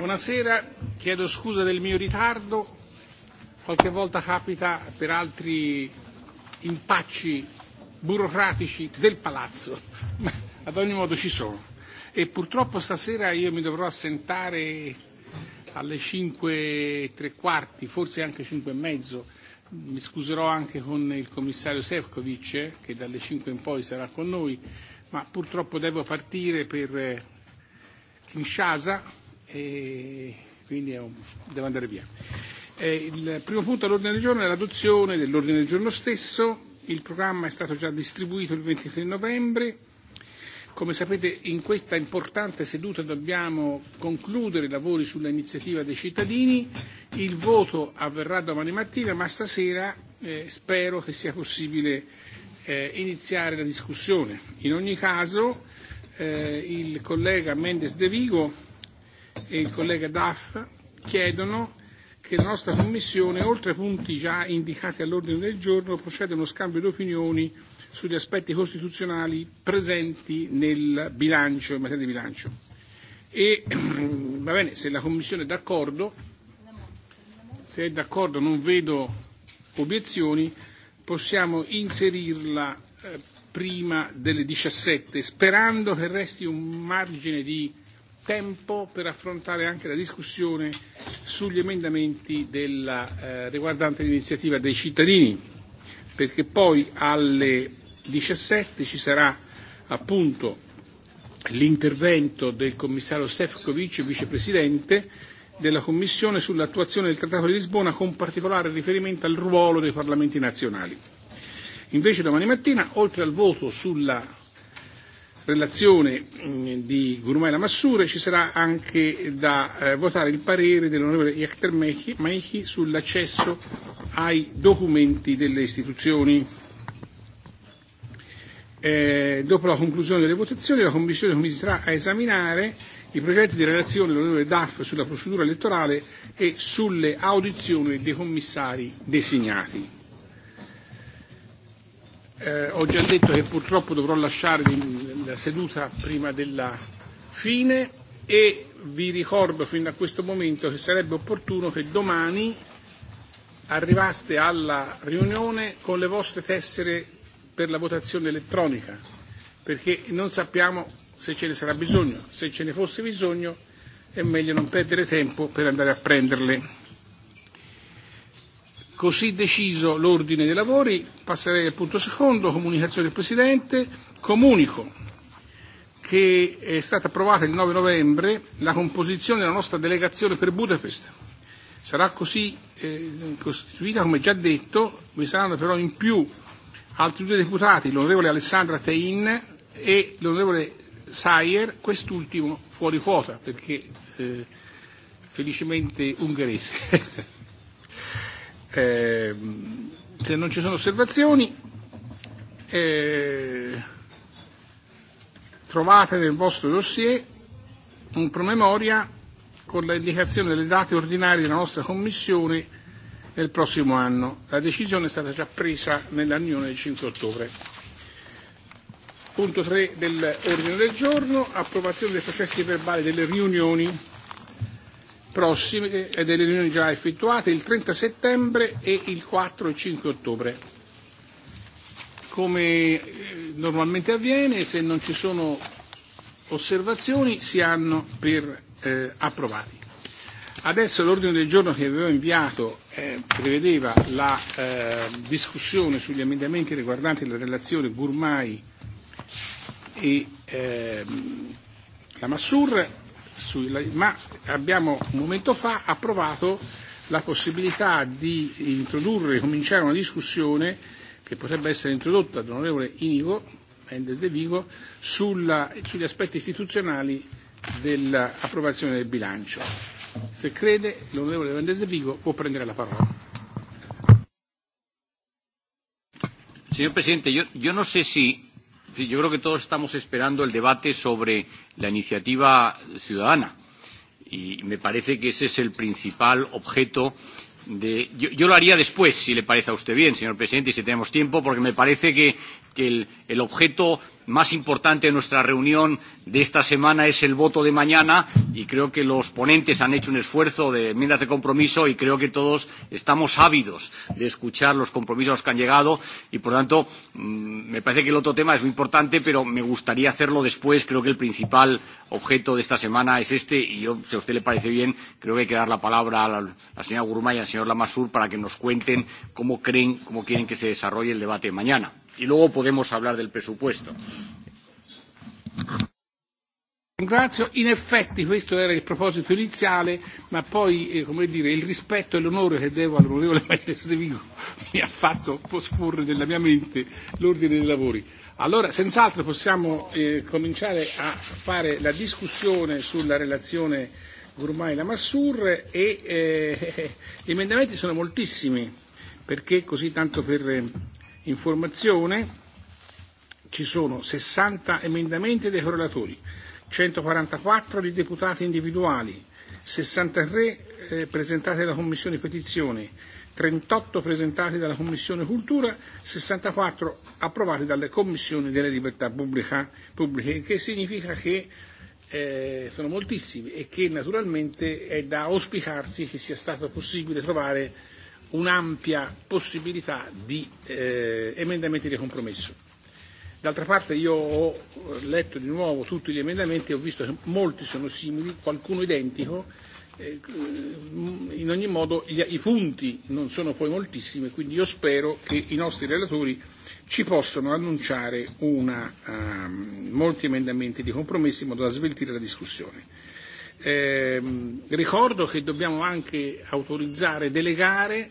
Buonasera, chiedo scusa del mio ritardo, qualche volta capita per altri impacci burocratici del palazzo, ma ad ogni modo ci sono. E purtroppo stasera io mi dovrò assentare alle 5 e tre quarti, forse anche 5 e mezzo. Mi scuserò anche con il commissario Sefcovic, che dalle 5 in poi sarà con noi, ma purtroppo devo partire per Kinshasa e quindi è un, devo andare via. Eh, il primo punto all'ordine del giorno è l'adozione dell'ordine del giorno stesso. Il programma è stato già distribuito il 23 novembre. Come sapete in questa importante seduta dobbiamo concludere i lavori sull'iniziativa dei cittadini. Il voto avverrà domani mattina, ma stasera eh, spero che sia possibile eh, iniziare la discussione. In ogni caso eh, il collega Mendes De Vigo e il collega Duff chiedono che la nostra Commissione, oltre ai punti già indicati all'ordine del giorno, proceda a uno scambio di opinioni sugli aspetti costituzionali presenti nel bilancio, in materia di bilancio. E va bene, se la Commissione è d'accordo, se è d'accordo non vedo obiezioni, possiamo inserirla eh, prima delle 17, sperando che resti un margine di tempo per affrontare anche la discussione sugli emendamenti della, eh, riguardante l'iniziativa dei cittadini, perché poi alle 17 ci sarà appunto l'intervento del commissario Sefcovic, vicepresidente della Commissione sull'attuazione del Trattato di Lisbona con particolare riferimento al ruolo dei parlamenti nazionali. Invece domani mattina, oltre al voto sulla relazione mm, di Gurumai Lamassure ci sarà anche da eh, votare il parere dell'onorevole Yachter Maichi sull'accesso ai documenti delle istituzioni. Eh, dopo la conclusione delle votazioni la Commissione comincerà a esaminare i progetti di relazione dell'onorevole DAF sulla procedura elettorale e sulle audizioni dei commissari designati. Eh, ho già detto che purtroppo dovrò lasciare la seduta prima della fine e vi ricordo fin da questo momento che sarebbe opportuno che domani arrivaste alla riunione con le vostre tessere per la votazione elettronica, perché non sappiamo se ce ne sarà bisogno. Se ce ne fosse bisogno è meglio non perdere tempo per andare a prenderle. Così deciso l'ordine dei lavori, passerei al punto secondo, comunicazione del Presidente. Comunico che è stata approvata il 9 novembre la composizione della nostra delegazione per Budapest. Sarà così eh, costituita, come già detto, vi saranno però in più altri due deputati, l'onorevole Alessandra Tein e l'onorevole Sayer, quest'ultimo fuori quota, perché eh, felicemente ungherese. Eh, se non ci sono osservazioni, eh, trovate nel vostro dossier un promemoria con l'indicazione delle date ordinarie della nostra Commissione nel prossimo anno. La decisione è stata già presa nella riunione del 5 ottobre. Punto 3 dell'ordine del giorno, approvazione dei processi verbali delle riunioni prossime e delle riunioni già effettuate il 30 settembre e il 4 e 5 ottobre. Come eh, normalmente avviene, se non ci sono osservazioni si hanno per eh, approvati. Adesso l'ordine del giorno che avevo inviato eh, prevedeva la eh, discussione sugli emendamenti riguardanti la relazione Gurmai e eh, la Massur sulla, ma abbiamo un momento fa approvato la possibilità di introdurre, cominciare una discussione che potrebbe essere introdotta dall'onorevole Inigo Mendes de Vigo sulla, sugli aspetti istituzionali dell'approvazione del bilancio. Se crede, l'onorevole Mendes de Vigo può prendere la parola. Signor presidente, io, yo no sé si Sí, yo creo que todos estamos esperando el debate sobre la iniciativa ciudadana y me parece que ese es el principal objeto de yo, yo lo haría después si le parece a usted bien señor presidente y si tenemos tiempo porque me parece que, que el, el objeto más importante de nuestra reunión de esta semana es el voto de mañana y creo que los ponentes han hecho un esfuerzo de enmiendas de compromiso y creo que todos estamos ávidos de escuchar los compromisos a los que han llegado y, por tanto, mm, me parece que el otro tema es muy importante, pero me gustaría hacerlo después. Creo que el principal objeto de esta semana es este y yo, si a usted le parece bien, creo que hay que dar la palabra a la, a la señora Gurmay y al señor Lamassur para que nos cuenten cómo creen, cómo quieren que se desarrolle el debate de mañana y luego podemos hablar del presupuesto. Ringrazio, in effetti questo era il proposito iniziale, ma poi eh, come dire, il rispetto e l'onore che devo all'onorevole Mendes de Vigo mi ha fatto posporre nella mia mente l'ordine dei lavori. Allora, senz'altro possiamo eh, cominciare a fare la discussione sulla relazione Gourmai-Lamassur e, e eh, gli emendamenti sono moltissimi, perché così tanto per eh, Informazione, ci sono 60 emendamenti dei correlatori, 144 di deputati individuali, 63 eh, presentati dalla Commissione Petizione, 38 presentati dalla Commissione Cultura, 64 approvati dalle Commissioni delle Libertà pubblica, Pubbliche, che significa che eh, sono moltissimi e che naturalmente è da auspicarsi che sia stato possibile trovare un'ampia possibilità di eh, emendamenti di compromesso. D'altra parte io ho letto di nuovo tutti gli emendamenti e ho visto che molti sono simili, qualcuno identico, eh, in ogni modo gli, i punti non sono poi moltissimi, quindi io spero che i nostri relatori ci possano annunciare una, uh, molti emendamenti di compromesso in modo da sveltire la discussione. Eh, ricordo che dobbiamo anche autorizzare, delegare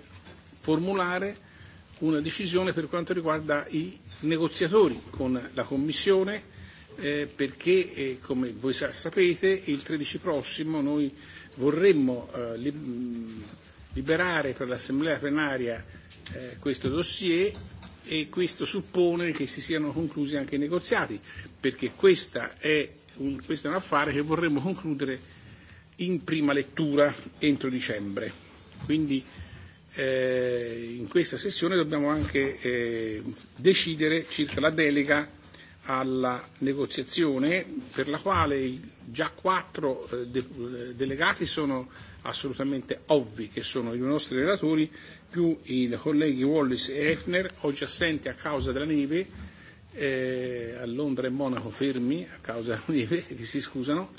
formulare una decisione per quanto riguarda i negoziatori con la Commissione, eh, perché, eh, come voi sa- sapete, il 13 prossimo noi vorremmo eh, li- mm, liberare per l'Assemblea plenaria eh, questo dossier e questo suppone che si siano conclusi anche i negoziati, perché questa è un, questo è un affare che vorremmo concludere in prima lettura entro dicembre. Quindi eh, in questa sessione dobbiamo anche eh, decidere circa la delega alla negoziazione per la quale già quattro eh, de- eh, delegati sono assolutamente ovvi, che sono i nostri relatori, più i colleghi Wallis e Hefner, oggi assenti a causa della neve, eh, a Londra e Monaco fermi a causa della neve, che si scusano,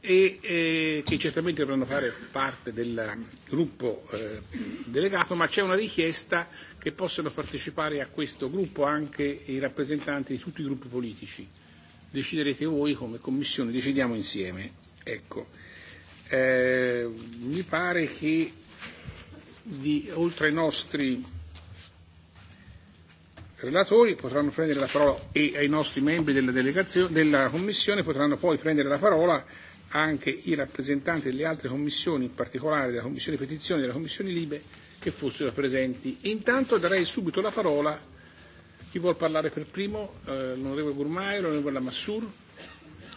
e eh, che certamente dovranno fare parte del gruppo eh, delegato, ma c'è una richiesta che possano partecipare a questo gruppo anche i rappresentanti di tutti i gruppi politici. Deciderete voi come Commissione, decidiamo insieme. Ecco. Eh, mi pare che di, oltre ai nostri relatori potranno prendere la parola e ai nostri membri della, della Commissione potranno poi prendere la parola anche i rappresentanti delle altre commissioni, in particolare della Commissione Petizioni e della Commissione Libe, che fossero presenti. Intanto darei subito la parola a chi vuol parlare per primo, eh, l'onorevole Gurmai, l'onorevole Lamassur.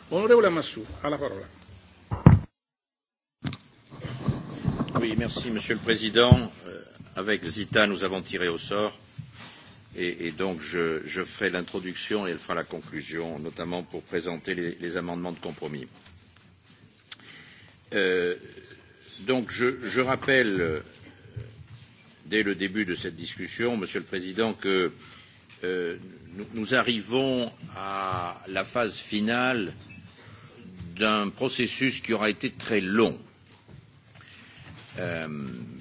Onorevole Lamassur, ha la parola. Oui, merci Monsieur le Président. Euh, avec Zita, nous avons tiré au sort et, et donc je, je ferai l'introduction et elle fera la conclusion, notamment pour présenter les, les amendements de compromis. Euh, Euh, donc je, je rappelle euh, dès le début de cette discussion, Monsieur le Président, que euh, nous, nous arrivons à la phase finale d'un processus qui aura été très long, euh,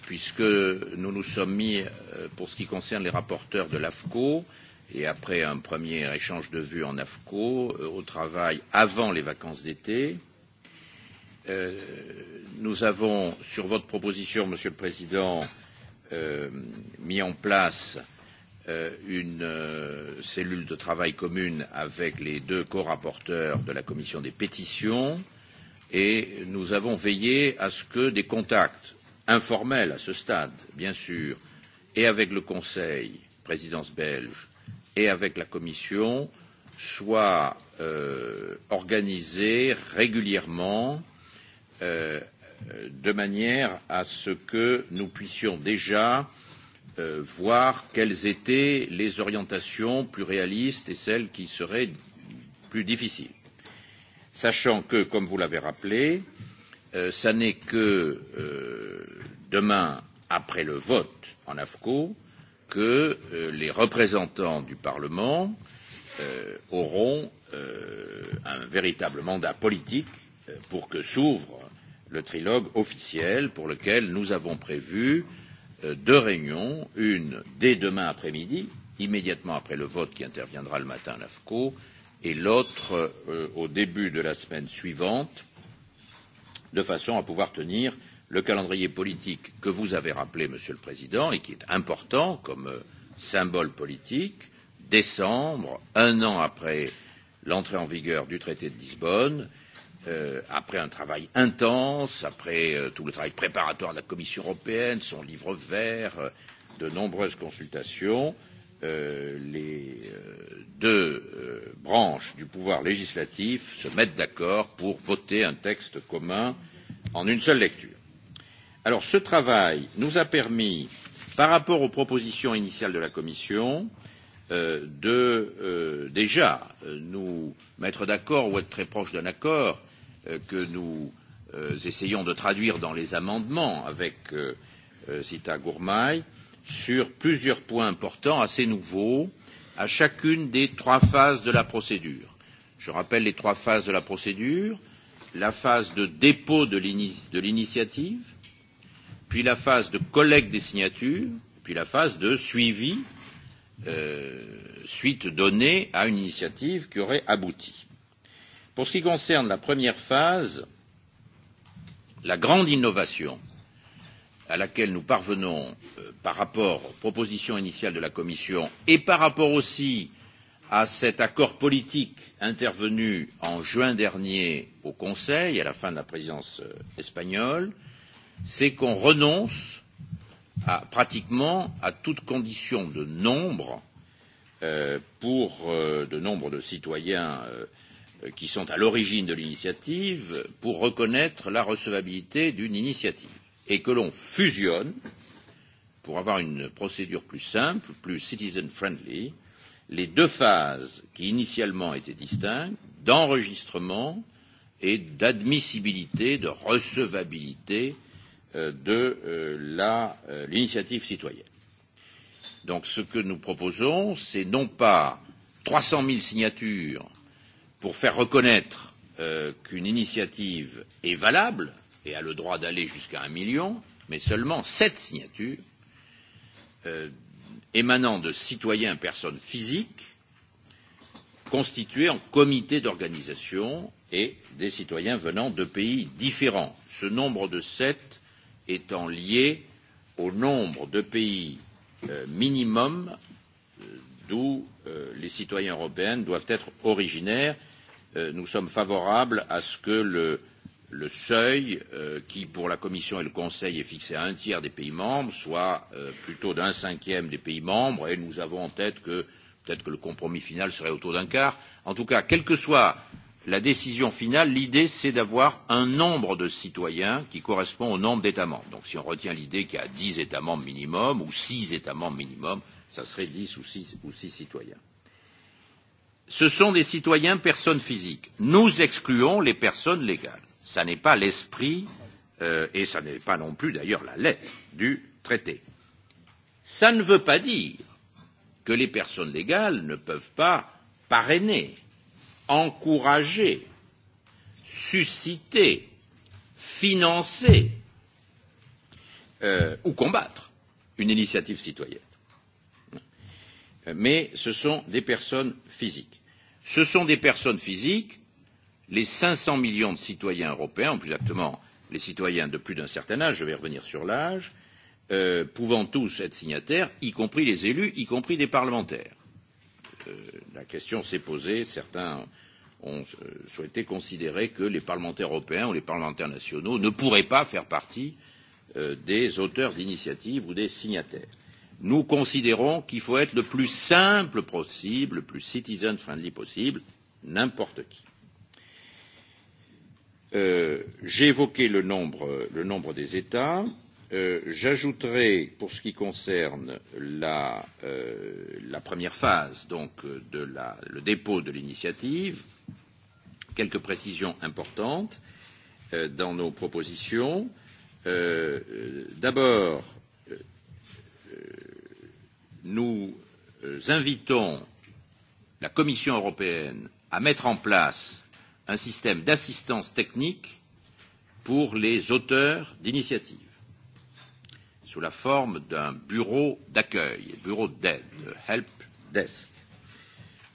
puisque nous nous sommes mis, euh, pour ce qui concerne les rapporteurs de l'AFCO, et après un premier échange de vues en AFCO, euh, au travail avant les vacances d'été, euh, Euh, nous avons, sur votre proposition, Monsieur le Président, euh, mis en place euh, une euh, cellule de travail commune avec les deux co-rapporteurs de la commission des pétitions et nous avons veillé à ce que des contacts informels à ce stade, bien sûr, et avec le Conseil, présidence belge, et avec la Commission soient euh, organisés régulièrement euh, euh, de manière à ce que nous puissions déjà euh, voir quelles étaient les orientations plus réalistes et celles qui seraient plus difficiles. Sachant que, comme vous l'avez rappelé, euh, ça n'est que euh, demain, après le vote en AFCO, que euh, les représentants du Parlement euh, auront euh, un véritable mandat politique euh, pour que s'ouvre le trilogue officiel pour lequel nous avons prévu euh, deux réunions, une dès demain après-midi, immédiatement après le vote qui interviendra le matin à l'AFCO, et l'autre euh, au début de la semaine suivante, de façon à pouvoir tenir le calendrier politique que vous avez rappelé, Monsieur le Président, et qui est important comme euh, symbole politique, décembre, un an après l'entrée en vigueur du traité de Lisbonne, euh, euh, après un travail intense, après euh, tout le travail préparatoire de la Commission européenne, son livre vert, euh, de nombreuses consultations, euh, les euh, deux euh, branches du pouvoir législatif se mettent d'accord pour voter un texte commun en une seule lecture. Alors ce travail nous a permis, par rapport aux propositions initiales de la Commission, euh, de euh, déjà euh, nous mettre d'accord ou être très proche d'un accord Euh, que nous euh, essayons de traduire dans les amendements avec euh, Zita Gourmay sur plusieurs points importants assez nouveaux à chacune des trois phases de la procédure. Je rappelle les trois phases de la procédure la phase de dépôt de l'initiative, puis la phase de collecte des signatures, puis la phase de suivi, euh, suite donnée à une initiative qui aurait abouti. Pour ce qui concerne la première phase, la grande innovation à laquelle nous parvenons euh, par rapport aux propositions initiales de la Commission et par rapport aussi à cet accord politique intervenu en juin dernier au Conseil, à la fin de la présidence euh, espagnole, c'est qu'on renonce à, pratiquement à toute condition de nombre euh, pour euh, de nombre de citoyens euh, Euh, qui sont à l'origine de l'initiative pour reconnaître la recevabilité d'une initiative et que l'on fusionne pour avoir une procédure plus simple, plus citizen friendly, les deux phases qui initialement étaient distinctes d'enregistrement et d'admissibilité, de recevabilité euh, de euh, l'initiative citoyenne. Donc ce que nous proposons, c'est non pas 300 000 signatures pour faire reconnaître euh, qu'une initiative est valable et a le droit d'aller jusqu'à un million, mais seulement sept signatures euh, émanant de citoyens et personnes physiques constituées en comité d'organisation et des citoyens venant de pays différents, ce nombre de sept étant lié au nombre de pays euh, minimum euh, d'où euh, les citoyens européens doivent être originaires. Euh, nous sommes favorables à ce que le, le seuil, euh, qui pour la Commission et le Conseil est fixé à un tiers des pays membres, soit euh, plutôt d'un cinquième des pays membres, et nous avons en tête que peut-être que le compromis final serait autour d'un quart. En tout cas, quelle que soit la décision finale, l'idée c'est d'avoir un nombre de citoyens qui correspond au nombre d'États membres. Donc si on retient l'idée qu'il y a dix États membres minimum ou six États membres minimum, ça serait dix ou six, ou 6 citoyens. Ce sont des citoyens personnes physiques. Nous excluons les personnes légales. Ça n'est pas l'esprit euh, et ça n'est pas non plus d'ailleurs la lettre du traité. Ça ne veut pas dire que les personnes légales ne peuvent pas parrainer, encourager, susciter, financer euh, ou combattre une initiative citoyenne mais ce sont des personnes physiques. Ce sont des personnes physiques, les 500 millions de citoyens européens, ou plus exactement les citoyens de plus d'un certain âge, je vais revenir sur l'âge, euh, pouvant tous être signataires, y compris les élus, y compris des parlementaires. Euh, la question s'est posée, certains ont euh, souhaité considérer que les parlementaires européens ou les parlementaires nationaux ne pourraient pas faire partie euh, des auteurs d'initiatives ou des signataires nous considérons qu'il faut être le plus simple possible, le plus citizen friendly possible, n'importe qui. Euh, J'ai évoqué le nombre, le nombre des États. Euh, J'ajouterai, pour ce qui concerne la, euh, la première phase, donc de la, le dépôt de l'initiative, quelques précisions importantes euh, dans nos propositions. Euh, D'abord, nous euh, invitons la Commission européenne à mettre en place un système d'assistance technique pour les auteurs d'initiatives, sous la forme d'un bureau d'accueil, bureau d'aide, help desk,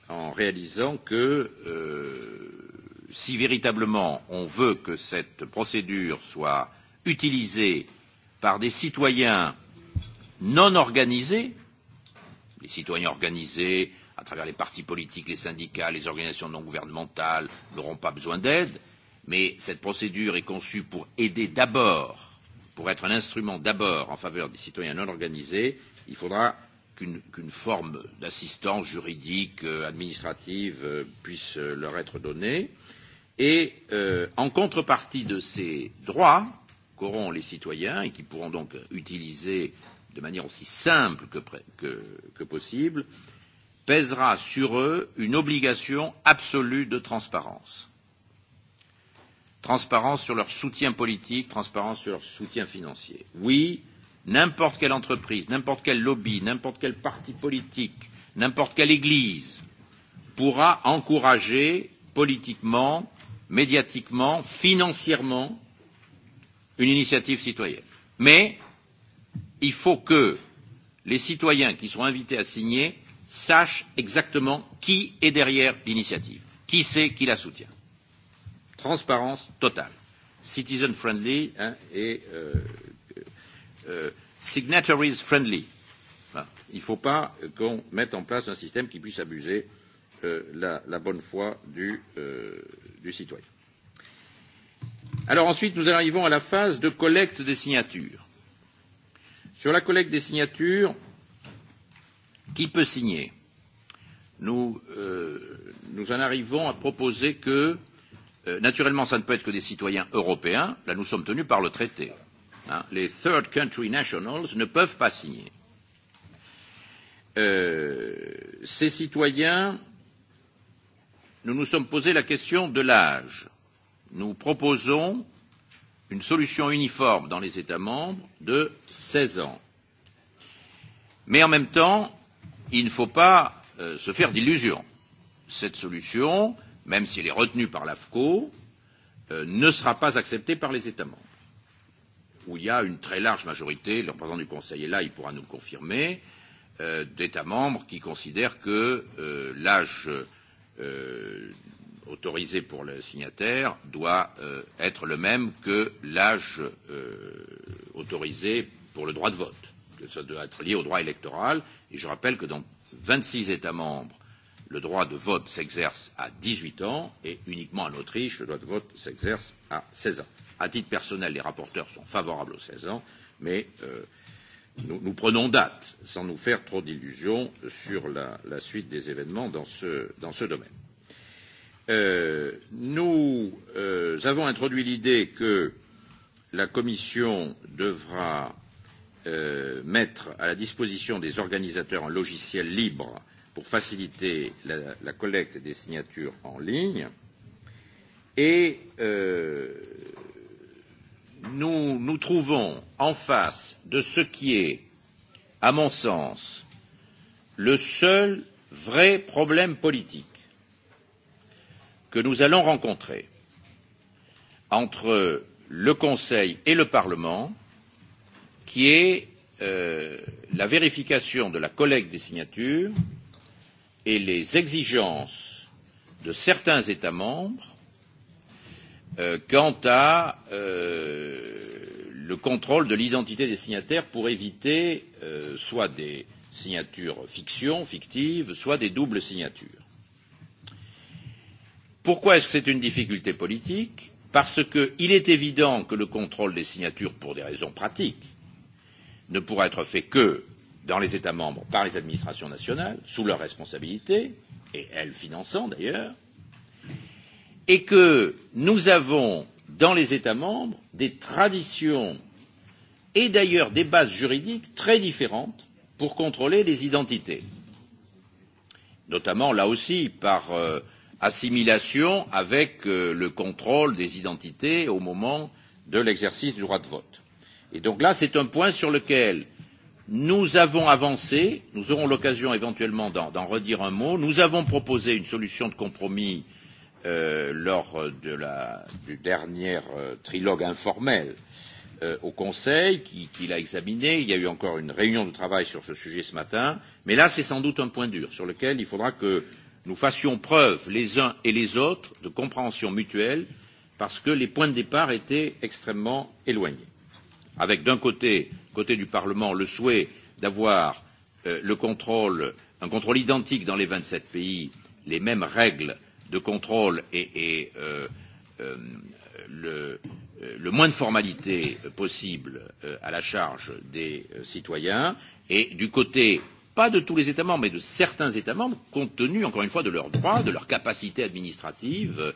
en réalisant que euh, si véritablement on veut que cette procédure soit utilisée par des citoyens non organisés, les citoyens organisés, à travers les partis politiques, les syndicats, les organisations non gouvernementales, n'auront pas besoin d'aide, mais cette procédure est conçue pour aider d'abord, pour être un instrument d'abord en faveur des citoyens non organisés, il faudra qu'une qu, forme d'assistance juridique, euh, administrative euh, puisse euh, leur être donnée. Et euh, en contrepartie de ces droits qu'auront les citoyens et qui pourront donc utiliser de manière aussi simple que, que, que possible, pèsera sur eux une obligation absolue de transparence. Transparence sur leur soutien politique, transparence sur leur soutien financier. Oui, n'importe quelle entreprise, n'importe quel lobby, n'importe quel parti politique, n'importe quelle église pourra encourager politiquement, médiatiquement, financièrement une initiative citoyenne. Mais il faut que les citoyens qui sont invités à signer sachent exactement qui est derrière l'initiative, qui c'est qui la soutient. Transparence totale, citizen friendly hein, et euh, euh, signatories friendly. Enfin, il ne faut pas qu'on mette en place un système qui puisse abuser euh, la, la bonne foi du, euh, du citoyen. Alors ensuite, nous arrivons à la phase de collecte des signatures Sur la collecte des signatures, qui peut signer nous, euh, nous en arrivons à proposer que, euh, naturellement, ça ne peut être que des citoyens européens, là nous sommes tenus par le traité. Hein. Les third country nationals ne peuvent pas signer. Euh, ces citoyens, nous nous sommes posé la question de l'âge. Nous proposons une solution uniforme dans les États membres de 16 ans. Mais en même temps, il ne faut pas euh, se faire d'illusions. Cette solution, même si elle est retenue par l'AFCO, euh, ne sera pas acceptée par les États membres, où il y a une très large majorité, le représentant du Conseil est là, il pourra nous le confirmer, euh, d'États membres qui considèrent que euh, l'âge euh, autorisé pour le signataire doit euh, être le même que l'âge euh, autorisé pour le droit de vote, que ça doit être lié au droit électoral. Et je rappelle que dans 26 États membres, le droit de vote s'exerce à 18 ans et uniquement en Autriche, le droit de vote s'exerce à 16 ans. À titre personnel, les rapporteurs sont favorables aux 16 ans, mais euh, nous, nous prenons date sans nous faire trop d'illusions sur la, la suite des événements dans ce, dans ce domaine. Euh, nous euh, avons introduit l'idée que la Commission devra euh, mettre à la disposition des organisateurs un logiciel libre pour faciliter la, la collecte des signatures en ligne et euh, nous nous trouvons en face de ce qui est, à mon sens, le seul vrai problème politique que nous allons rencontrer entre le Conseil et le Parlement, qui est euh, la vérification de la collecte des signatures et les exigences de certains États membres euh, quant à euh, le contrôle de l'identité des signataires pour éviter euh, soit des signatures fiction, fictives, soit des doubles signatures. Pourquoi est-ce que c'est une difficulté politique Parce qu'il est évident que le contrôle des signatures, pour des raisons pratiques, ne pourra être fait que dans les États membres par les administrations nationales, sous leur responsabilité, et elles finançant d'ailleurs, et que nous avons dans les États membres des traditions et d'ailleurs des bases juridiques très différentes pour contrôler les identités, notamment là aussi par euh, assimilation avec euh, le contrôle des identités au moment de l'exercice du droit de vote. Et donc là, c'est un point sur lequel nous avons avancé, nous aurons l'occasion éventuellement d'en redire un mot, nous avons proposé une solution de compromis euh, lors de la, du dernier euh, trilogue informel euh, au Conseil, qui, qui l'a examiné, il y a eu encore une réunion de travail sur ce sujet ce matin, mais là c'est sans doute un point dur sur lequel il faudra que nous fassions preuve les uns et les autres de compréhension mutuelle parce que les points de départ étaient extrêmement éloignés. Avec d'un côté, côté du Parlement, le souhait d'avoir euh, le contrôle, un contrôle identique dans les 27 pays, les mêmes règles de contrôle et, et euh, euh, le, euh, le moins de formalités possible euh, à la charge des euh, citoyens, et du côté pas de tous les États membres, mais de certains États membres, compte tenu, encore une fois, de leurs droits, de leur capacité administrative,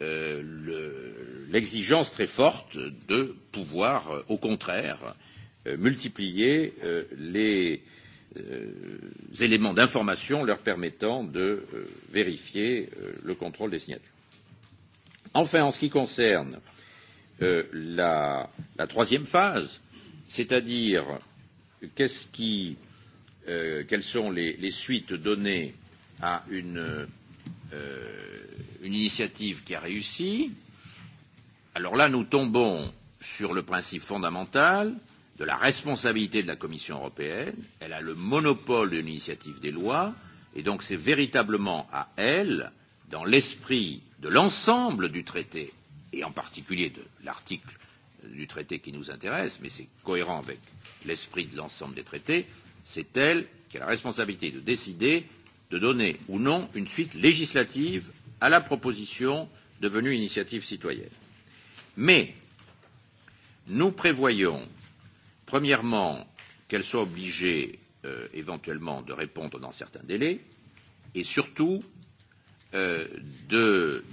euh, l'exigence le, très forte de pouvoir, euh, au contraire, euh, multiplier euh, les euh, éléments d'information leur permettant de euh, vérifier euh, le contrôle des signatures. Enfin, en ce qui concerne euh, la, la troisième phase, c'est-à-dire qu'est-ce qui Euh, quelles sont les, les suites données à une, euh, euh, une initiative qui a réussi, alors là, nous tombons sur le principe fondamental de la responsabilité de la Commission européenne. Elle a le monopole de l'initiative des lois, et donc c'est véritablement à elle, dans l'esprit de l'ensemble du traité, et en particulier de l'article du traité qui nous intéresse, mais c'est cohérent avec l'esprit de l'ensemble des traités, c'est elle qui a la responsabilité de décider de donner ou non une suite législative à la proposition devenue initiative citoyenne. Mais nous prévoyons, premièrement, qu'elle soit obligée euh, éventuellement de répondre dans certains délais et surtout euh,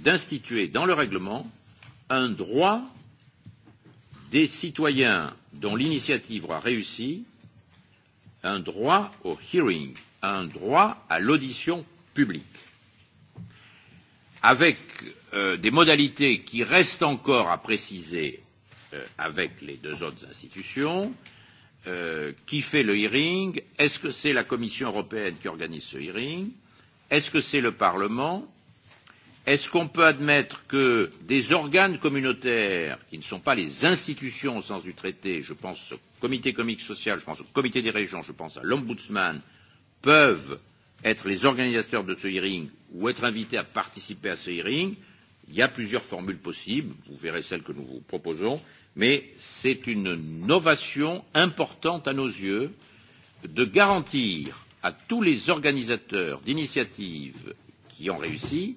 d'instituer dans le règlement un droit des citoyens dont l'initiative aura réussi un droit au hearing, un droit à l'audition publique, avec euh, des modalités qui restent encore à préciser euh, avec les deux autres institutions. Euh, qui fait le hearing Est-ce que c'est la Commission européenne qui organise ce hearing Est-ce que c'est le Parlement Est-ce qu'on peut admettre que des organes communautaires, qui ne sont pas les institutions au sens du traité, je pense au comité économique social, je pense au comité des régions, je pense à l'ombudsman, peuvent être les organisateurs de ce hearing ou être invités à participer à ce hearing Il y a plusieurs formules possibles, vous verrez celles que nous vous proposons, mais c'est une novation importante à nos yeux de garantir à tous les organisateurs d'initiatives qui ont réussi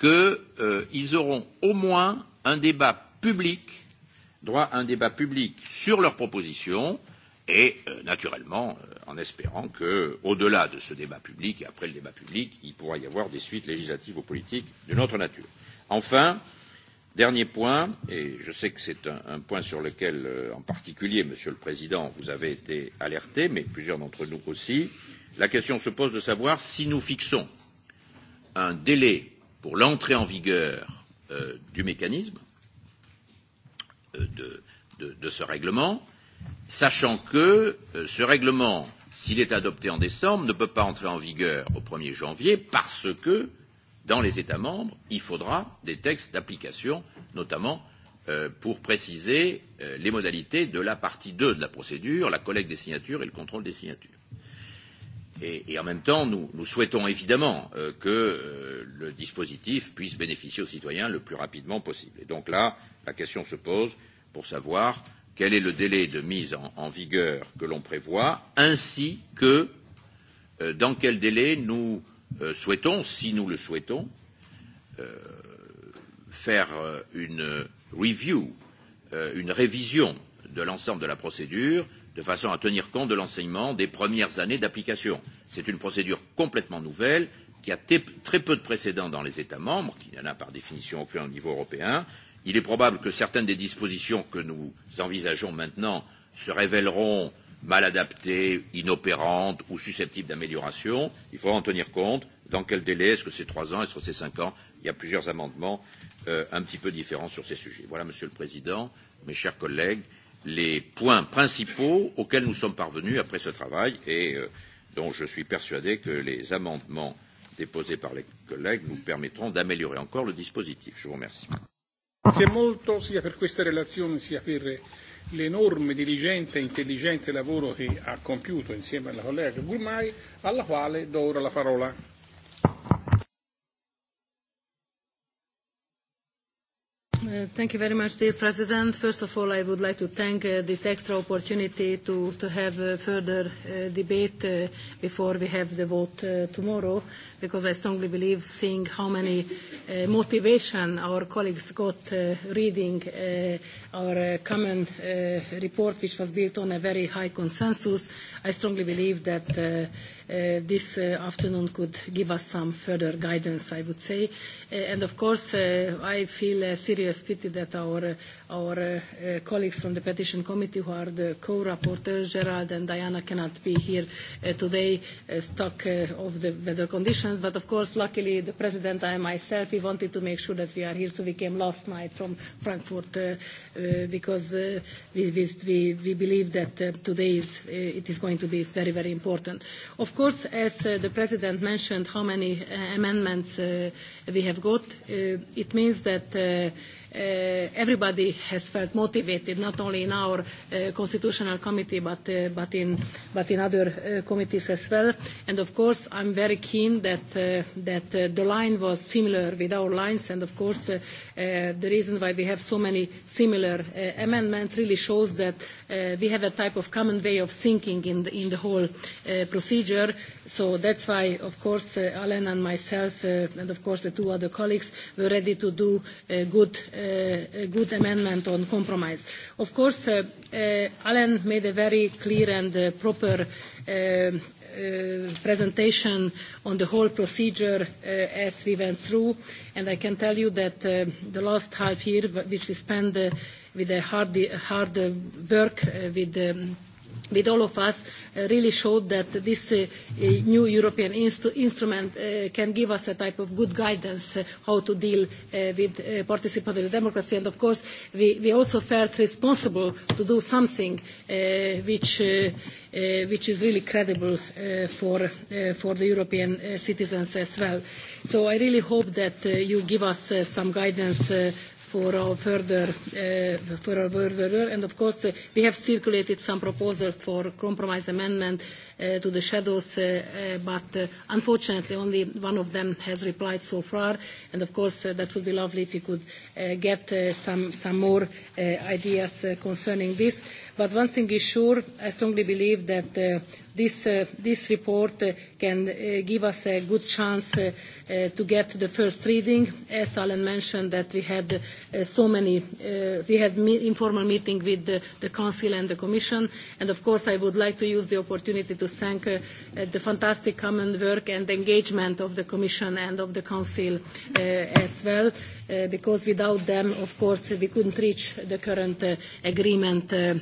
qu'ils euh, auront au moins un débat public, droit à un débat public sur leurs propositions, et euh, naturellement, euh, en espérant que, au-delà de ce débat public et après le débat public, il pourra y avoir des suites législatives ou politiques d'une autre nature. Enfin, dernier point, et je sais que c'est un, un point sur lequel, euh, en particulier, Monsieur le Président, vous avez été alerté, mais plusieurs d'entre nous aussi, la question se pose de savoir si nous fixons un délai pour l'entrée en vigueur euh, du mécanisme euh, de, de, de ce règlement, sachant que euh, ce règlement, s'il est adopté en décembre, ne peut pas entrer en vigueur au 1er janvier parce que, dans les États membres, il faudra des textes d'application, notamment euh, pour préciser euh, les modalités de la partie 2 de la procédure, la collecte des signatures et le contrôle des signatures. Et, et en même temps, nous, nous souhaitons évidemment euh, que euh, le dispositif puisse bénéficier aux citoyens le plus rapidement possible. Et donc là, la question se pose pour savoir quel est le délai de mise en, en vigueur que l'on prévoit, ainsi que euh, dans quel délai nous euh, souhaitons, si nous le souhaitons, euh, faire euh, une review, euh, une révision de l'ensemble de la procédure de façon à tenir compte de l'enseignement des premières années d'application. C'est une procédure complètement nouvelle qui a très peu de précédents dans les États membres, qui en a par définition aucun au niveau européen. Il est probable que certaines des dispositions que nous envisageons maintenant se révéleront mal adaptées, inopérantes ou susceptibles d'amélioration. Il faudra en tenir compte. Dans quel délai Est-ce que c'est trois ans Est-ce que c'est cinq ans Il y a plusieurs amendements euh, un petit peu différents sur ces sujets. Voilà, Monsieur le Président, mes chers collègues, les points principaux auxquels nous sommes parvenus après ce travail et euh, dont je suis persuadé que les amendements déposés par les collègues nous permettront d'améliorer encore le dispositif. Je vous remercie. Grazie molto sia per questa relazione sia per l'enorme, diligente e intelligente lavoro che ha compiuto insieme alla collega Gurmai, alla quale do ora la parola. Uh, thank you very much, dear President. First of all, I would like to thank uh, this extra opportunity to, to have a further uh, debate uh, before we have the vote uh, tomorrow, because I strongly believe seeing how many uh, motivation our colleagues got uh, reading uh, our uh, common uh, report, which was built on a very high consensus, I strongly believe that uh, uh, this uh, afternoon could give us some further guidance, I would say. Uh, and of course, uh, I feel a serious was pity that our, our uh, colleagues from the Petition Committee, who are the co-rapporteurs, Gerald and Diana, cannot be here uh, today, uh, stuck uh, of the weather conditions. But of course, luckily, the President and myself, we wanted to make sure that we are here, so we came last night from Frankfurt uh, uh, because uh, we, we, we believe that uh, today is, uh, it is going to be very, very important. Of course, as uh, the President mentioned, how many uh, amendments uh, we have got, uh, it means that uh, uh, everybody has felt motivated, not only in our uh, constitutional committee, but, uh, but, in, but in other uh, committees as well. And of course, I'm very keen that, uh, that uh, the line was similar with our lines. And of course, uh, uh, the reason why we have so many similar uh, amendments really shows that uh, we have a type of common way of thinking in the, in the whole uh, procedure. So that's why, of course, uh, Alan and myself, uh, and of course the two other colleagues, were ready to do uh, good uh, Uh, good amendment on compromise. Of course, uh, uh, Alan made a very clear and uh, proper uh, Uh, presentation on the whole procedure uh, as we went through. And I can tell you that uh, the last half year, which we spent uh, with a hard, hard uh, work uh, with um, with all of us uh, really showed that this uh, new European inst instrument uh, can give us a type of good guidance uh, how to deal uh, with uh, participatory democracy. And of course, we, we also felt responsible to do something uh, which, uh, uh, which is really credible uh, for, uh, for the European uh, citizens as well. So I really hope that uh, you give us uh, some guidance uh, for our further, uh, for our further. And of course, uh, we have circulated some proposal for compromise amendment uh, to the shadows, uh, uh, but uh, unfortunately, only one of them has replied so far. And of course, uh, that would be lovely if you could uh, get uh, some some more uh, ideas uh, concerning this. But one thing is sure, I strongly believe that. Uh, this, uh, this report uh, can uh, give us a good chance uh, uh, to get the first reading. As Alan mentioned, that we had uh, so many, uh, we had me- informal meeting with the, the Council and the Commission, and of course I would like to use the opportunity to thank uh, uh, the fantastic common work and engagement of the Commission and of the Council uh, as well, uh, because without them, of course, we couldn't reach the current uh, agreement uh,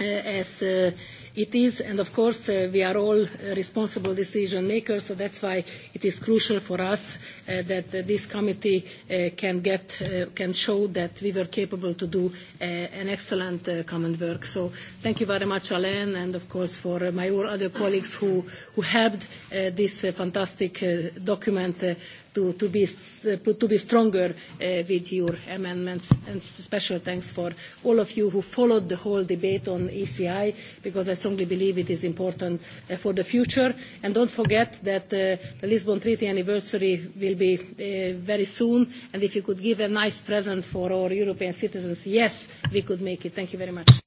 uh as uh, it is, and of course uh, we are all uh, responsible decision makers, so that's why it is crucial for us uh, that uh, this committee uh, can get, uh, can show that we were capable to do uh, an excellent uh, common work. So thank you very much, Alain, and of course for uh, my other colleagues who, who helped uh, this uh, fantastic uh, document uh, to, to, be, uh, to be stronger uh, with your amendments. And special thanks for all of you who followed the whole debate on ECI, because I strongly believe it is important uh, for the future. And don't forget that uh, the Lisbon Treaty anniversary will be uh, very soon. And if you could give a nice present for our European citizens, yes, we could make it. Thank you very much.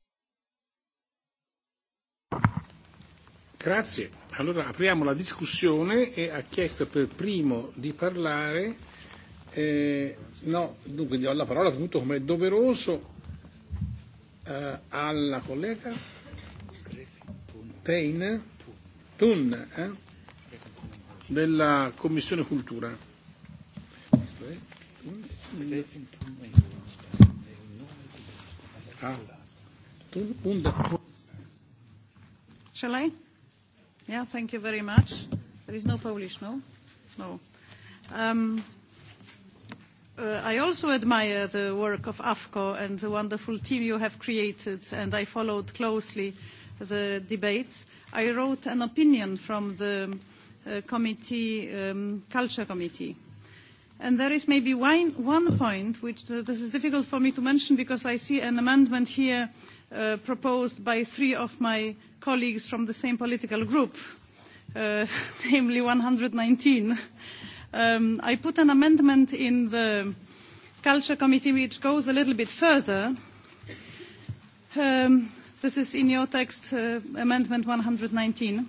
Grazie. Allora apriamo la discussione e ha chiesto per primo di parlare, eh, no, dunque do la parola appunto come è doveroso eh, alla collega. Tein, Tun eh? della Commissione Cultura. Ah, Shall I? Yeah, thank you very much. There is no Polish, no? No. Um, Uh, I also admire the work of AFCO and the wonderful team you have created, and I followed closely the debates, I wrote an opinion from the uh, committee, um, culture committee. And there is maybe one, one point which uh, this is difficult for me to mention because I see an amendment here uh, proposed by three of my colleagues from the same political group, uh, namely 119. Um, I put an amendment in the Culture Committee which goes a little bit further. Um, This is in your text, uh, Amendment 119,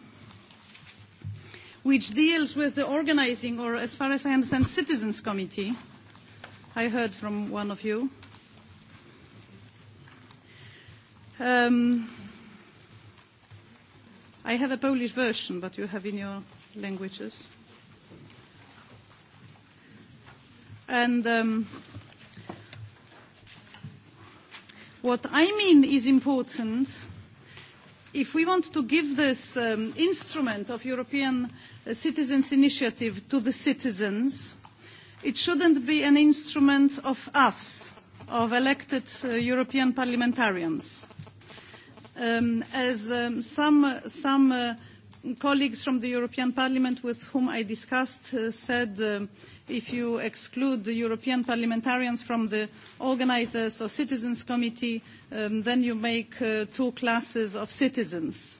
which deals with the organizing, or as far as I understand, Citizens Committee. I heard from one of you. Um, I have a Polish version, but you have in your languages. And um, What I mean is important if we want to give this um, instrument of European uh, Citizens' Initiative to the citizens, it shouldn't be an instrument of us, of elected uh, European parliamentarians. Um, as um, some, some uh, colleagues from the European Parliament with whom I discussed uh, said uh, if you exclude the European parliamentarians from the organizers or citizens committee, um, then you make uh, two classes of citizens.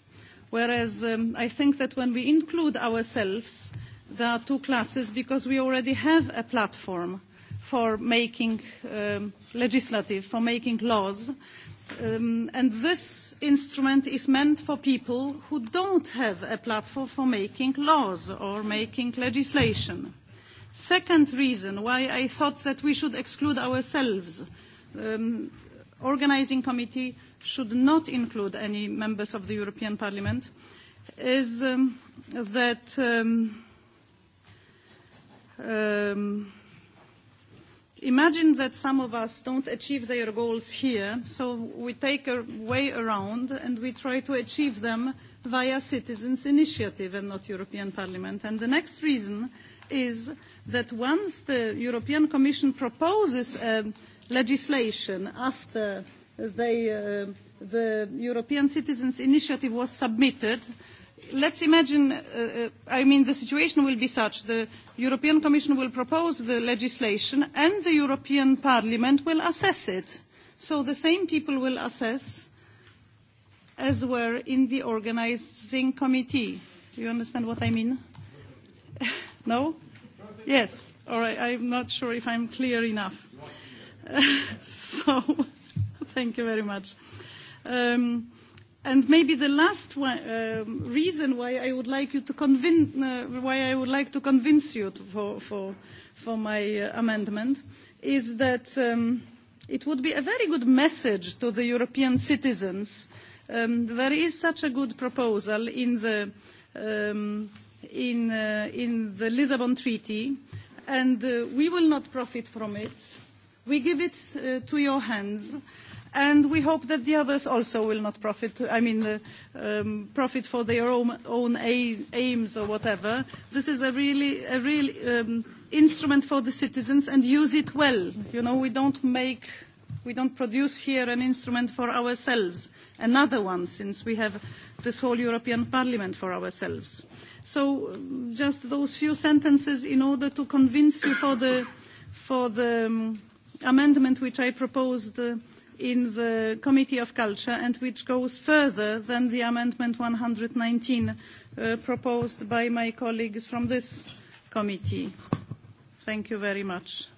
Whereas um, I think that when we include ourselves, there are two classes because we already have a platform for making um, legislative, for making laws Um, and this instrument is meant for people who don't have a platform for making laws or making legislation. Second reason why I thought that we should exclude ourselves. Um, organizing committee should not include any members of the European Parliament is um, that um, um, Imagine that some of us don't achieve their goals here, so we take a way around and we try to achieve them via citizens' initiative and not European Parliament. And the next reason is that once the European Commission proposes legislation after they, uh, the European Citizens' Initiative was submitted, let's imagine, uh, uh, I mean, the situation will be such, the European Commission will propose the legislation and the European Parliament will assess it. So the same people will assess as were in the organizing committee. Do you understand what I mean? no? Yes. All right. I'm not sure if I'm clear enough. so, thank you very much. Um, And maybe the last one, um, uh, reason why I would like you to convince, uh, why I would like to convince you to, for, for, for my uh, amendment, is that um, it would be a very good message to the European citizens. Um, there is such a good proposal in the um, in, uh, in the Lisbon Treaty, and uh, we will not profit from it. We give it uh, to your hands and we hope that the others also will not profit, I mean, uh, um, profit for their own, own aims or whatever. This is a really, a real um, instrument for the citizens and use it well. You know, we don't make, we don't produce here an instrument for ourselves, another one, since we have this whole European Parliament for ourselves. So um, just those few sentences in order to convince you for the, for the um, amendment which I proposed uh, in the Committee of Culture and which goes further than the Amendment 119 uh, proposed by my colleagues from this committee. Thank you very much.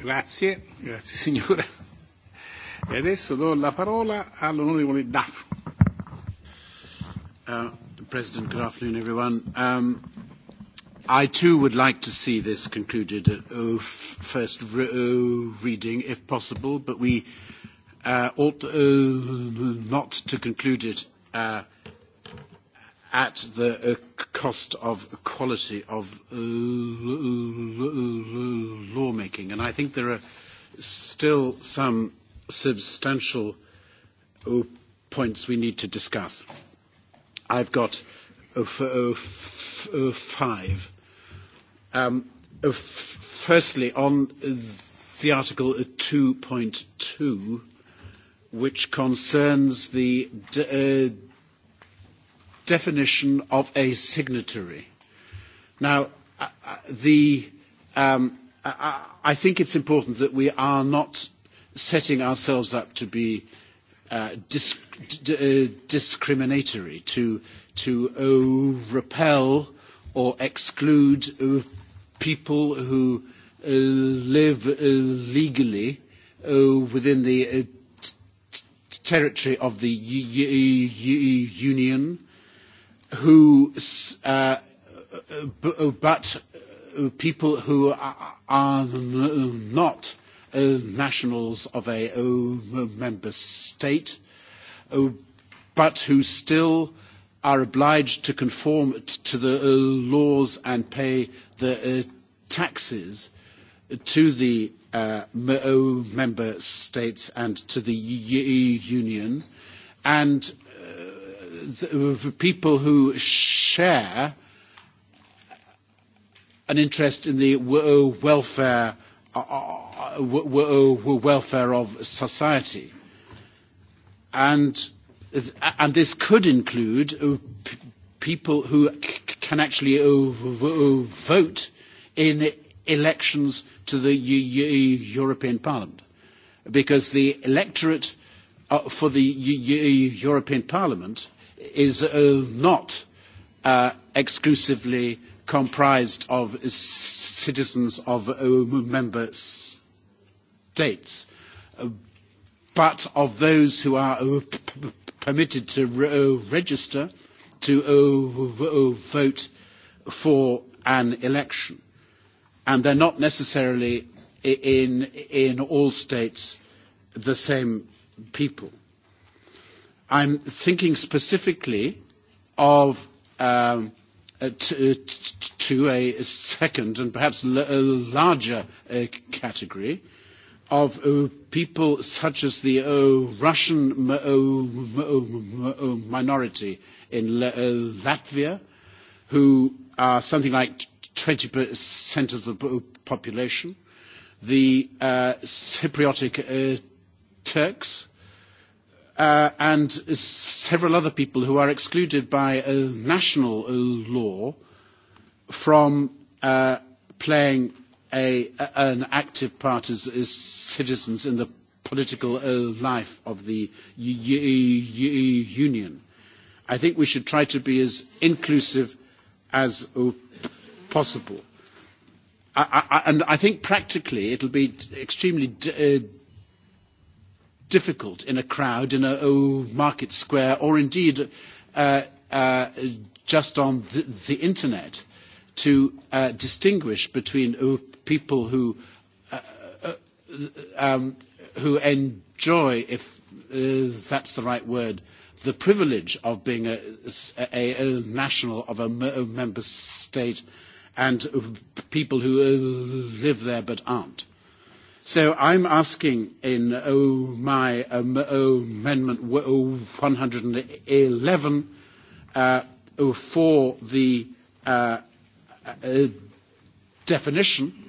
Grazie, grazie signora. E adesso do la parola all'onorevole Daff. Uh, President, good afternoon, everyone. Um, I too would like to see this concluded at uh, oh, first re oh, reading, if possible, but we uh, ought oh, not to conclude it uh, at the uh, cost of quality of uh, lawmaking. And I think there are still some substantial points we need to discuss. I've got five. Um, firstly, on the Article 2.2, which concerns the de- uh, definition of a signatory. Now, uh, uh the, um, I, uh, uh, I think it's important that we are not setting ourselves up to be uh, Uh, uh, discriminatory, to, to uh, repel or exclude people who live legally within the territory of the Union who uh, but people who are not nationals of a member state, oh, but who still are obliged to conform to the uh, laws and pay the uh, taxes to the uh, member states and to the union, and the people who share an interest in the welfare welfare of society. And, and this could include uh, people who can actually uh, uh, vote in elections to the European Parliament. Because the electorate for the European Parliament is not exclusively comprised of citizens of member states States, uh, but of those who are uh, permitted to uh, register to vote for an election. And they're not necessarily in, in all states the same people. I'm thinking specifically of um, to, to a second and perhaps larger category, of uh, people such as the uh, Russian uh, minority in Latvia, who are something like 20% of the population, the Cypriotic Turks, Uh, and several other people who are excluded by uh, national uh, law from playing a, an active part as, as citizens in the political uh, life of the union. I think we should try to be as inclusive as possible. I, I, and I think practically it'll be extremely d- uh, difficult in a crowd, in a oh, market square, or indeed uh, uh, just on the, the internet to uh, distinguish between people who uh, uh, um, who enjoy, if uh, that's the right word, the privilege of being a, a, a national of a, a member state and people who uh, live there but aren't. So I'm asking in oh, my um, oh, amendment 111 uh, for the uh, uh, definition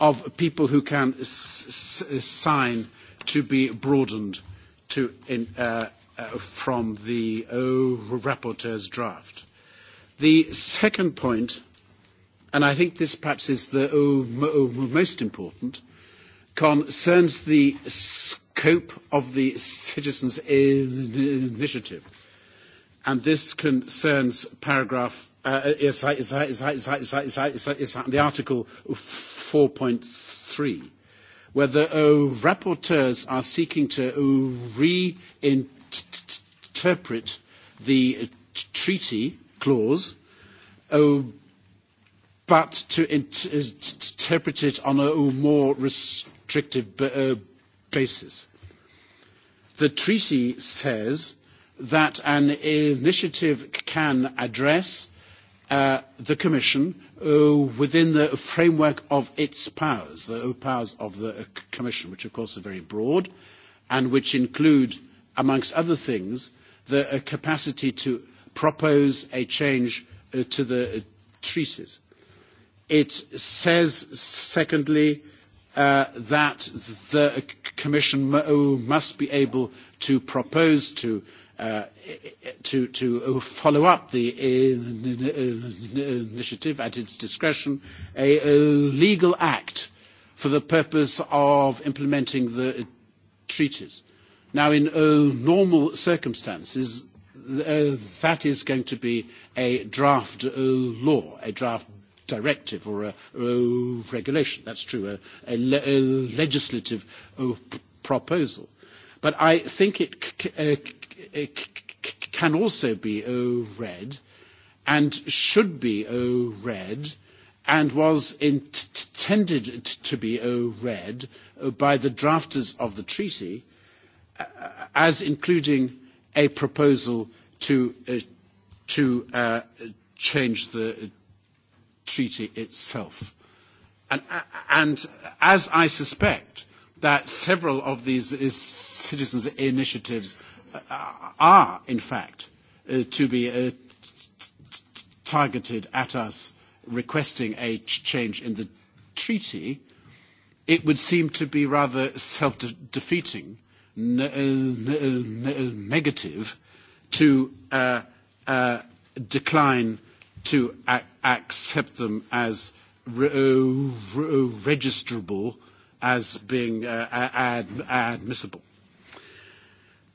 of people who can s- s- sign to be broadened to in, uh, uh, from the rapporteur's draft. The second point, and I think this perhaps is the most important, concerns the scope of the citizens' initiative. And this concerns paragraph, uh, is, is, is, the article 4.3, where the uh, rapporteurs are seeking to uh, reinterpret the treaty clause, uh, but to int interpret it on a oh, more restrictive uh, basis. The treaty says that an initiative can address uh, the Commission Uh, within the framework of its powers, the powers of the uh, Commission, which of course are very broad and which include, amongst other things, the uh, capacity to propose a change to the treaties. It says, secondly, Uh, that the Commission must be able to propose to Uh, to, to follow up the uh, uh, initiative at its discretion, a legal act for the purpose of implementing the treaties. Now, in normal circumstances, that is going to be a draft law, a draft directive or a, regulation. That's true, a, a, a legislative proposal. But I think it can also be oh, read and should be oh, read and was intended to be oh, read uh, by the drafters of the treaty uh, uh, as including a proposal to, uh, to uh, change the treaty itself. And, and as I suspect that several of these citizens' initiatives Uh, are, in fact, uh, to be uh, targeted at us requesting a change in the treaty, it would seem to be rather self-defeating, uh, uh, negative, to uh, uh, decline to accept them as re registrable as being uh, ad admissible.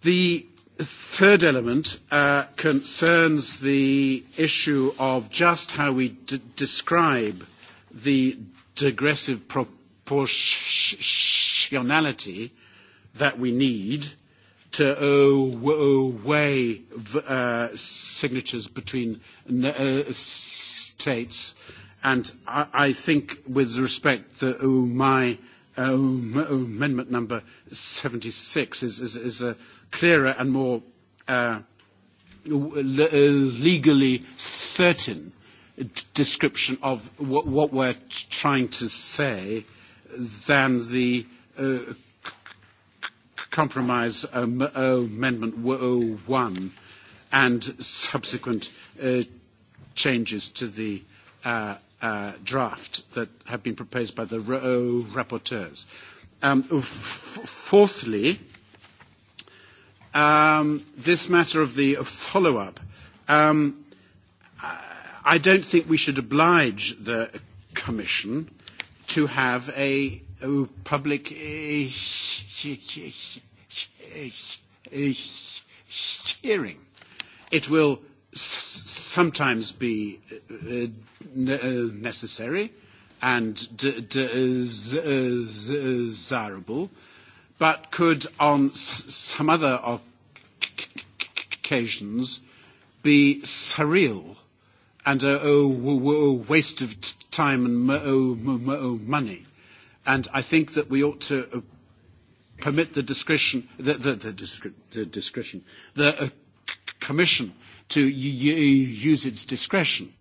The third element uh, concerns the issue of just how we d- describe the digressive proportionality that we need to oh, oh, weigh uh, signatures between uh, states. And I, I think, with respect to oh, my um, amendment number 76 is, is, is a uh, clearer and more uh, uh legally certain description of what, what we're trying to say than the uh, compromise um, amendment oh, one and subsequent uh, changes to the uh, uh, draft that have been proposed by the uh, rapporteurs. Um, fourthly, um, this matter of the follow-up. Um, I don't think we should oblige the Commission to have a, a public uh, hearing. It will sometimes be uh, uh, uh, necessary and desirable, but could on some other occasions be surreal and a waste of time and money. And I think that we ought to permit the discretion, the, the, the discretion, the Commission to use its discretion.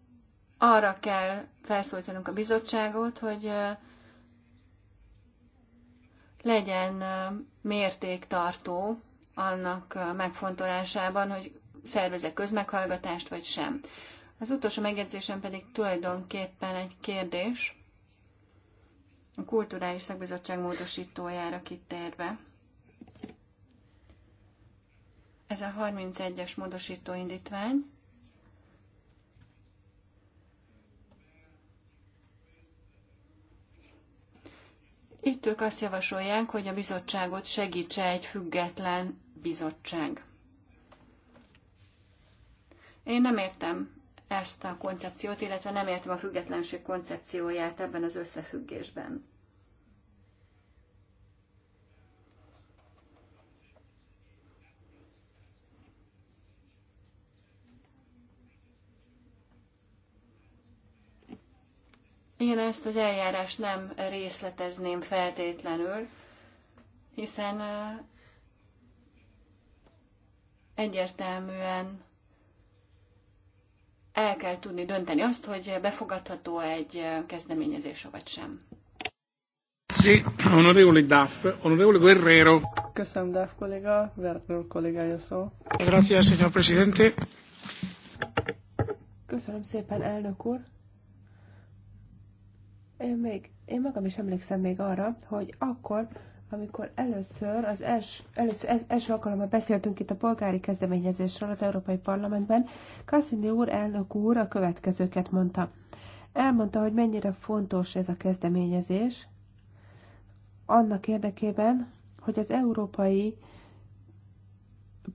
Arra kell felszólítanunk a bizottságot, hogy legyen mértéktartó annak megfontolásában, hogy szervezek közmeghallgatást vagy sem. Az utolsó megjegyzésem pedig tulajdonképpen egy kérdés a Kulturális Szakbizottság módosítójára kitérve. Ez a 31-es módosító indítvány. Itt ők azt javasolják, hogy a bizottságot segítse egy független bizottság. Én nem értem ezt a koncepciót, illetve nem értem a függetlenség koncepcióját ebben az összefüggésben. Én ezt az eljárást nem részletezném feltétlenül, hiszen egyértelműen el kell tudni dönteni azt, hogy befogadható egy kezdeményezés vagy sem. Sí, onorevole Duff, Guerrero. Köszönöm, Duff kolléga, Werner kollégája szó. Gracias, señor presidente. Köszönöm szépen, elnök úr. Én, még, én magam is emlékszem még arra, hogy akkor, amikor először, az els, először, els, első alkalommal beszéltünk itt a polgári kezdeményezésről az Európai Parlamentben, Cassini úr, elnök úr a következőket mondta. Elmondta, hogy mennyire fontos ez a kezdeményezés, annak érdekében, hogy az európai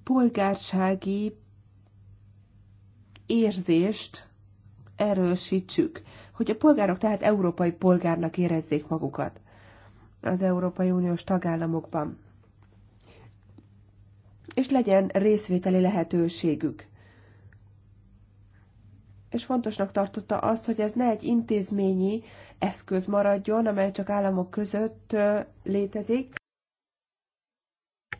polgársági érzést erősítsük, hogy a polgárok tehát európai polgárnak érezzék magukat az Európai Uniós tagállamokban, és legyen részvételi lehetőségük. És fontosnak tartotta azt, hogy ez ne egy intézményi eszköz maradjon, amely csak államok között létezik,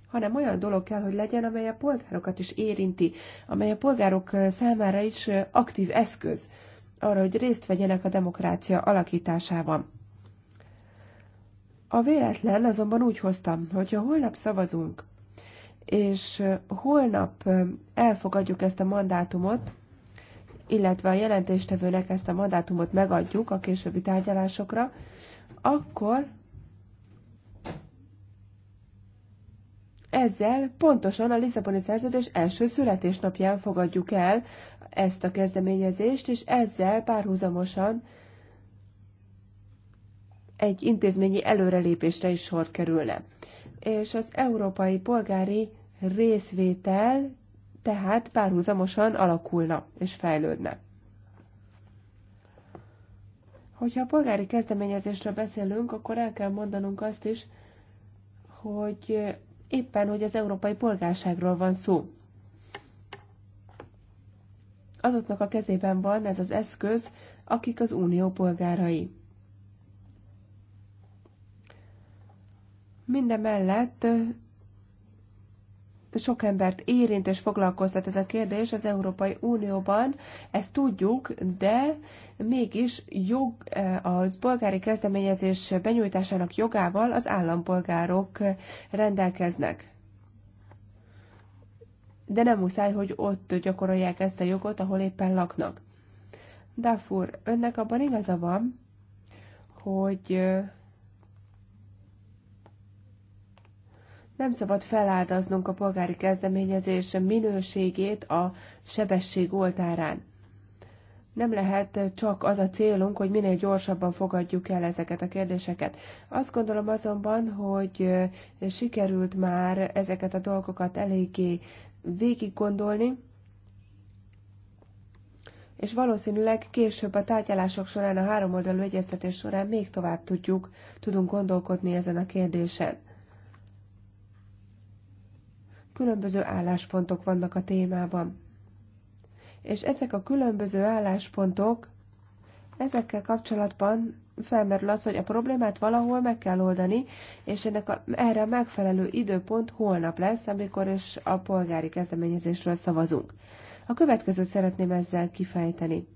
hanem olyan dolog kell, hogy legyen, amely a polgárokat is érinti, amely a polgárok számára is aktív eszköz arra, hogy részt vegyenek a demokrácia alakításában. A véletlen azonban úgy hoztam, ha holnap szavazunk, és holnap elfogadjuk ezt a mandátumot, illetve a jelentéstevőnek ezt a mandátumot megadjuk a későbbi tárgyalásokra, akkor Ezzel pontosan a Lisszaboni szerződés első születésnapján fogadjuk el ezt a kezdeményezést, és ezzel párhuzamosan egy intézményi előrelépésre is sor kerülne. És az európai polgári részvétel tehát párhuzamosan alakulna és fejlődne. Hogyha a polgári kezdeményezésről beszélünk, akkor el kell mondanunk azt is, hogy éppen, hogy az európai polgárságról van szó. Azoknak a kezében van ez az eszköz, akik az unió polgárai. Mindemellett sok embert érint és foglalkoztat ez a kérdés az Európai Unióban, ezt tudjuk, de mégis jog, eh, az polgári kezdeményezés benyújtásának jogával az állampolgárok eh, rendelkeznek. De nem muszáj, hogy ott gyakorolják ezt a jogot, ahol éppen laknak. Dafur, önnek abban igaza van, hogy eh, Nem szabad feláldoznunk a polgári kezdeményezés minőségét a sebesség oltárán. Nem lehet csak az a célunk, hogy minél gyorsabban fogadjuk el ezeket a kérdéseket. Azt gondolom azonban, hogy sikerült már ezeket a dolgokat eléggé végig gondolni, és valószínűleg később a tárgyalások során, a háromoldalú egyeztetés során még tovább tudjuk, tudunk gondolkodni ezen a kérdésen. Különböző álláspontok vannak a témában. És ezek a különböző álláspontok, ezekkel kapcsolatban felmerül az, hogy a problémát valahol meg kell oldani, és ennek a, erre a megfelelő időpont holnap lesz, amikor is a polgári kezdeményezésről szavazunk. A következőt szeretném ezzel kifejteni.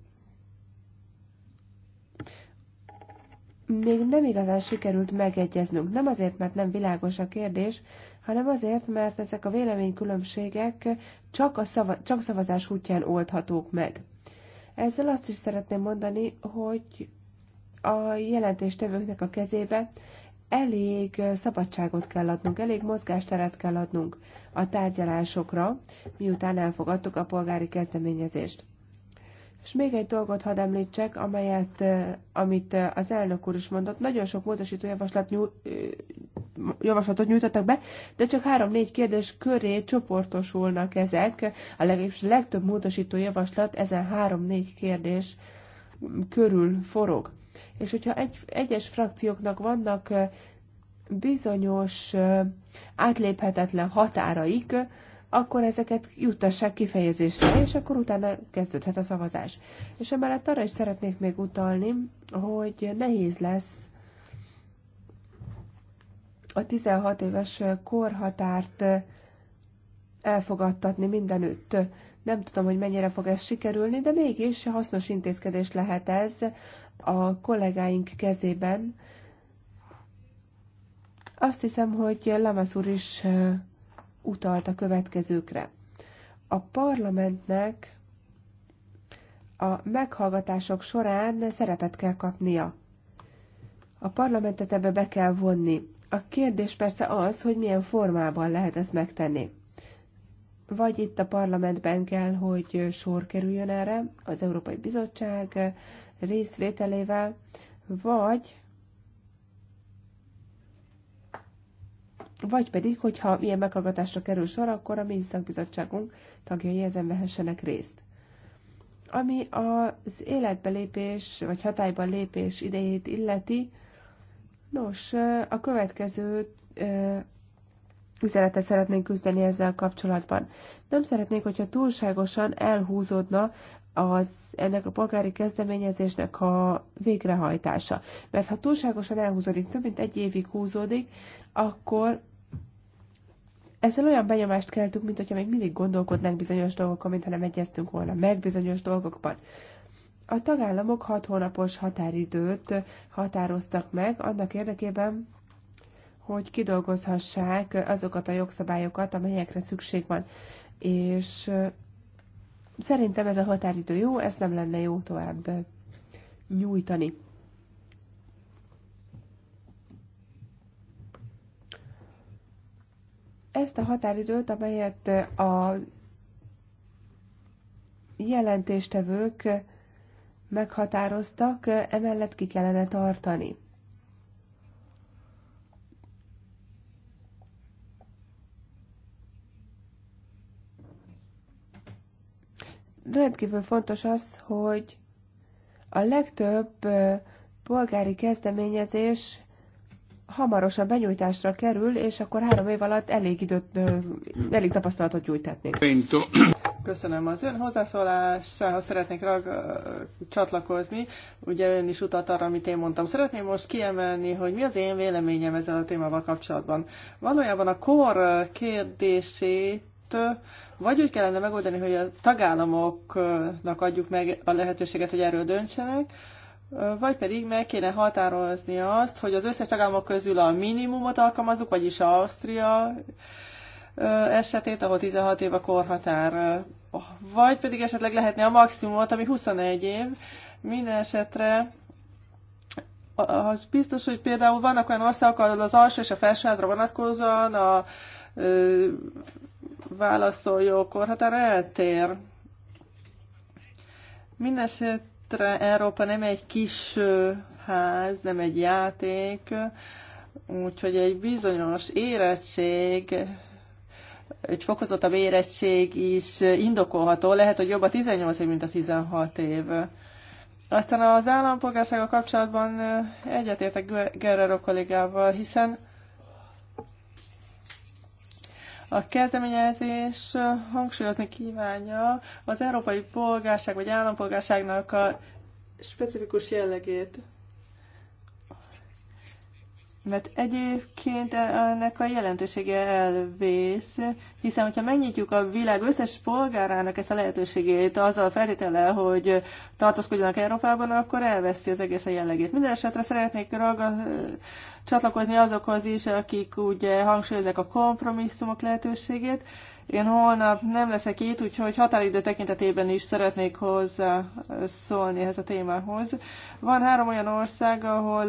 Még nem igazán sikerült megegyeznünk, nem azért, mert nem világos a kérdés, hanem azért, mert ezek a véleménykülönbségek csak, a szava, csak szavazás útján oldhatók meg. Ezzel azt is szeretném mondani, hogy a jelentéstevőknek a kezébe elég szabadságot kell adnunk, elég mozgásteret kell adnunk a tárgyalásokra, miután elfogadtuk a polgári kezdeményezést. És még egy dolgot hadd említsek, amelyet, amit az elnök úr is mondott. Nagyon sok módosító javaslat nyúl, javaslatot nyújtottak be, de csak három-négy kérdés köré csoportosulnak ezek. A legtöbb módosító javaslat ezen három-négy kérdés körül forog. És hogyha egy, egyes frakcióknak vannak bizonyos átléphetetlen határaik, akkor ezeket juttassák kifejezésre, és akkor utána kezdődhet a szavazás. És emellett arra is szeretnék még utalni, hogy nehéz lesz a 16 éves korhatárt elfogadtatni mindenütt. Nem tudom, hogy mennyire fog ez sikerülni, de mégis hasznos intézkedés lehet ez a kollégáink kezében. Azt hiszem, hogy Lamasz úr is utalt a következőkre. A parlamentnek a meghallgatások során szerepet kell kapnia. A parlamentet ebbe be kell vonni. A kérdés persze az, hogy milyen formában lehet ezt megtenni. Vagy itt a parlamentben kell, hogy sor kerüljön erre, az Európai Bizottság részvételével, vagy vagy pedig, hogyha ilyen meghallgatásra kerül sor, akkor a mi tagjai ezen vehessenek részt. Ami az életbe lépés, vagy hatályban lépés idejét illeti, nos, a következő üzenetet szeretnénk küzdeni ezzel kapcsolatban. Nem szeretnénk, hogyha túlságosan elhúzódna az, ennek a polgári kezdeményezésnek a végrehajtása. Mert ha túlságosan elhúzódik, több mint egy évig húzódik, akkor ezzel olyan benyomást keltünk, mint hogyha még mindig gondolkodnánk bizonyos dolgokon, mintha nem egyeztünk volna meg bizonyos dolgokban. A tagállamok hat hónapos határidőt határoztak meg annak érdekében, hogy kidolgozhassák azokat a jogszabályokat, amelyekre szükség van. És szerintem ez a határidő jó, ezt nem lenne jó tovább nyújtani. Ezt a határidőt, amelyet eh, a jelentéstevők eh, meghatároztak, eh, emellett ki kellene tartani. Rendkívül fontos az, hogy a legtöbb polgári kezdeményezés hamarosan benyújtásra kerül, és akkor három év alatt elég időt, elég tapasztalatot gyújtatni. Köszönöm az ön hozzászólásához, szeretnék rag, csatlakozni. Ugye ön is utalt arra, amit én mondtam. Szeretném most kiemelni, hogy mi az én véleményem ezzel a témával kapcsolatban. Valójában a kor kérdését vagy úgy kellene megoldani, hogy a tagállamoknak adjuk meg a lehetőséget, hogy erről döntsenek, vagy pedig meg kéne határozni azt, hogy az összes tagállamok közül a minimumot alkalmazzuk, vagyis Ausztria esetét, ahol 16 év a korhatár, vagy pedig esetleg lehetne a maximumot, ami 21 év. Minden esetre az biztos, hogy például vannak olyan országok, ahol az alsó és a felsőházra vonatkozóan a ö, választójog korhatár eltér. Mindenesetre Európa nem egy kis ház, nem egy játék, úgyhogy egy bizonyos érettség, egy fokozottabb érettség is indokolható. Lehet, hogy jobb a 18 év, mint a 16 év. Aztán az állampolgársága kapcsolatban egyetértek Gerrero kollégával, hiszen a kezdeményezés hangsúlyozni kívánja az európai polgárság vagy állampolgárságnak a specifikus jellegét mert egyébként ennek a jelentősége elvész, hiszen hogyha megnyitjuk a világ összes polgárának ezt a lehetőségét azzal a feltétele, hogy tartózkodjanak Európában, akkor elveszti az egész a jellegét. Minden esetre szeretnék raga, csatlakozni azokhoz is, akik ugye hangsúlyozzák a kompromisszumok lehetőségét, én holnap nem leszek itt, úgyhogy határidő tekintetében is szeretnék hozzá szólni ehhez a témához. Van három olyan ország, ahol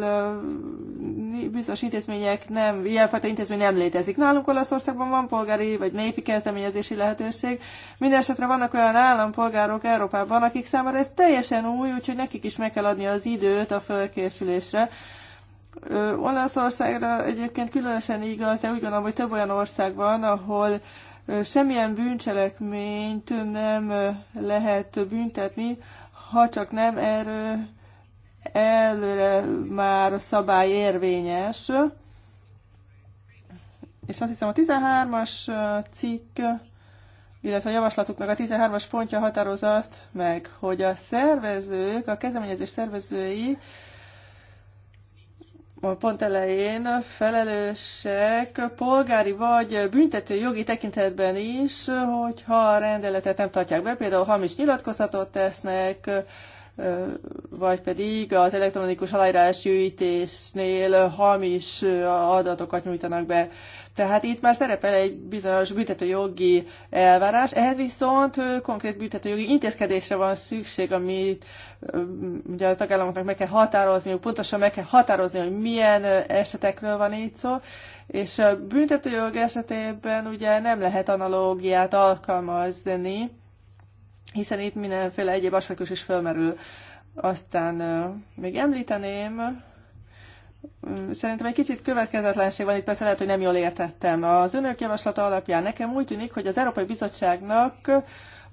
bizonyos intézmények nem, ilyenfajta intézmény nem létezik. Nálunk Olaszországban van polgári vagy népi kezdeményezési lehetőség. Mindenesetre vannak olyan állampolgárok Európában, akik számára ez teljesen új, úgyhogy nekik is meg kell adni az időt a fölkészülésre. Olaszországra egyébként különösen igaz, de úgy gondolom, hogy több olyan ország van, ahol semmilyen bűncselekményt nem lehet büntetni, ha csak nem erő előre már a szabály érvényes. És azt hiszem a 13-as cikk, illetve a javaslatuknak a 13-as pontja határoz azt meg, hogy a szervezők, a kezdeményezés szervezői a pont elején felelősek polgári vagy büntető jogi tekintetben is, hogyha a rendeletet nem tartják be, például hamis nyilatkozatot tesznek, vagy pedig az elektronikus aláírás gyűjtésnél hamis adatokat nyújtanak be. Tehát itt már szerepel egy bizonyos büntetőjogi elvárás, ehhez viszont konkrét büntetőjogi intézkedésre van szükség, amit ugye a tagállamoknak meg kell határozni, pontosan meg kell határozni, hogy milyen esetekről van itt szó, és a büntetőjog esetében ugye nem lehet analógiát alkalmazni, hiszen itt mindenféle egyéb aspektus is felmerül. Aztán még említeném, Szerintem egy kicsit következetlenség van, itt persze lehet, hogy nem jól értettem. Az önök javaslata alapján nekem úgy tűnik, hogy az Európai Bizottságnak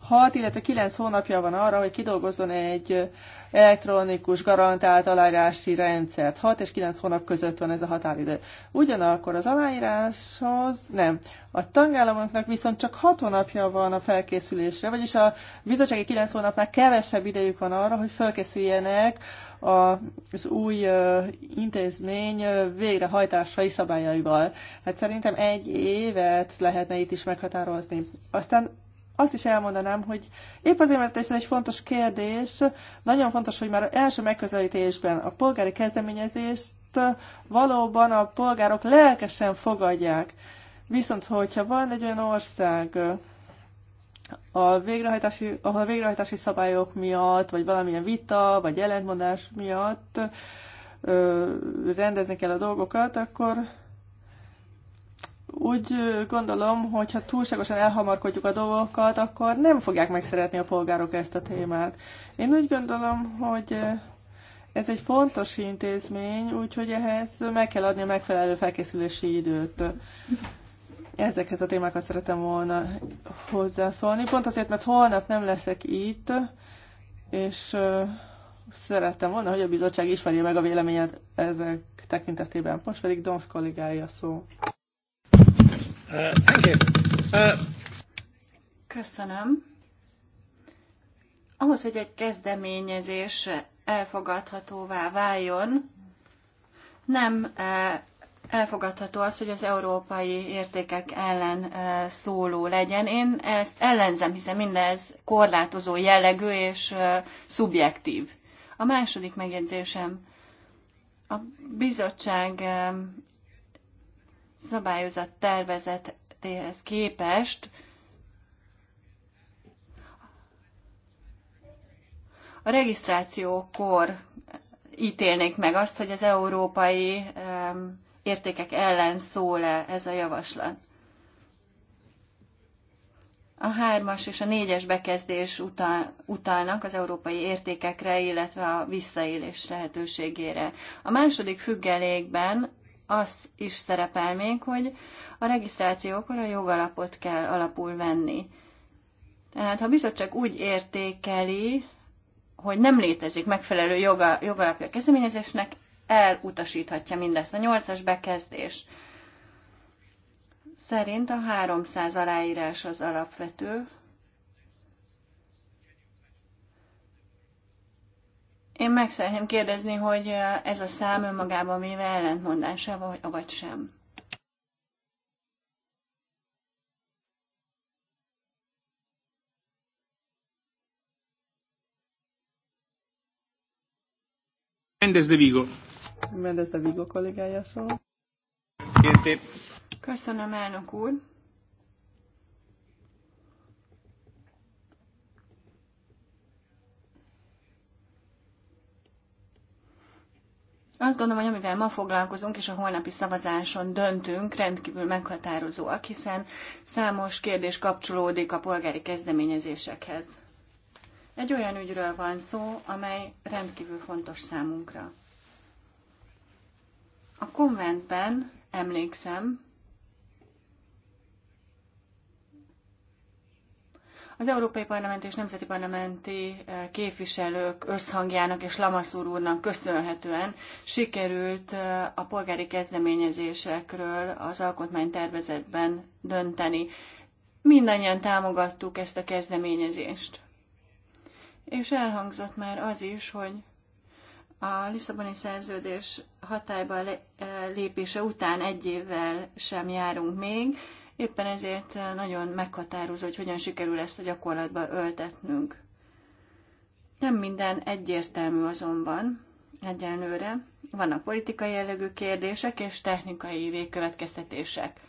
6, illetve 9 hónapja van arra, hogy kidolgozzon egy elektronikus garantált aláírási rendszert. 6 és 9 hónap között van ez a határidő. Ugyanakkor az aláíráshoz nem. A tagállamoknak viszont csak 6 hónapja van a felkészülésre, vagyis a bizottsági 9 hónapnál kevesebb idejük van arra, hogy felkészüljenek az új intézmény végrehajtásai szabályaival. Hát szerintem egy évet lehetne itt is meghatározni. Aztán azt is elmondanám, hogy épp azért, mert ez egy fontos kérdés, nagyon fontos, hogy már az első megközelítésben a polgári kezdeményezést valóban a polgárok lelkesen fogadják. Viszont, hogyha van egy olyan ország, a végrehajtási, ahol a végrehajtási szabályok miatt, vagy valamilyen vita, vagy ellentmondás miatt ö, el a dolgokat, akkor úgy gondolom, hogy ha túlságosan elhamarkodjuk a dolgokat, akkor nem fogják megszeretni a polgárok ezt a témát. Én úgy gondolom, hogy ez egy fontos intézmény, úgyhogy ehhez meg kell adni a megfelelő felkészülési időt. Ezekhez a témákhoz szeretem volna hozzászólni. Pont azért, mert holnap nem leszek itt, és szerettem volna, hogy a bizottság ismerje meg a véleményet ezek tekintetében. Most pedig Domsz kollégája szó thank you. Uh... Köszönöm. Ahhoz, hogy egy kezdeményezés elfogadhatóvá váljon, nem eh, elfogadható az, hogy az európai értékek ellen eh, szóló legyen. Én ezt ellenzem, hiszen mindez korlátozó jellegű és eh, szubjektív. A második megjegyzésem. A bizottság szabályozat tervezetéhez képest a regisztrációkor ítélnék meg azt, hogy az európai értékek ellen szól-e ez a javaslat. A hármas és a négyes bekezdés utal, utalnak az európai értékekre, illetve a visszaélés lehetőségére. A második függelékben az is szerepel még, hogy a regisztrációkor a jogalapot kell alapul venni. Tehát ha biztos bizottság úgy értékeli, hogy nem létezik megfelelő joga, jogalapja a kezdeményezésnek, elutasíthatja mindezt. A nyolcas bekezdés szerint a 300 aláírás az alapvető Én meg szeretném kérdezni, hogy ez a szám önmagában véve ellentmondása vagy vagy sem. Mendes de Vigo. Mendes de Vigo kollégája szól. Köszönöm, elnök úr. Azt gondolom, hogy amivel ma foglalkozunk és a holnapi szavazáson döntünk, rendkívül meghatározóak, hiszen számos kérdés kapcsolódik a polgári kezdeményezésekhez. Egy olyan ügyről van szó, amely rendkívül fontos számunkra. A konventben, emlékszem, Az Európai Parlament és Nemzeti Parlamenti eh, képviselők összhangjának és Lamaszúr úrnak köszönhetően sikerült eh, a polgári kezdeményezésekről az alkotmánytervezetben dönteni. Mindannyian támogattuk ezt a kezdeményezést. És elhangzott már az is, hogy a Lisszaboni szerződés hatályba eh, lépése után egy évvel sem járunk még, Éppen ezért nagyon meghatározó, hogy hogyan sikerül ezt a gyakorlatba öltetnünk. Nem minden egyértelmű azonban egyenlőre. Vannak politikai jellegű kérdések és technikai végkövetkeztetések.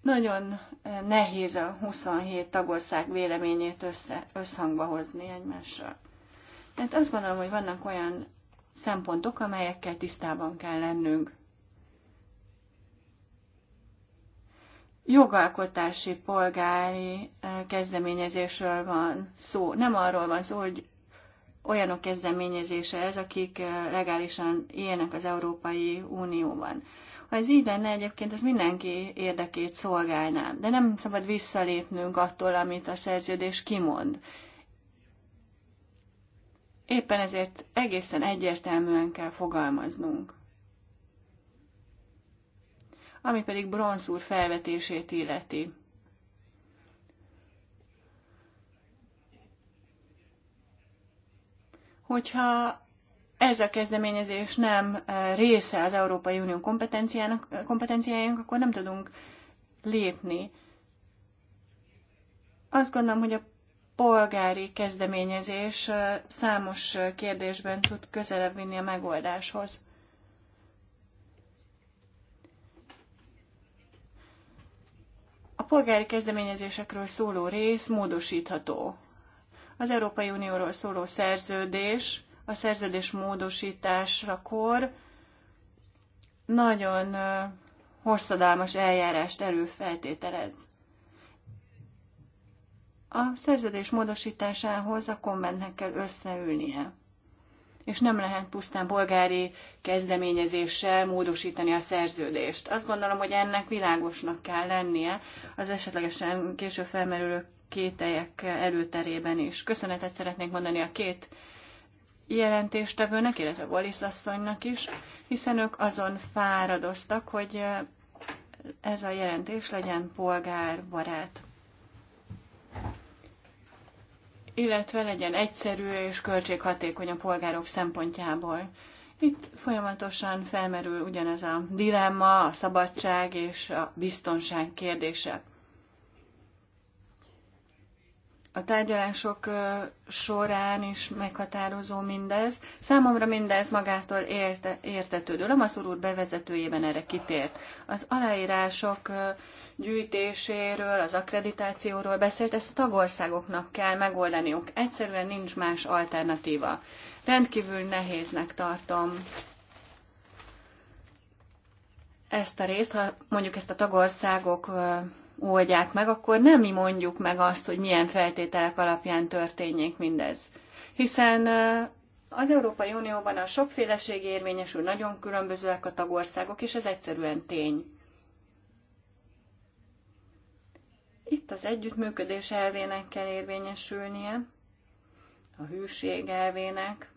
Nagyon nehéz a 27 tagország véleményét össze, összhangba hozni egymással. Tehát azt gondolom, hogy vannak olyan szempontok, amelyekkel tisztában kell lennünk. jogalkotási polgári eh, kezdeményezésről van szó. Nem arról van szó, hogy olyanok kezdeményezése ez, akik eh, legálisan élnek az Európai Unióban. Ha ez így lenne, egyébként ez mindenki érdekét szolgálná, de nem szabad visszalépnünk attól, amit a szerződés kimond. Éppen ezért egészen egyértelműen kell fogalmaznunk ami pedig Bronz úr felvetését illeti. Hogyha ez a kezdeményezés nem eh, része az Európai Unió kompetenciának, eh, kompetenciájának, akkor nem tudunk lépni. Azt gondolom, hogy a polgári kezdeményezés eh, számos kérdésben tud közelebb vinni a megoldáshoz. polgári kezdeményezésekről szóló rész módosítható. Az Európai Unióról szóló szerződés, a szerződés módosításakor nagyon hosszadalmas eljárást előfeltételez. A szerződés módosításához a konventnek kell összeülnie és nem lehet pusztán polgári kezdeményezéssel módosítani a szerződést. Azt gondolom, hogy ennek világosnak kell lennie az esetlegesen később felmerülő kételyek előterében is. Köszönetet szeretnék mondani a két jelentéstevőnek, illetve Wallis asszonynak is, hiszen ők azon fáradoztak, hogy ez a jelentés legyen polgárbarát illetve legyen egyszerű és költséghatékony a polgárok szempontjából. Itt folyamatosan felmerül ugyanez a dilemma, a szabadság és a biztonság kérdése a tárgyalások során is meghatározó mindez. Számomra mindez magától érte, értetődő. Lamaszur úr bevezetőjében erre kitért. Az aláírások gyűjtéséről, az akkreditációról beszélt, ezt a tagországoknak kell megoldaniuk. Egyszerűen nincs más alternatíva. Rendkívül nehéznek tartom ezt a részt, ha mondjuk ezt a tagországok oldják meg, akkor nem mi mondjuk meg azt, hogy milyen feltételek alapján történjék mindez. Hiszen az Európai Unióban a sokféleség érvényesül, nagyon különbözőek a tagországok, és ez egyszerűen tény. Itt az együttműködés elvének kell érvényesülnie, a hűség elvének,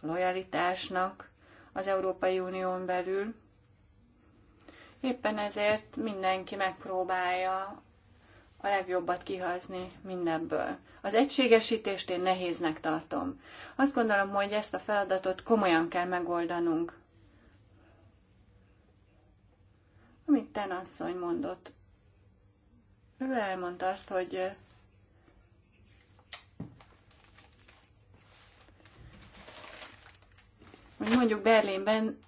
a lojalitásnak az Európai Unión belül, Éppen ezért mindenki megpróbálja a legjobbat kihazni mindebből. Az egységesítést én nehéznek tartom. Azt gondolom, hogy ezt a feladatot komolyan kell megoldanunk. Amit Ten asszony mondott. Ő elmondta azt, hogy hogy mondjuk Berlinben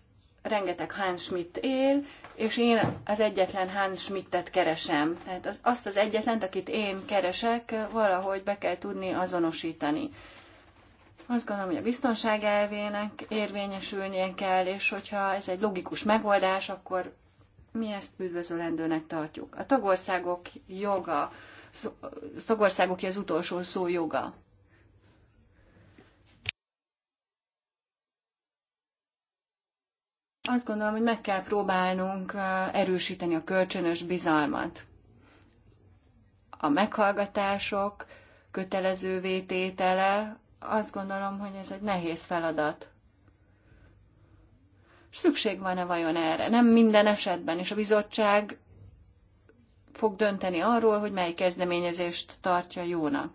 rengeteg Hans Schmidt él, és én az egyetlen Hans Schmidtet keresem. Tehát az, azt az egyetlen, akit én keresek, valahogy be kell tudni azonosítani. Azt gondolom, hogy a biztonság elvének érvényesülnie kell, és hogyha ez egy logikus megoldás, akkor mi ezt üdvözölendőnek tartjuk. A tagországok joga, a tagországok az utolsó szó joga. Azt gondolom, hogy meg kell próbálnunk erősíteni a kölcsönös bizalmat. A meghallgatások kötelező vététele, azt gondolom, hogy ez egy nehéz feladat. Szükség van-e vajon erre? Nem minden esetben, és a bizottság fog dönteni arról, hogy mely kezdeményezést tartja jónak.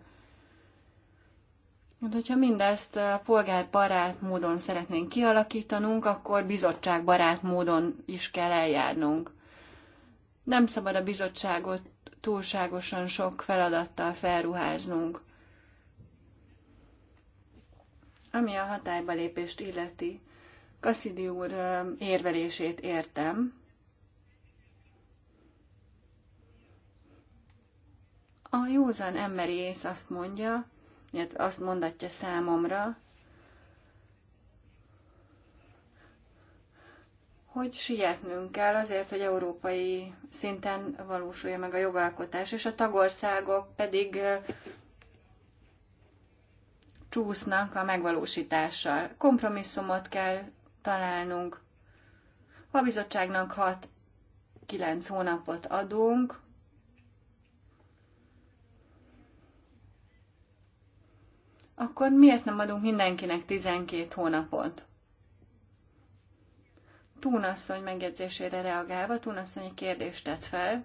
Hát, hogyha mindezt eh, polgárbarát módon szeretnénk kialakítanunk, akkor bizottságbarát módon is kell eljárnunk. Nem szabad a bizottságot túlságosan sok feladattal felruháznunk. Ami a hatályba lépést illeti, Kasszidi úr eh, érvelését értem. A józan emberi ész azt mondja, illetve azt mondatja számomra, hogy sietnünk kell azért, hogy európai szinten valósulja meg a jogalkotás, és a tagországok pedig csúsznak a megvalósítással. Kompromisszumot kell találnunk. Ha a bizottságnak 6-9 hónapot adunk, akkor miért nem adunk mindenkinek 12 hónapot? Túnasszony megjegyzésére reagálva, Túnasszony kérdést tett fel,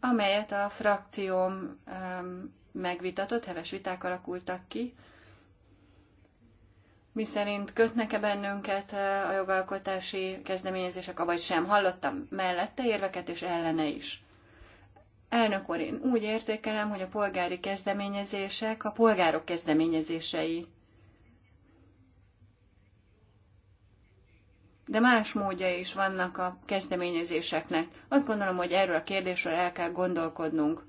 amelyet a frakcióm um, megvitatott, heves viták alakultak ki, mi szerint kötnek-e bennünket eh, a jogalkotási kezdeményezések, vagy sem. Hallottam mellette érveket és ellene is. Elnök úr, én úgy értékelem, hogy a polgári kezdeményezések a polgárok kezdeményezései. De más módja is vannak a kezdeményezéseknek. Azt gondolom, hogy erről a kérdésről el kell gondolkodnunk.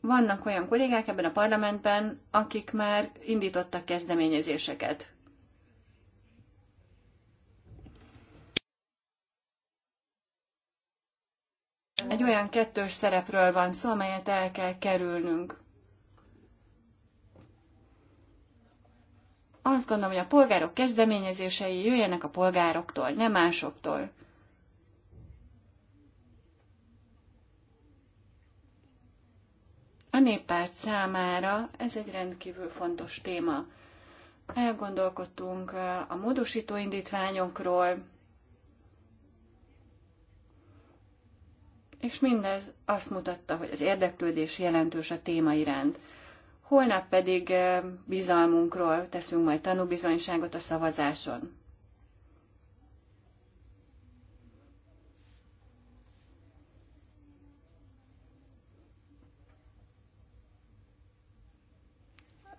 Vannak olyan kollégák ebben a parlamentben, akik már indítottak kezdeményezéseket. Egy olyan kettős szerepről van szó, amelyet el kell kerülnünk. Azt gondolom, hogy a polgárok kezdeményezései jöjjenek a polgároktól, nem másoktól. A néppárt számára ez egy rendkívül fontos téma. Elgondolkodtunk eh, a módosító indítványokról, és mindez azt mutatta, hogy az érdeklődés jelentős a téma iránt. Holnap pedig eh, bizalmunkról teszünk majd tanúbizonyságot a szavazáson.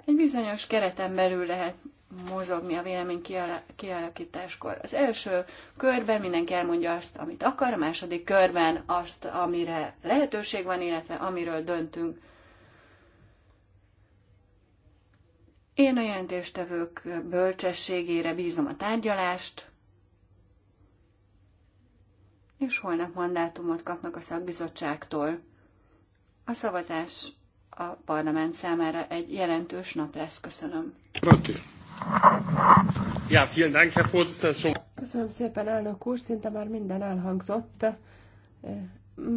Egy bizonyos kereten belül lehet mozogni a vélemény kialakításkor. Az első körben mindenki elmondja azt, amit akar, a második körben azt, amire lehetőség van, illetve amiről döntünk. Én a jelentéstevők bölcsességére bízom a tárgyalást, és holnap mandátumot kapnak a szakbizottságtól. A szavazás a parlament számára egy jelentős nap lesz. Köszönöm. Prati. Ja, vielen Dank, Herr Vorsitzender. Köszönöm szépen, elnök úr, szinte már minden elhangzott. Eh,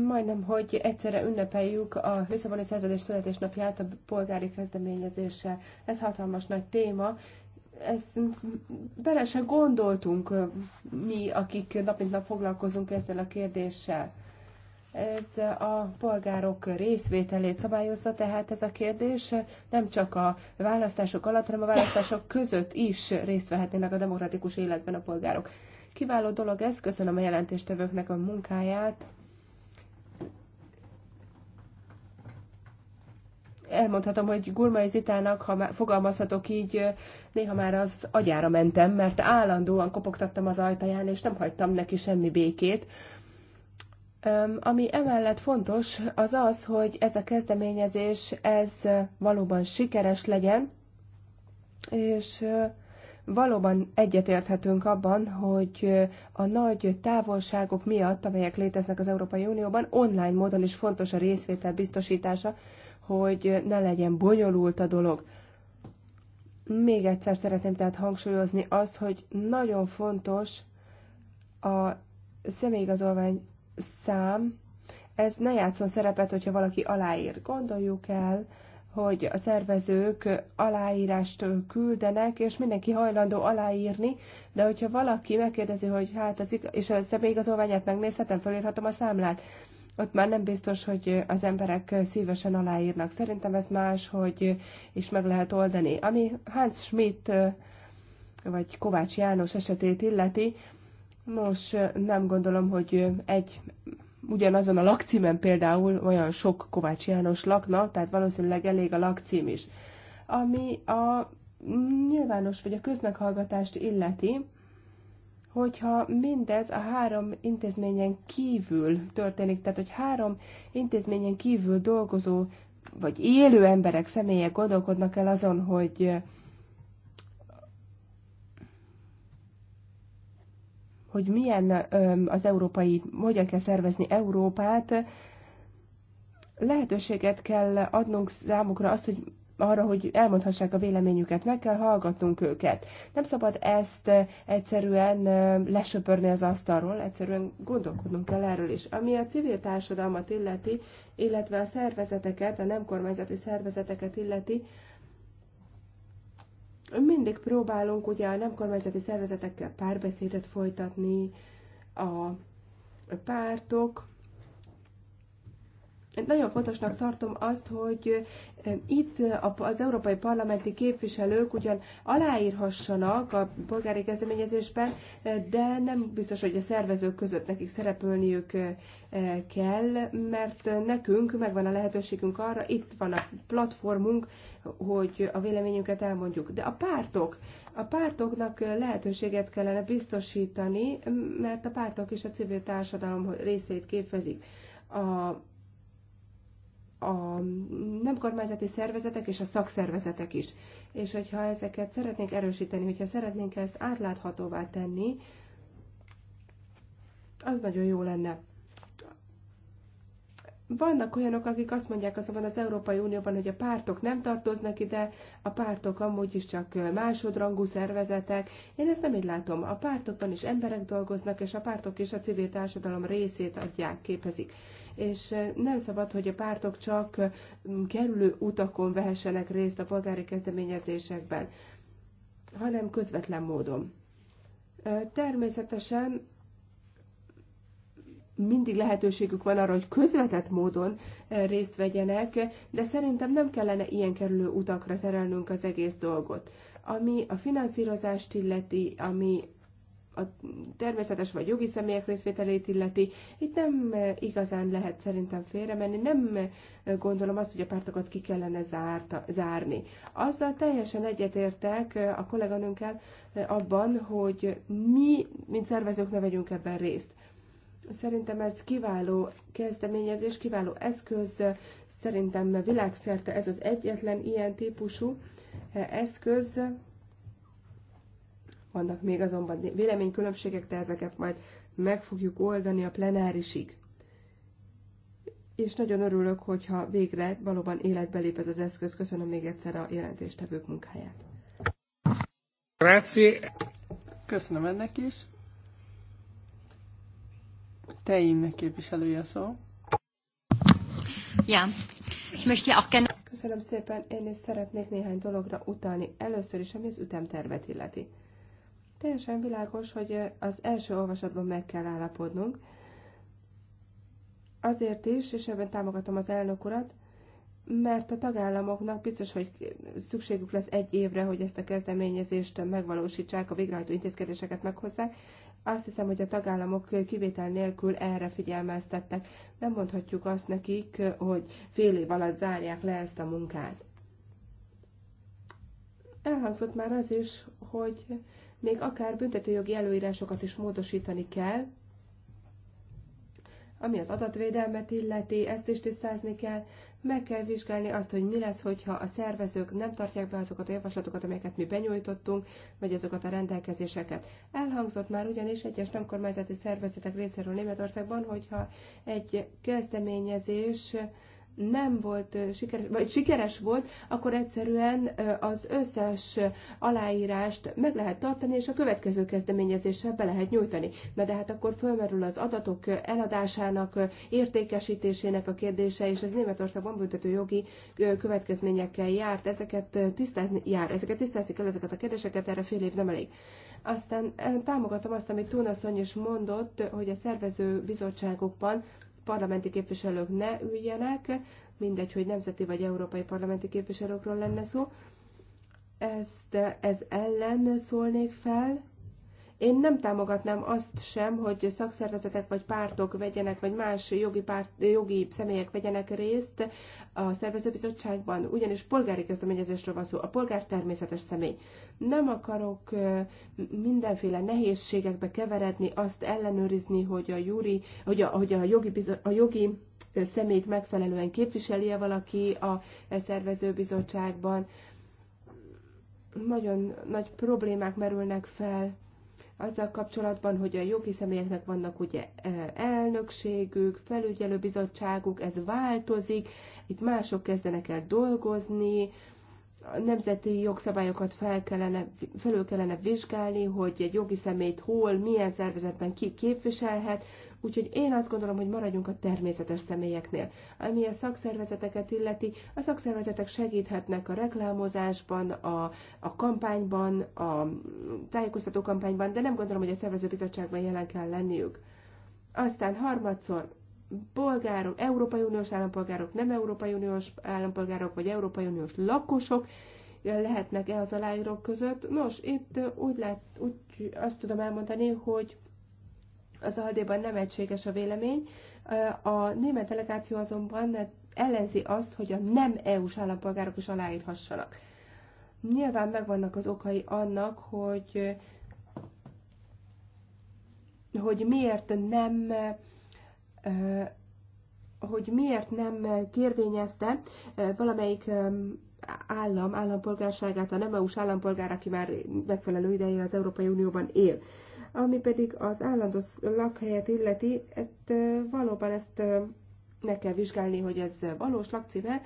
majdnem, hogy egyszerre ünnepeljük a Lisszaboni szerződés születésnapját a polgári kezdeményezéssel. Ez hatalmas nagy téma, ezt bele se gondoltunk eh, mi, akik nap mint nap foglalkozunk ezzel a kérdéssel ez a polgárok részvételét szabályozza, tehát ez a kérdés nem csak a választások alatt, hanem a választások között is részt vehetnének a demokratikus életben a polgárok. Kiváló dolog ez, köszönöm a jelentéstevőknek a munkáját. Elmondhatom, hogy Gurmai Zitának, ha fogalmazhatok így, néha már az agyára mentem, mert állandóan kopogtattam az ajtaján, és nem hagytam neki semmi békét ami emellett fontos, az az, hogy ez a kezdeményezés, ez valóban sikeres legyen, és valóban egyetérthetünk abban, hogy a nagy távolságok miatt, amelyek léteznek az Európai Unióban, online módon is fontos a részvétel biztosítása, hogy ne legyen bonyolult a dolog. Még egyszer szeretném tehát hangsúlyozni azt, hogy nagyon fontos a személyigazolvány szám, ez ne játszon szerepet, hogyha valaki aláír. Gondoljuk el, hogy a szervezők aláírást küldenek, és mindenki hajlandó aláírni, de hogyha valaki megkérdezi, hogy hát az igaz, és a személyigazolványát megnézhetem, felírhatom a számlát, ott már nem biztos, hogy az emberek szívesen aláírnak. Szerintem ez más, hogy is meg lehet oldani. Ami Hans Schmidt vagy Kovács János esetét illeti, Nos, nem gondolom, hogy egy ugyanazon a lakcímen például olyan sok Kovács János lakna, tehát valószínűleg elég a lakcím is. Ami a nyilvános vagy a közmeghallgatást illeti, hogyha mindez a három intézményen kívül történik, tehát hogy három intézményen kívül dolgozó vagy élő emberek, személyek gondolkodnak el azon, hogy hogy milyen az európai, hogyan kell szervezni Európát, lehetőséget kell adnunk számukra azt, hogy arra, hogy elmondhassák a véleményüket, meg kell hallgatnunk őket. Nem szabad ezt egyszerűen lesöpörni az asztalról, egyszerűen gondolkodnunk kell erről is. Ami a civil társadalmat illeti, illetve a szervezeteket, a nem kormányzati szervezeteket illeti, mindig próbálunk ugye a nem kormányzati szervezetekkel párbeszédet folytatni, a pártok, nagyon fontosnak tartom azt, hogy itt az európai parlamenti képviselők ugyan aláírhassanak a polgári kezdeményezésben, de nem biztos, hogy a szervezők között nekik szerepülniük kell, mert nekünk megvan a lehetőségünk arra, itt van a platformunk, hogy a véleményünket elmondjuk. De a pártok, a pártoknak lehetőséget kellene biztosítani, mert a pártok is a civil társadalom részét képezik. A a nem kormányzati szervezetek és a szakszervezetek is. És hogyha ezeket szeretnénk erősíteni, hogyha szeretnénk ezt átláthatóvá tenni, az nagyon jó lenne. Vannak olyanok, akik azt mondják azonban az Európai Unióban, hogy a pártok nem tartoznak ide, a pártok amúgy is csak másodrangú szervezetek. Én ezt nem így látom. A pártokban is emberek dolgoznak, és a pártok is a civil társadalom részét adják, képezik és eh, nem szabad, hogy a pártok csak eh, kerülő utakon vehessenek részt a polgári kezdeményezésekben, hanem közvetlen módon. Eh, természetesen mindig lehetőségük van arra, hogy közvetett módon részt vegyenek, de szerintem nem kellene ilyen kerülő utakra terelnünk az egész dolgot. Ami a finanszírozást illeti, ami a természetes vagy jogi személyek részvételét illeti, itt nem e, igazán lehet szerintem félre menni nem e, gondolom azt, hogy a pártokat ki kellene zárta, zárni. Azzal teljesen egyetértek e, a kolléganőnkkel abban, hogy mi, mint szervezők ne vegyünk ebben részt. Szerintem ez kiváló kezdeményezés, kiváló eszköz, szerintem világszerte ez az egyetlen ilyen típusú eszköz, vannak még azonban véleménykülönbségek, de ezeket majd meg fogjuk oldani a plenárisig. És nagyon örülök, hogyha végre valóban életbe lép ez az eszköz. Köszönöm még egyszer a jelentéstevők munkáját. Grazie. Köszönöm ennek is. te innek képviselője szó. Ja, ich möchte auch gerne... Köszönöm szépen, én is szeretnék néhány dologra utalni. Először is, ami az ütemtervet illeti. Teljesen világos, hogy az első olvasatban meg kell állapodnunk. Azért is, és ebben támogatom az elnök urat, mert a tagállamoknak biztos, hogy szükségük lesz egy évre, hogy ezt a kezdeményezést megvalósítsák, a végrehajtó intézkedéseket meghozzák. Azt hiszem, hogy a tagállamok kivétel nélkül erre figyelmeztettek. Nem mondhatjuk azt nekik, hogy fél év alatt zárják le ezt a munkát. Elhangzott már az is, hogy még akár büntetőjogi előírásokat is módosítani kell, ami az adatvédelmet illeti, ezt is tisztázni kell, meg kell vizsgálni azt, hogy mi lesz, hogyha a szervezők nem tartják be azokat a javaslatokat, amelyeket mi benyújtottunk, vagy azokat a rendelkezéseket. Elhangzott már ugyanis egyes nem kormányzati szervezetek részéről Németországban, hogyha egy kezdeményezés nem volt sikeres, vagy sikeres volt, akkor egyszerűen az összes aláírást meg lehet tartani, és a következő kezdeményezéssel be lehet nyújtani. Na de hát akkor fölmerül az adatok eladásának, értékesítésének a kérdése, és ez Németországban büntető jogi következményekkel járt. Ezeket tisztázni, jár, ezeket tisztázni kell, ezeket a kérdéseket, erre fél év nem elég. Aztán támogatom azt, amit Tónaszony is mondott, hogy a szervező bizottságokban parlamenti képviselők ne üljenek, mindegy, hogy nemzeti vagy európai parlamenti képviselőkről lenne szó. Ezt, ez ellen szólnék fel, én nem támogatnám azt sem, hogy szakszervezetek vagy pártok vegyenek, vagy más jogi, párt, jogi személyek vegyenek részt a szervezőbizottságban, ugyanis polgári kezdeményezésről van szó, a polgár természetes személy. Nem akarok mindenféle nehézségekbe keveredni, azt ellenőrizni, hogy a, júri, hogy a, hogy a jogi, bizo- a jogi személyt megfelelően -e valaki a szervezőbizottságban. Nagyon nagy problémák merülnek fel azzal kapcsolatban, hogy a jogi személyeknek vannak ugye e, elnökségük, felügyelőbizottságuk, ez változik, itt mások kezdenek el dolgozni, a nemzeti jogszabályokat fel kellene, felül kellene vizsgálni, hogy egy jogi szemét hol, milyen szervezetben ki képviselhet, Úgyhogy én azt gondolom, hogy maradjunk a természetes személyeknél. Ami a szakszervezeteket illeti, a szakszervezetek segíthetnek a reklámozásban, a, a kampányban, a tájékoztató kampányban, de nem gondolom, hogy a szervezőbizottságban jelen kell lenniük. Aztán harmadszor, polgárok, Európai Uniós állampolgárok, nem Európai Uniós állampolgárok, vagy Európai Uniós lakosok, lehetnek-e az aláírók között. Nos, itt úgy, lát, úgy azt tudom elmondani, hogy az aldéban nem egységes a vélemény. A német delegáció azonban ellenzi azt, hogy a nem EU-s állampolgárok is aláírhassanak. Nyilván megvannak az okai annak, hogy hogy miért nem hogy miért nem kérvényezte valamelyik állam állampolgárságát a nem EU-s állampolgár, aki már megfelelő ideje az Európai Unióban él. Ami pedig az állandó lakhelyet illeti, ezt, valóban ezt meg kell vizsgálni, hogy ez valós lakcíme,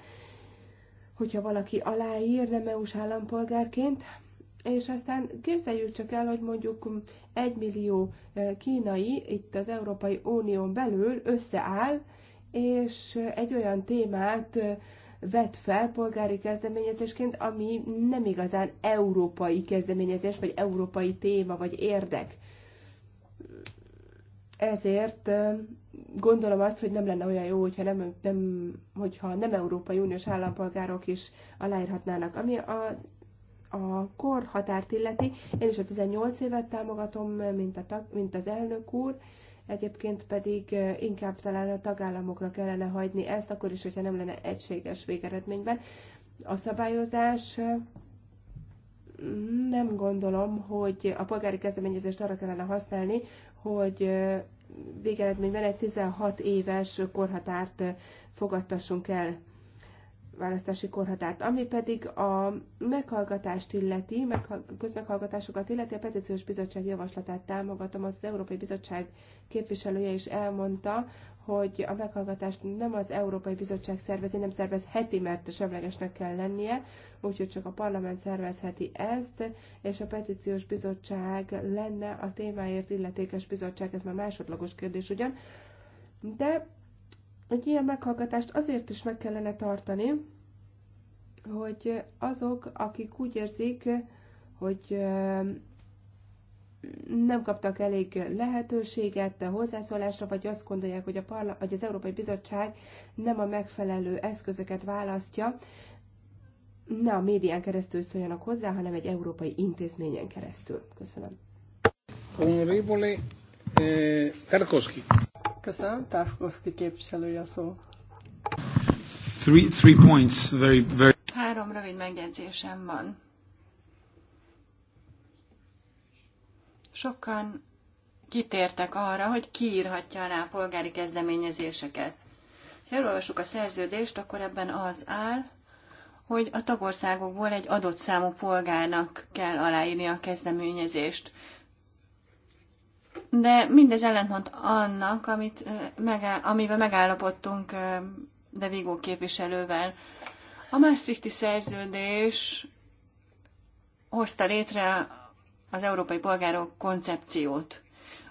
hogyha valaki aláír nem eu állampolgárként, és aztán képzeljük csak el, hogy mondjuk egy millió kínai itt az Európai Unión belül összeáll, és egy olyan témát vett fel polgári kezdeményezésként, ami nem igazán európai kezdeményezés, vagy európai téma, vagy érdek ezért gondolom azt, hogy nem lenne olyan jó, hogyha nem, nem, hogyha nem Európai Uniós állampolgárok is aláírhatnának. Ami a, a határt illeti, én is a 18 évet támogatom, mint, a tag, mint az elnök úr, egyébként pedig inkább talán a tagállamokra kellene hagyni ezt, akkor is, hogyha nem lenne egységes végeredményben. A szabályozás nem gondolom, hogy a polgári kezdeményezést arra kellene használni, hogy végeredményben egy 16 éves korhatárt fogadtassunk el választási korhatárt. Ami pedig a meghallgatást illeti, közmeghallgatásokat illeti, a petíciós bizottság javaslatát támogatom, az Európai Bizottság képviselője is elmondta, hogy a meghallgatást nem az Európai Bizottság szervezi, nem szervezheti, mert semlegesnek kell lennie, úgyhogy csak a parlament szervezheti ezt, és a petíciós bizottság lenne a témáért illetékes bizottság, ez már másodlagos kérdés ugyan, de egy ilyen meghallgatást azért is meg kellene tartani, hogy azok, akik úgy érzik, hogy nem kaptak elég lehetőséget a hozzászólásra, vagy azt gondolják, hogy, a parla- hogy az Európai Bizottság nem a megfelelő eszközöket választja, ne a médián keresztül szóljanak hozzá, hanem egy európai intézményen keresztül. Köszönöm. Honorable eh, Tarkovsky. Köszönöm, Tarkovsky képviselője a szó. Three, three points, very, very... Három rövid megjegyzésem van. Sokan kitértek arra, hogy kiírhatja alá a polgári kezdeményezéseket. Ha elolvassuk a szerződést, akkor ebben az áll, hogy a tagországokból egy adott számú polgárnak kell aláírni a kezdeményezést. De mindez ellentmond annak, amit megáll, amiben megállapodtunk De Vigó képviselővel. A Maastrichti szerződés hozta létre az európai polgárok koncepciót.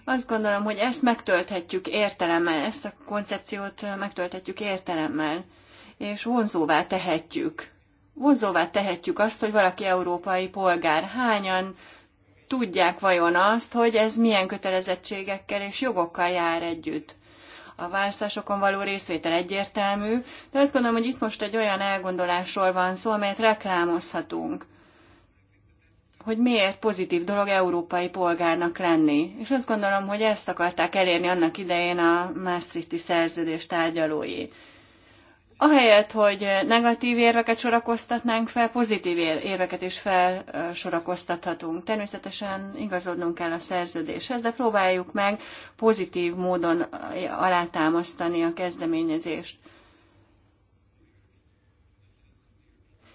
Azt gondolom, hogy ezt megtölthetjük értelemmel, ezt a koncepciót megtölthetjük értelemmel, és vonzóvá tehetjük. Vonzóvá tehetjük azt, hogy valaki európai polgár. Hányan tudják vajon azt, hogy ez milyen kötelezettségekkel és jogokkal jár együtt? a választásokon való részvétel egyértelmű, de azt gondolom, hogy itt most egy olyan elgondolásról van szó, amelyet reklámozhatunk hogy miért pozitív dolog európai polgárnak lenni. És azt gondolom, hogy ezt akarták elérni annak idején a Maastrichti szerződés tárgyalói. Ahelyett, hogy negatív érveket sorakoztatnánk fel, pozitív érveket is felsorakoztathatunk. Természetesen igazodnunk kell a szerződéshez, de próbáljuk meg pozitív módon alátámasztani a kezdeményezést.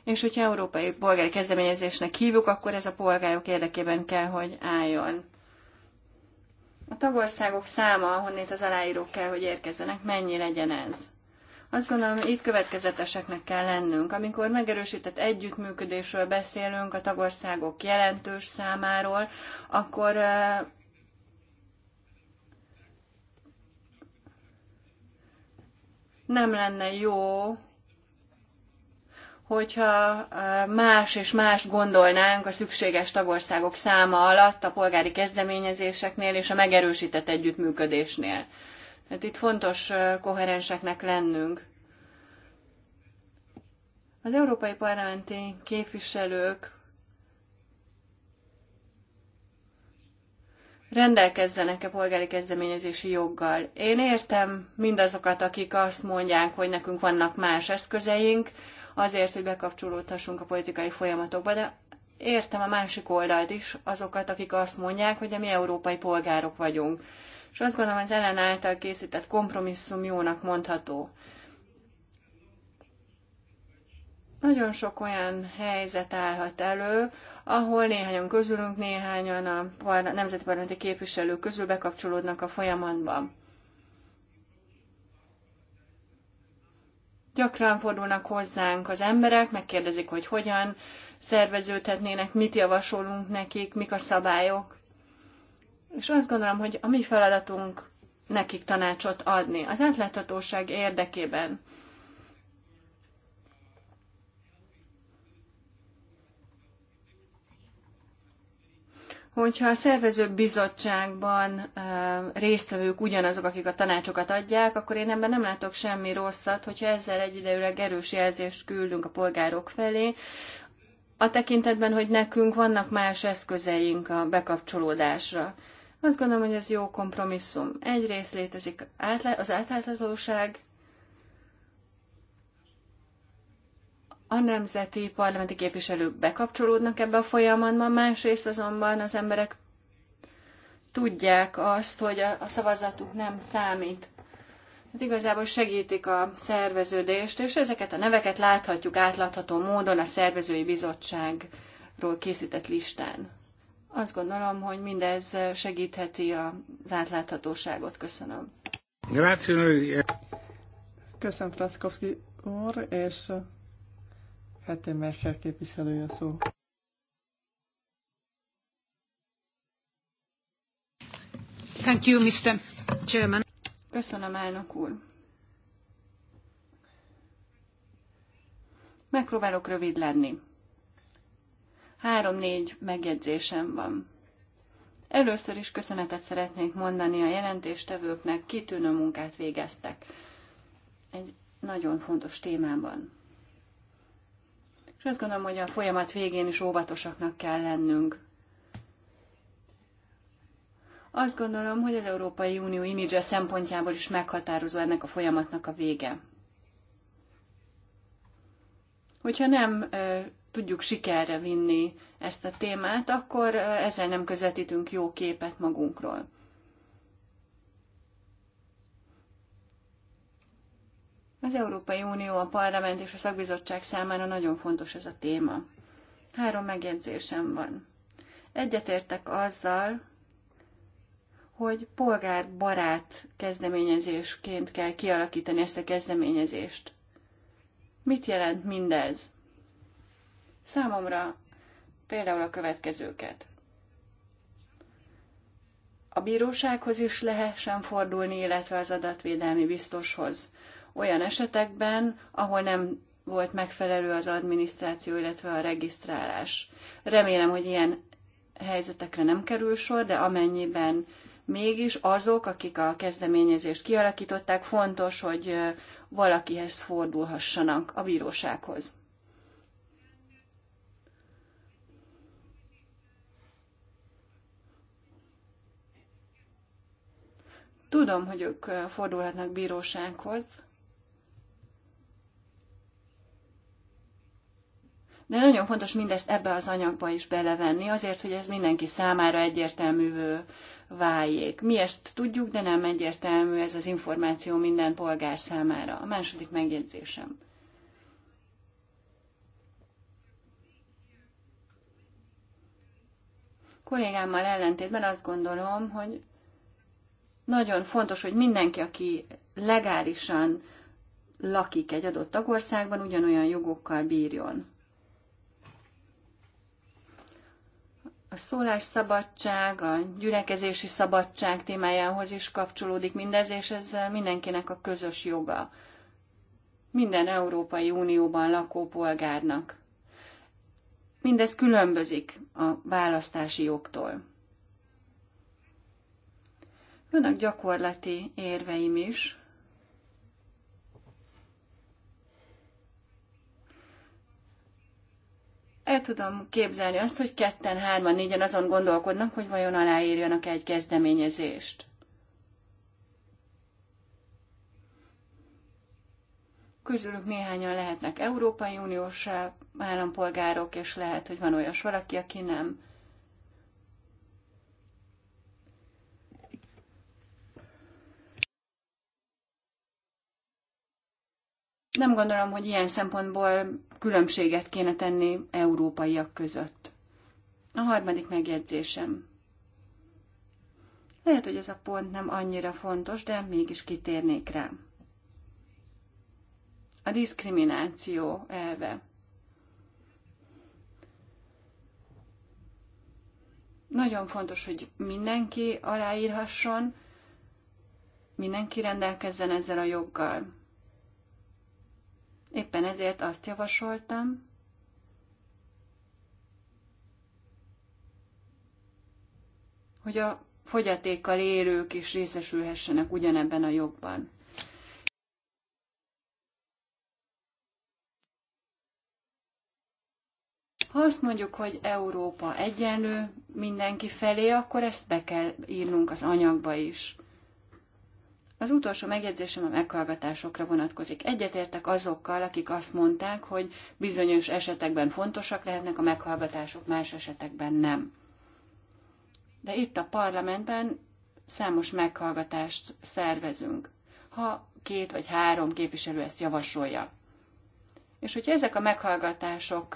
és hogyha európai polgári kezdeményezésnek hívjuk, akkor ez a polgárok érdekében kell, hogy álljon. A tagországok száma, ahonnét az aláírók kell, hogy érkezzenek, mennyi legyen ez? Azt gondolom, itt következeteseknek kell lennünk. Amikor megerősített együttműködésről beszélünk a tagországok jelentős számáról, akkor nem lenne jó, hogyha más és más gondolnánk a szükséges tagországok száma alatt a polgári kezdeményezéseknél és a megerősített együttműködésnél. Tehát itt fontos koherenseknek lennünk. Az európai parlamenti képviselők rendelkezzenek-e polgári kezdeményezési joggal. Én értem mindazokat, akik azt mondják, hogy nekünk vannak más eszközeink, azért, hogy bekapcsolódhassunk a politikai folyamatokba, de értem a másik oldalt is, azokat, akik azt mondják, hogy de mi európai polgárok vagyunk. És azt gondolom, az ellen által készített kompromisszum jónak mondható. Nagyon sok olyan helyzet állhat elő, ahol néhányan közülünk, néhányan a nemzeti parlamenti képviselők közül bekapcsolódnak a folyamatban. Gyakran fordulnak hozzánk az emberek, megkérdezik, hogy hogyan szerveződhetnének, mit javasolunk nekik, mik a szabályok. És azt gondolom, hogy a mi feladatunk nekik tanácsot adni az átláthatóság érdekében. hogyha a szervező bizottságban résztvevők ugyanazok, akik a tanácsokat adják, akkor én ebben nem látok semmi rosszat, hogyha ezzel egyidejűleg erős jelzést küldünk a polgárok felé, a tekintetben, hogy nekünk vannak más eszközeink a bekapcsolódásra. Azt gondolom, hogy ez jó kompromisszum. Egyrészt létezik az átláthatóság, a nemzeti parlamenti képviselők bekapcsolódnak ebbe a folyamatban, másrészt azonban az emberek tudják azt, hogy a szavazatuk nem számít. Hát igazából segítik a szerveződést, és ezeket a neveket láthatjuk átlátható módon a szervezői bizottságról készített listán. Azt gondolom, hogy mindez segítheti az átláthatóságot. Köszönöm. Grazie. Köszönöm, Fraszkowski úr, és Fettenberger képviselője szó. Thank you, Mr. Chairman. Köszönöm, elnök úr. Megpróbálok rövid lenni. Három-négy megjegyzésem van. Először is köszönetet szeretnék mondani a jelentéstevőknek, kitűnő munkát végeztek egy nagyon fontos témában és azt gondolom, hogy a folyamat végén is óvatosaknak kell lennünk. Azt gondolom, hogy az Európai Unió imidzse szempontjából is meghatározó ennek a folyamatnak a vége. Hogyha nem tudjuk sikerre vinni ezt a témát, akkor ezzel nem közvetítünk jó képet magunkról. Az Európai Unió, a Parlament és a Szakbizottság számára nagyon fontos ez a téma. Három megjegyzésem van. Egyetértek azzal, hogy polgárbarát kezdeményezésként kell kialakítani ezt a kezdeményezést. Mit jelent mindez? Számomra például a következőket. A bírósághoz is lehessen fordulni, illetve az adatvédelmi biztoshoz olyan esetekben, ahol nem volt megfelelő az adminisztráció, illetve a regisztrálás. Remélem, hogy ilyen helyzetekre nem kerül sor, de amennyiben mégis azok, akik a kezdeményezést kialakították, fontos, hogy valakihez fordulhassanak a bírósághoz. Tudom, hogy ők fordulhatnak bírósághoz, De nagyon fontos mindezt ebbe az anyagba is belevenni, azért, hogy ez mindenki számára egyértelmű váljék. Mi ezt tudjuk, de nem egyértelmű ez az információ minden polgár számára. A második megjegyzésem. kollégámmal ellentétben azt gondolom, hogy nagyon fontos, hogy mindenki, aki legálisan lakik egy adott tagországban, ugyanolyan jogokkal bírjon. a szólásszabadság, a gyülekezési szabadság témájához is kapcsolódik mindez, és ez mindenkinek a közös joga. Minden Európai Unióban lakó polgárnak. Mindez különbözik a választási jogtól. Vannak gyakorlati érveim is, el tudom képzelni azt, hogy ketten, hárman, négyen azon gondolkodnak, hogy vajon aláírjanak egy kezdeményezést. Közülük néhányan lehetnek Európai Uniós állampolgárok, és lehet, hogy van olyas valaki, aki nem. nem gondolom, hogy ilyen szempontból különbséget kéne tenni európaiak között. A harmadik megjegyzésem. Lehet, hogy ez a pont nem annyira fontos, de mégis kitérnék rá. A diszkrimináció elve. Nagyon fontos, hogy mindenki aláírhasson, mindenki rendelkezzen ezzel a joggal. Éppen ezért azt javasoltam, hogy a fogyatékkal élők is részesülhessenek ugyanebben a jogban. Ha azt mondjuk, hogy Európa egyenlő mindenki felé, akkor ezt be kell írnunk az anyagba is. Az utolsó megjegyzésem a meghallgatásokra vonatkozik. Egyetértek azokkal, akik azt mondták, hogy bizonyos esetekben fontosak lehetnek a meghallgatások, más esetekben nem. De itt a parlamentben számos meghallgatást szervezünk, ha két vagy három képviselő ezt javasolja. És hogyha ezek a meghallgatások,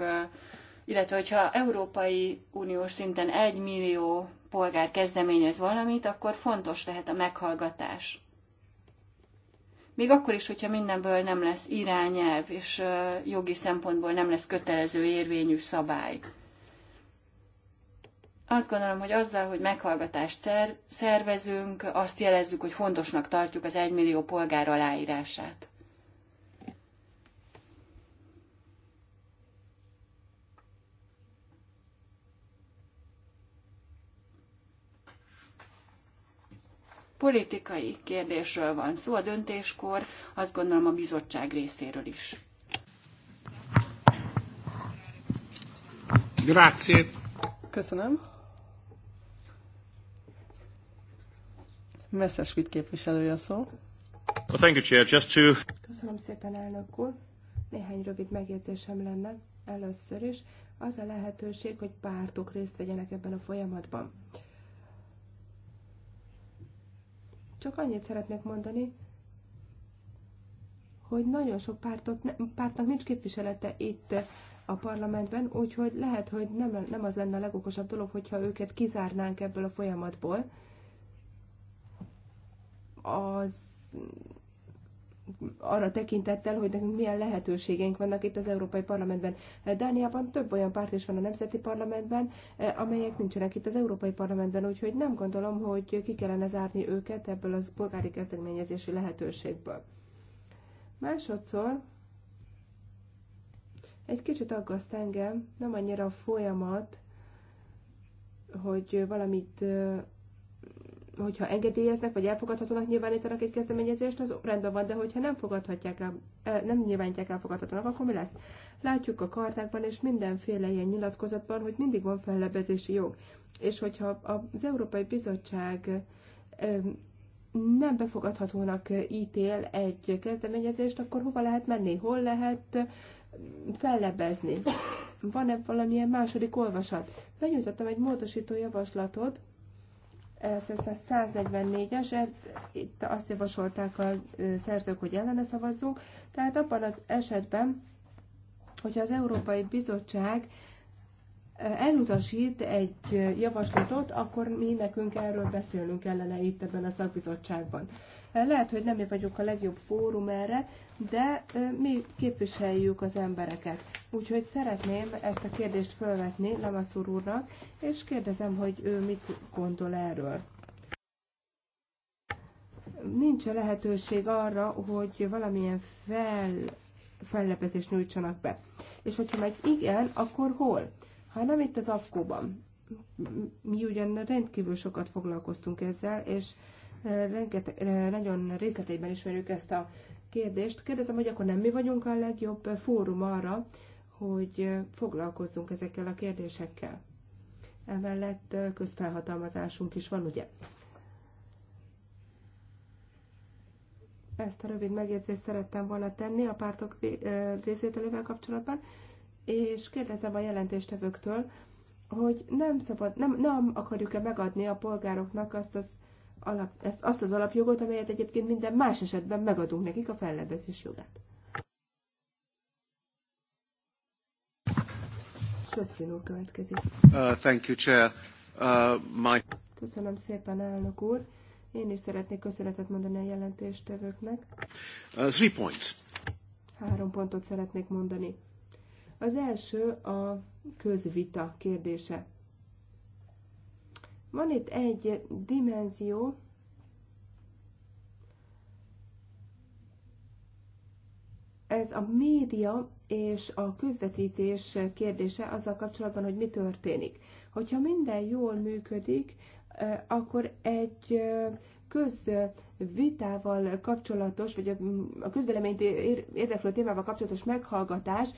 illetve hogyha Európai Uniós szinten egy millió polgár kezdeményez valamit, akkor fontos lehet a meghallgatás még akkor is, hogyha mindenből nem lesz irányelv, és jogi szempontból nem lesz kötelező érvényű szabály. Azt gondolom, hogy azzal, hogy meghallgatást szervezünk, azt jelezzük, hogy fontosnak tartjuk az egymillió polgár aláírását. politikai kérdésről van szó a döntéskor, azt gondolom a bizottság részéről is. Grazie. Köszönöm. vitt képviselője a szó. Well, thank you, Chair. Just to... Köszönöm szépen, elnök úr. Néhány rövid megjegyzésem lenne először is. Az a lehetőség, hogy pártok részt vegyenek ebben a folyamatban. Csak annyit szeretnék mondani, hogy nagyon sok pártot, pártnak nincs képviselete itt a parlamentben, úgyhogy lehet, hogy nem, nem az lenne a legokosabb dolog, hogyha őket kizárnánk ebből a folyamatból. Az arra tekintettel, hogy nekünk milyen lehetőségeink vannak itt az Európai Parlamentben. Eh, Dániában több olyan párt is van a Nemzeti Parlamentben, eh, amelyek nincsenek itt az Európai Parlamentben, úgyhogy nem gondolom, hogy ki kellene zárni őket ebből az polgári kezdeményezési lehetőségből. Másodszor egy kicsit aggaszt engem, nem annyira a folyamat, hogy valamit eh, hogyha engedélyeznek, vagy elfogadhatónak nyilvánítanak egy kezdeményezést, az rendben van, de hogyha nem fogadhatják el, e, nem nyilvánítják elfogadhatónak, akkor mi lesz? Látjuk a kartákban és mindenféle ilyen nyilatkozatban, hogy mindig van fellebezési jog. És hogyha az Európai Bizottság nem befogadhatónak ítél egy kezdeményezést, akkor hova lehet menni? Hol lehet fellebezni? Van-e valamilyen második olvasat? Benyújtottam egy módosító javaslatot, 144-es, itt azt javasolták a szerzők, hogy ellene szavazzunk, tehát abban az esetben, hogyha az Európai Bizottság elutasít egy javaslatot, akkor mi nekünk erről beszélnünk kellene itt ebben a szakbizottságban. Lehet, hogy nem mi vagyunk a legjobb fórum erre, de mi képviseljük az embereket. Úgyhogy szeretném ezt a kérdést felvetni Lamaszur úrnak, és kérdezem, hogy ő mit gondol erről. Nincs -e lehetőség arra, hogy valamilyen fel, fellepezést nyújtsanak be. És hogyha meg igen, akkor hol? Ha nem itt az afkóban. Mi ugyan rendkívül sokat foglalkoztunk ezzel, és rengeteg, nagyon részleteiben ismerjük ezt a kérdést. Kérdezem, hogy akkor nem mi vagyunk a legjobb fórum arra, hogy foglalkozzunk ezekkel a kérdésekkel. Emellett közfelhatalmazásunk is van, ugye? Ezt a rövid megjegyzést szerettem volna tenni a pártok részvételével kapcsolatban, és kérdezem a jelentéstevőktől, hogy nem szabad, nem, nem akarjuk-e megadni a polgároknak azt az alap, ezt, azt az alapjogot, amelyet egyébként minden más esetben megadunk nekik a fellebezés jogát. Söfrin úr következik. Uh, thank you, Chair. Uh, my... Köszönöm szépen, elnök úr. Én is szeretnék köszönetet mondani a jelentéstevőknek. Uh, three points. Három pontot szeretnék mondani. Az első a közvita kérdése. Van itt egy dimenzió, ez a média és a közvetítés kérdése azzal kapcsolatban, hogy mi történik. Hogyha minden jól működik, eh, akkor egy eh, köz vitával kapcsolatos, vagy a közvéleményt érdeklő témával kapcsolatos meghallgatás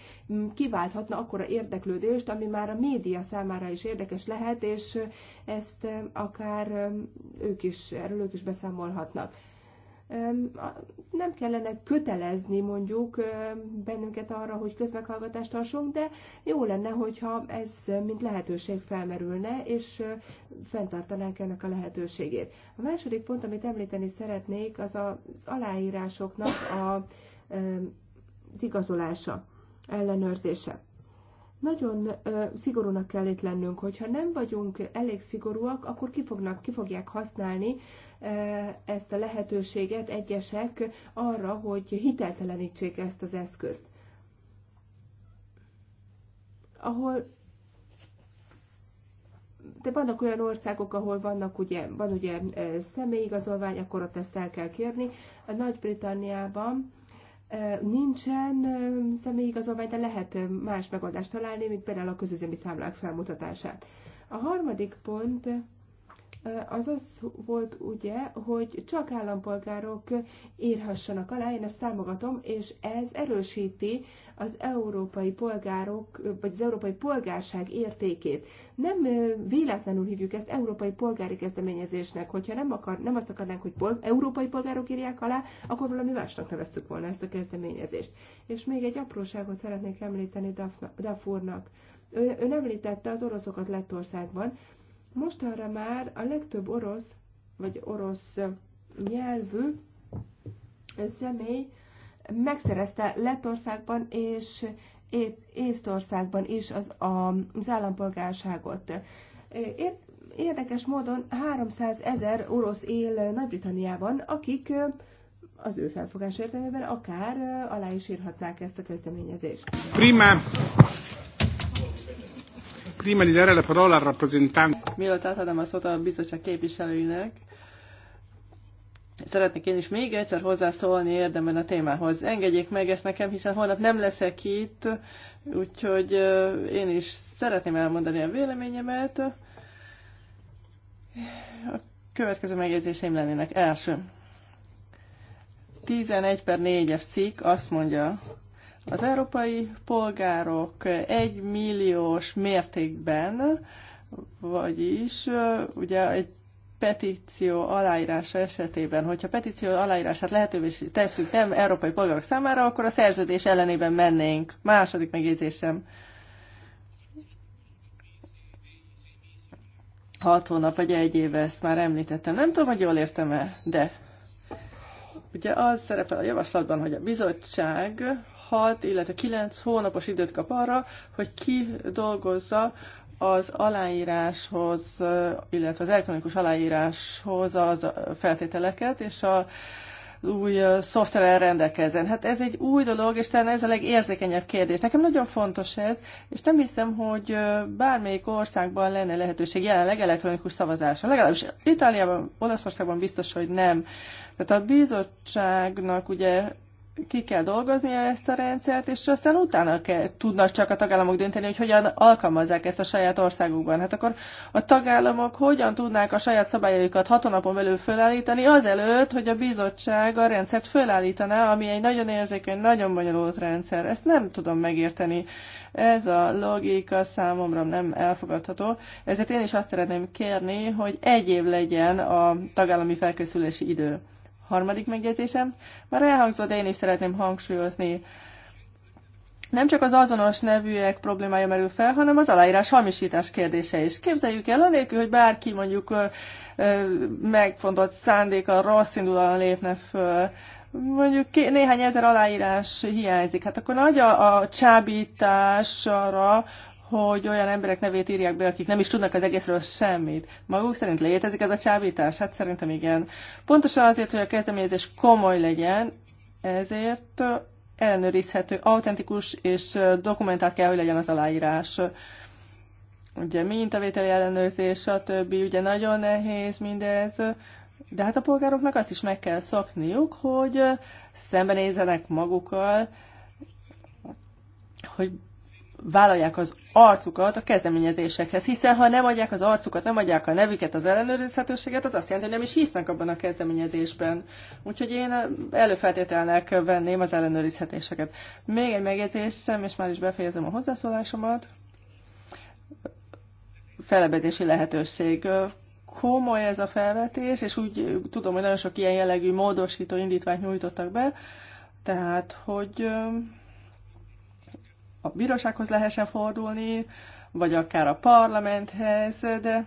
kiválthatna akkora érdeklődést, ami már a média számára is érdekes lehet, és ezt akár ők is, erről ők is beszámolhatnak nem kellene kötelezni mondjuk bennünket arra, hogy közmeghallgatást tartsunk, de jó lenne, hogyha ez mint lehetőség felmerülne, és fenntartanánk ennek a lehetőségét. A második pont, amit említeni szeretnék, az az aláírásoknak a, az igazolása, ellenőrzése. Nagyon ö, szigorúnak kell itt lennünk, hogyha nem vagyunk elég szigorúak, akkor ki, fognak, ki fogják használni ö, ezt a lehetőséget egyesek arra, hogy hiteltelenítsék ezt az eszközt. Ahol de vannak olyan országok, ahol vannak ugye, van ugye személyigazolvány, akkor ott ezt el kell kérni. A Nagy-Britanniában nincsen személyigazolvány, de lehet más megoldást találni, mint például a közüzemi számlák felmutatását. A harmadik pont az az volt ugye, hogy csak állampolgárok írhassanak alá, én ezt támogatom, és ez erősíti az európai polgárok, vagy az európai polgárság értékét. Nem véletlenül hívjuk ezt európai polgári kezdeményezésnek, hogyha nem, akar, nem azt akarnánk, hogy pol, európai polgárok írják alá, akkor valami másnak neveztük volna ezt a kezdeményezést. És még egy apróságot szeretnék említeni Dafurnak. Ő, ő említette az oroszokat Lettországban. Mostanra már a legtöbb orosz, vagy orosz nyelvű személy megszerezte Lettországban és Észtországban is az, az állampolgárságot. érdekes módon 300 ezer orosz él Nagy-Britanniában, akik az ő felfogás értelmében akár alá is írhatnák ezt a kezdeményezést. Prima. Prima di dare la parola al rappresentante. Mielőtt átadom a szót a bizottság képviselőinek, Szeretnék én is még egyszer hozzászólni érdemben a témához. Engedjék meg ezt nekem, hiszen holnap nem leszek itt, úgyhogy én is szeretném elmondani a véleményemet. A következő megjegyzéseim lennének. Első. 11 per 4-es cikk azt mondja, az európai polgárok egy milliós mértékben, vagyis ugye egy petíció aláírása esetében, hogyha petíció aláírását lehetővé tesszük nem európai polgárok számára, akkor a szerződés ellenében mennénk. Második megjegyzésem. Hat hónap vagy egy éve ezt már említettem. Nem tudom, hogy jól értem-e, de ugye az szerepel a javaslatban, hogy a bizottság 6, illetve 9 hónapos időt kap arra, hogy ki dolgozza az aláíráshoz, illetve az elektronikus aláíráshoz az feltételeket, és a új szoftverrel rendelkezzen. Hát ez egy új dolog, és talán ez a legérzékenyebb kérdés. Nekem nagyon fontos ez, és nem hiszem, hogy bármelyik országban lenne lehetőség jelenleg elektronikus szavazásra. Legalábbis Itáliában, Olaszországban biztos, hogy nem. Tehát a bizottságnak ugye ki kell dolgozni ezt a rendszert, és aztán utána kell, tudnak csak a tagállamok dönteni, hogy hogyan alkalmazzák ezt a saját országukban. Hát akkor a tagállamok hogyan tudnák a saját szabályaikat hat belül fölállítani, azelőtt, hogy a bizottság a rendszert fölállítaná, ami egy nagyon érzékeny, nagyon bonyolult rendszer. Ezt nem tudom megérteni. Ez a logika számomra nem elfogadható. Ezért én is azt szeretném kérni, hogy egy év legyen a tagállami felkészülési idő. Harmadik megjegyzésem, már elhangzott, de én is szeretném hangsúlyozni. Nem csak az azonos nevűek problémája merül fel, hanem az aláírás hamisítás kérdése is. Képzeljük el, anélkül, hogy bárki mondjuk megfontolt szándéka, rossz indulóan lépne föl, mondjuk néhány ezer aláírás hiányzik, hát akkor nagy a, a csábítás arra, hogy olyan emberek nevét írják be, akik nem is tudnak az egészről semmit. Maguk szerint létezik ez a csábítás? Hát szerintem igen. Pontosan azért, hogy a kezdeményezés komoly legyen, ezért ellenőrizhető, autentikus és dokumentált kell, hogy legyen az aláírás. Ugye mintavételi ellenőrzés, stb. Ugye nagyon nehéz mindez, de hát a polgároknak azt is meg kell szokniuk, hogy szembenézzenek magukkal, hogy vállalják az arcukat a kezdeményezésekhez, hiszen ha nem adják az arcukat, nem adják a nevüket, az ellenőrizhetőséget, az azt jelenti, hogy nem is hisznek abban a kezdeményezésben. Úgyhogy én eh, előfeltételnek venném az ellenőrizhetéseket. Még egy megjegyzésem, és már is befejezem a hozzászólásomat. Felebezési lehetőség. Komoly ez a felvetés, és úgy tudom, hogy nagyon sok ilyen jellegű módosító indítványt nyújtottak be, tehát, hogy eh, a bírósághoz lehessen fordulni, vagy akár a parlamenthez, de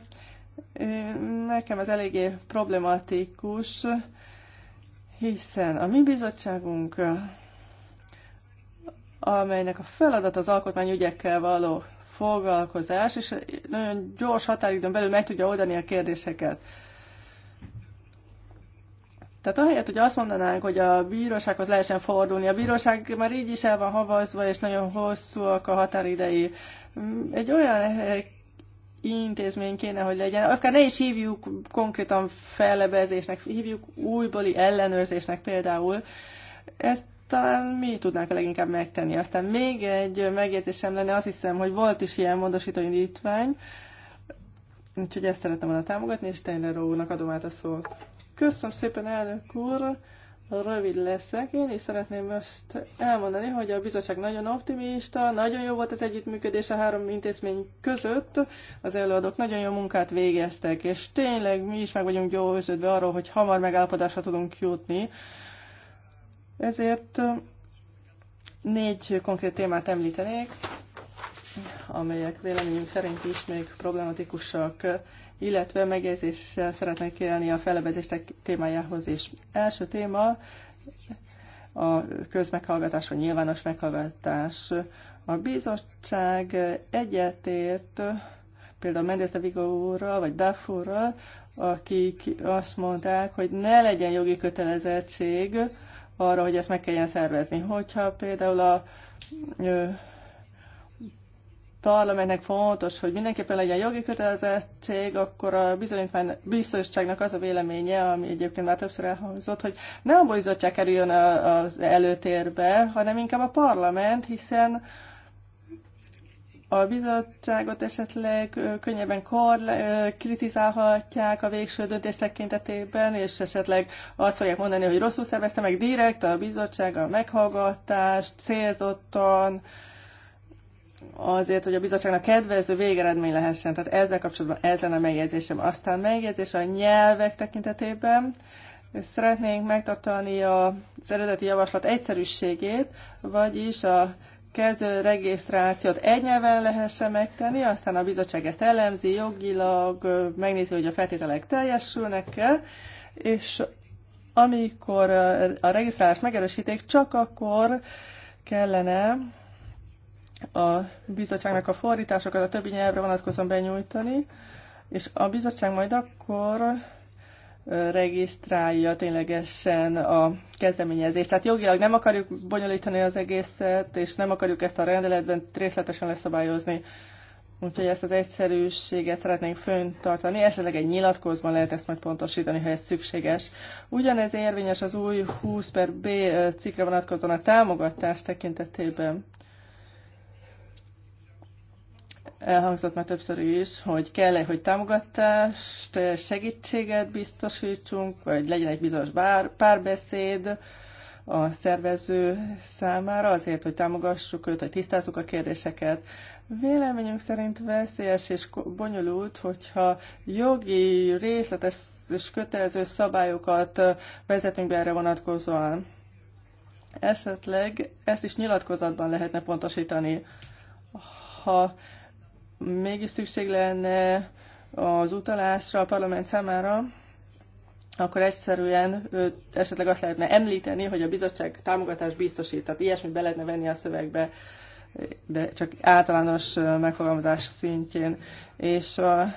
nekem ez eléggé problematikus, hiszen a mi bizottságunk, amelynek a feladat az alkotmányügyekkel való foglalkozás, és nagyon gyors határidőn belül meg tudja oldani a kérdéseket. Tehát ahelyett, hogy azt mondanánk, hogy a bírósághoz lehessen fordulni, a bíróság már így is el van havazva, és nagyon hosszúak a határidei. Mm, egy olyan eh, intézmény kéne, hogy legyen, akár ne is hívjuk konkrétan fellebezésnek, hívjuk újbóli ellenőrzésnek például. Ezt talán mi tudnánk a leginkább megtenni. Aztán még egy megjegyzésem lenne, azt hiszem, hogy volt is ilyen módosító indítvány, úgyhogy ezt szeretem volna támogatni, és Steiner úrnak adom át a szót. Köszönöm szépen, elnök úr! Rövid leszek. Én És szeretném most elmondani, hogy a bizottság nagyon optimista, nagyon jó volt az együttműködés a három intézmény között. Az előadók nagyon jó munkát végeztek, és tényleg mi is meg vagyunk győződve arról, hogy hamar megállapodásra tudunk jutni. Ezért négy konkrét témát említenék amelyek véleményünk szerint is még problematikusak, illetve megjegyzéssel szeretnék élni a felebezések témájához is. Első téma a közmeghallgatás vagy nyilvános meghallgatás. A bizottság egyetért például Mendez de úrral, vagy Duff úrral, akik azt mondták, hogy ne legyen jogi kötelezettség arra, hogy ezt meg kelljen szervezni. Hogyha például a parlamentnek fontos, hogy mindenképpen legyen jogi kötelezettség, akkor a bizonyítvány biztosságnak az a véleménye, ami egyébként már többször elhangzott, hogy ne a bizottság kerüljön az előtérbe, hanem inkább a parlament, hiszen a bizottságot esetleg könnyebben korle, kritizálhatják a végső döntés tekintetében, és esetleg azt fogják mondani, hogy rosszul szervezte meg direkt a bizottság a meghallgatást, célzottan, azért, hogy a bizottságnak kedvező végeredmény lehessen. Tehát ezzel kapcsolatban ezen a megjegyzésem. Aztán megjegyzés a nyelvek tekintetében. Szeretnénk megtartani az eredeti javaslat egyszerűségét, vagyis a kezdő regisztrációt egy nyelven lehessen megtenni, aztán a bizottság ezt elemzi jogilag, megnézi, hogy a feltételek teljesülnek-e, és amikor a regisztrálás megerősíték, csak akkor kellene a bizottságnak a fordításokat a többi nyelvre vonatkozóan benyújtani, és a bizottság majd akkor regisztrálja ténylegesen a kezdeményezést. Tehát jogilag nem akarjuk bonyolítani az egészet, és nem akarjuk ezt a rendeletben részletesen leszabályozni. Úgyhogy ezt az egyszerűséget szeretnénk föntartani, esetleg egy nyilatkozban lehet ezt majd pontosítani, ha ez szükséges. Ugyanez érvényes az új 20 per B cikre vonatkozóan a támogatás tekintetében elhangzott már többször is, hogy kell-e, hogy támogatást, segítséget biztosítsunk, vagy legyen egy bizonyos bár, párbeszéd a szervező számára azért, hogy támogassuk őt, hogy tisztázzuk a kérdéseket. Véleményünk szerint veszélyes és bonyolult, hogyha jogi, részletes és kötelező szabályokat vezetünk be erre vonatkozóan. Esetleg ezt is nyilatkozatban lehetne pontosítani. Ha mégis szükség lenne az utalásra a parlament számára, akkor egyszerűen esetleg azt lehetne említeni, hogy a bizottság támogatást biztosít. Tehát ilyesmit be lehetne venni a szövegbe, de csak általános megfogalmazás szintjén. És a,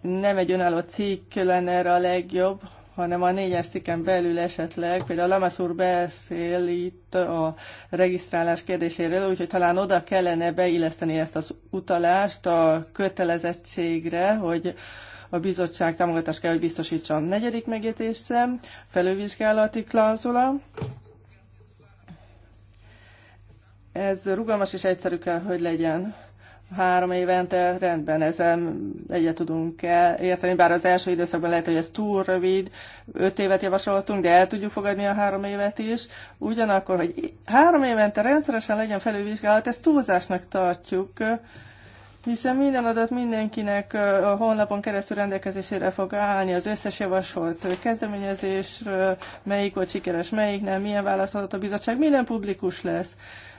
nem egy önálló cikk lenne erre a legjobb, hanem a négyes cikken belül esetleg, például Lamasz úr beszél itt a regisztrálás kérdéséről, úgyhogy talán oda kellene beilleszteni ezt az utalást a kötelezettségre, hogy a bizottság támogatást kell, hogy a Negyedik megjegyzésem, felülvizsgálati klauzula. Ez rugalmas és egyszerű kell, hogy legyen három évente rendben, ezzel egyet tudunk érteni, bár az első időszakban lehet, hogy ez túl rövid, öt évet javasoltunk, de el tudjuk fogadni a három évet is. Ugyanakkor, hogy három évente rendszeresen legyen felülvizsgálat, ezt túlzásnak tartjuk, hiszen minden adat mindenkinek a honlapon keresztül rendelkezésére fog állni, az összes javasolt kezdeményezésről, melyik volt sikeres, melyik nem, milyen választ adott a bizottság, minden publikus lesz.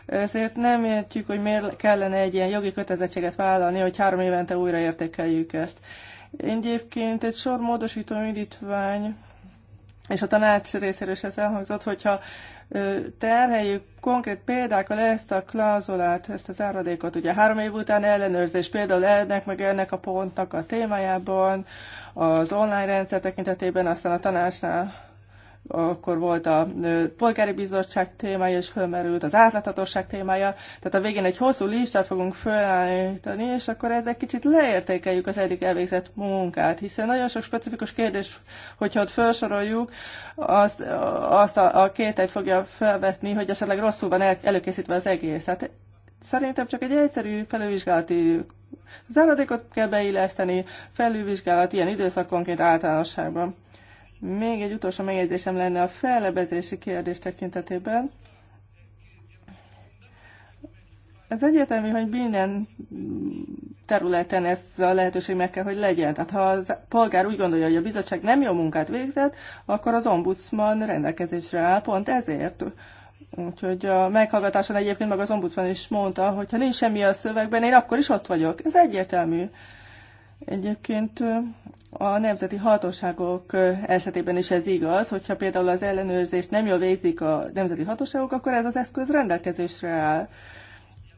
Ezért nem értjük, hogy miért kellene egy ilyen jogi kötelezettséget vállalni, hogy három évente újra értékeljük ezt. Én egyébként egy sor módosító indítvány, és a tanács részéről is ez elhangzott, hogyha terheljük konkrét példákkal ezt a klauzolát, ezt az áradékot, ugye három év után ellenőrzés például ennek meg ennek a pontnak a témájában, az online rendszer tekintetében, aztán a tanácsnál akkor volt a polgári bizottság témája, és fölmerült az átláthatóság témája. Tehát a végén egy hosszú listát fogunk felállítani, és akkor ezzel kicsit leértékeljük az eddig elvégzett munkát, hiszen nagyon sok specifikus kérdés, hogyha ott felsoroljuk, azt, azt a, a kételyt fogja felvetni, hogy esetleg rosszul van el, előkészítve az egész. Tehát szerintem csak egy egyszerű felülvizsgálati záradékot kell beilleszteni, felülvizsgálat ilyen időszakonként általánosságban még egy utolsó megjegyzésem lenne a fellebezési kérdés tekintetében. Ez egyértelmű, hogy minden területen ez a lehetőség meg kell, hogy legyen. Tehát ha a polgár úgy gondolja, hogy a bizottság nem jó munkát végzett, akkor az ombudsman rendelkezésre áll pont ezért. Úgyhogy a meghallgatáson egyébként meg az ombudsman is mondta, hogy ha nincs semmi a szövegben, én akkor is ott vagyok. Ez egyértelmű. Egyébként a nemzeti hatóságok esetében is ez igaz, hogyha például az ellenőrzést nem jól végzik a nemzeti hatóságok, akkor ez az eszköz rendelkezésre áll.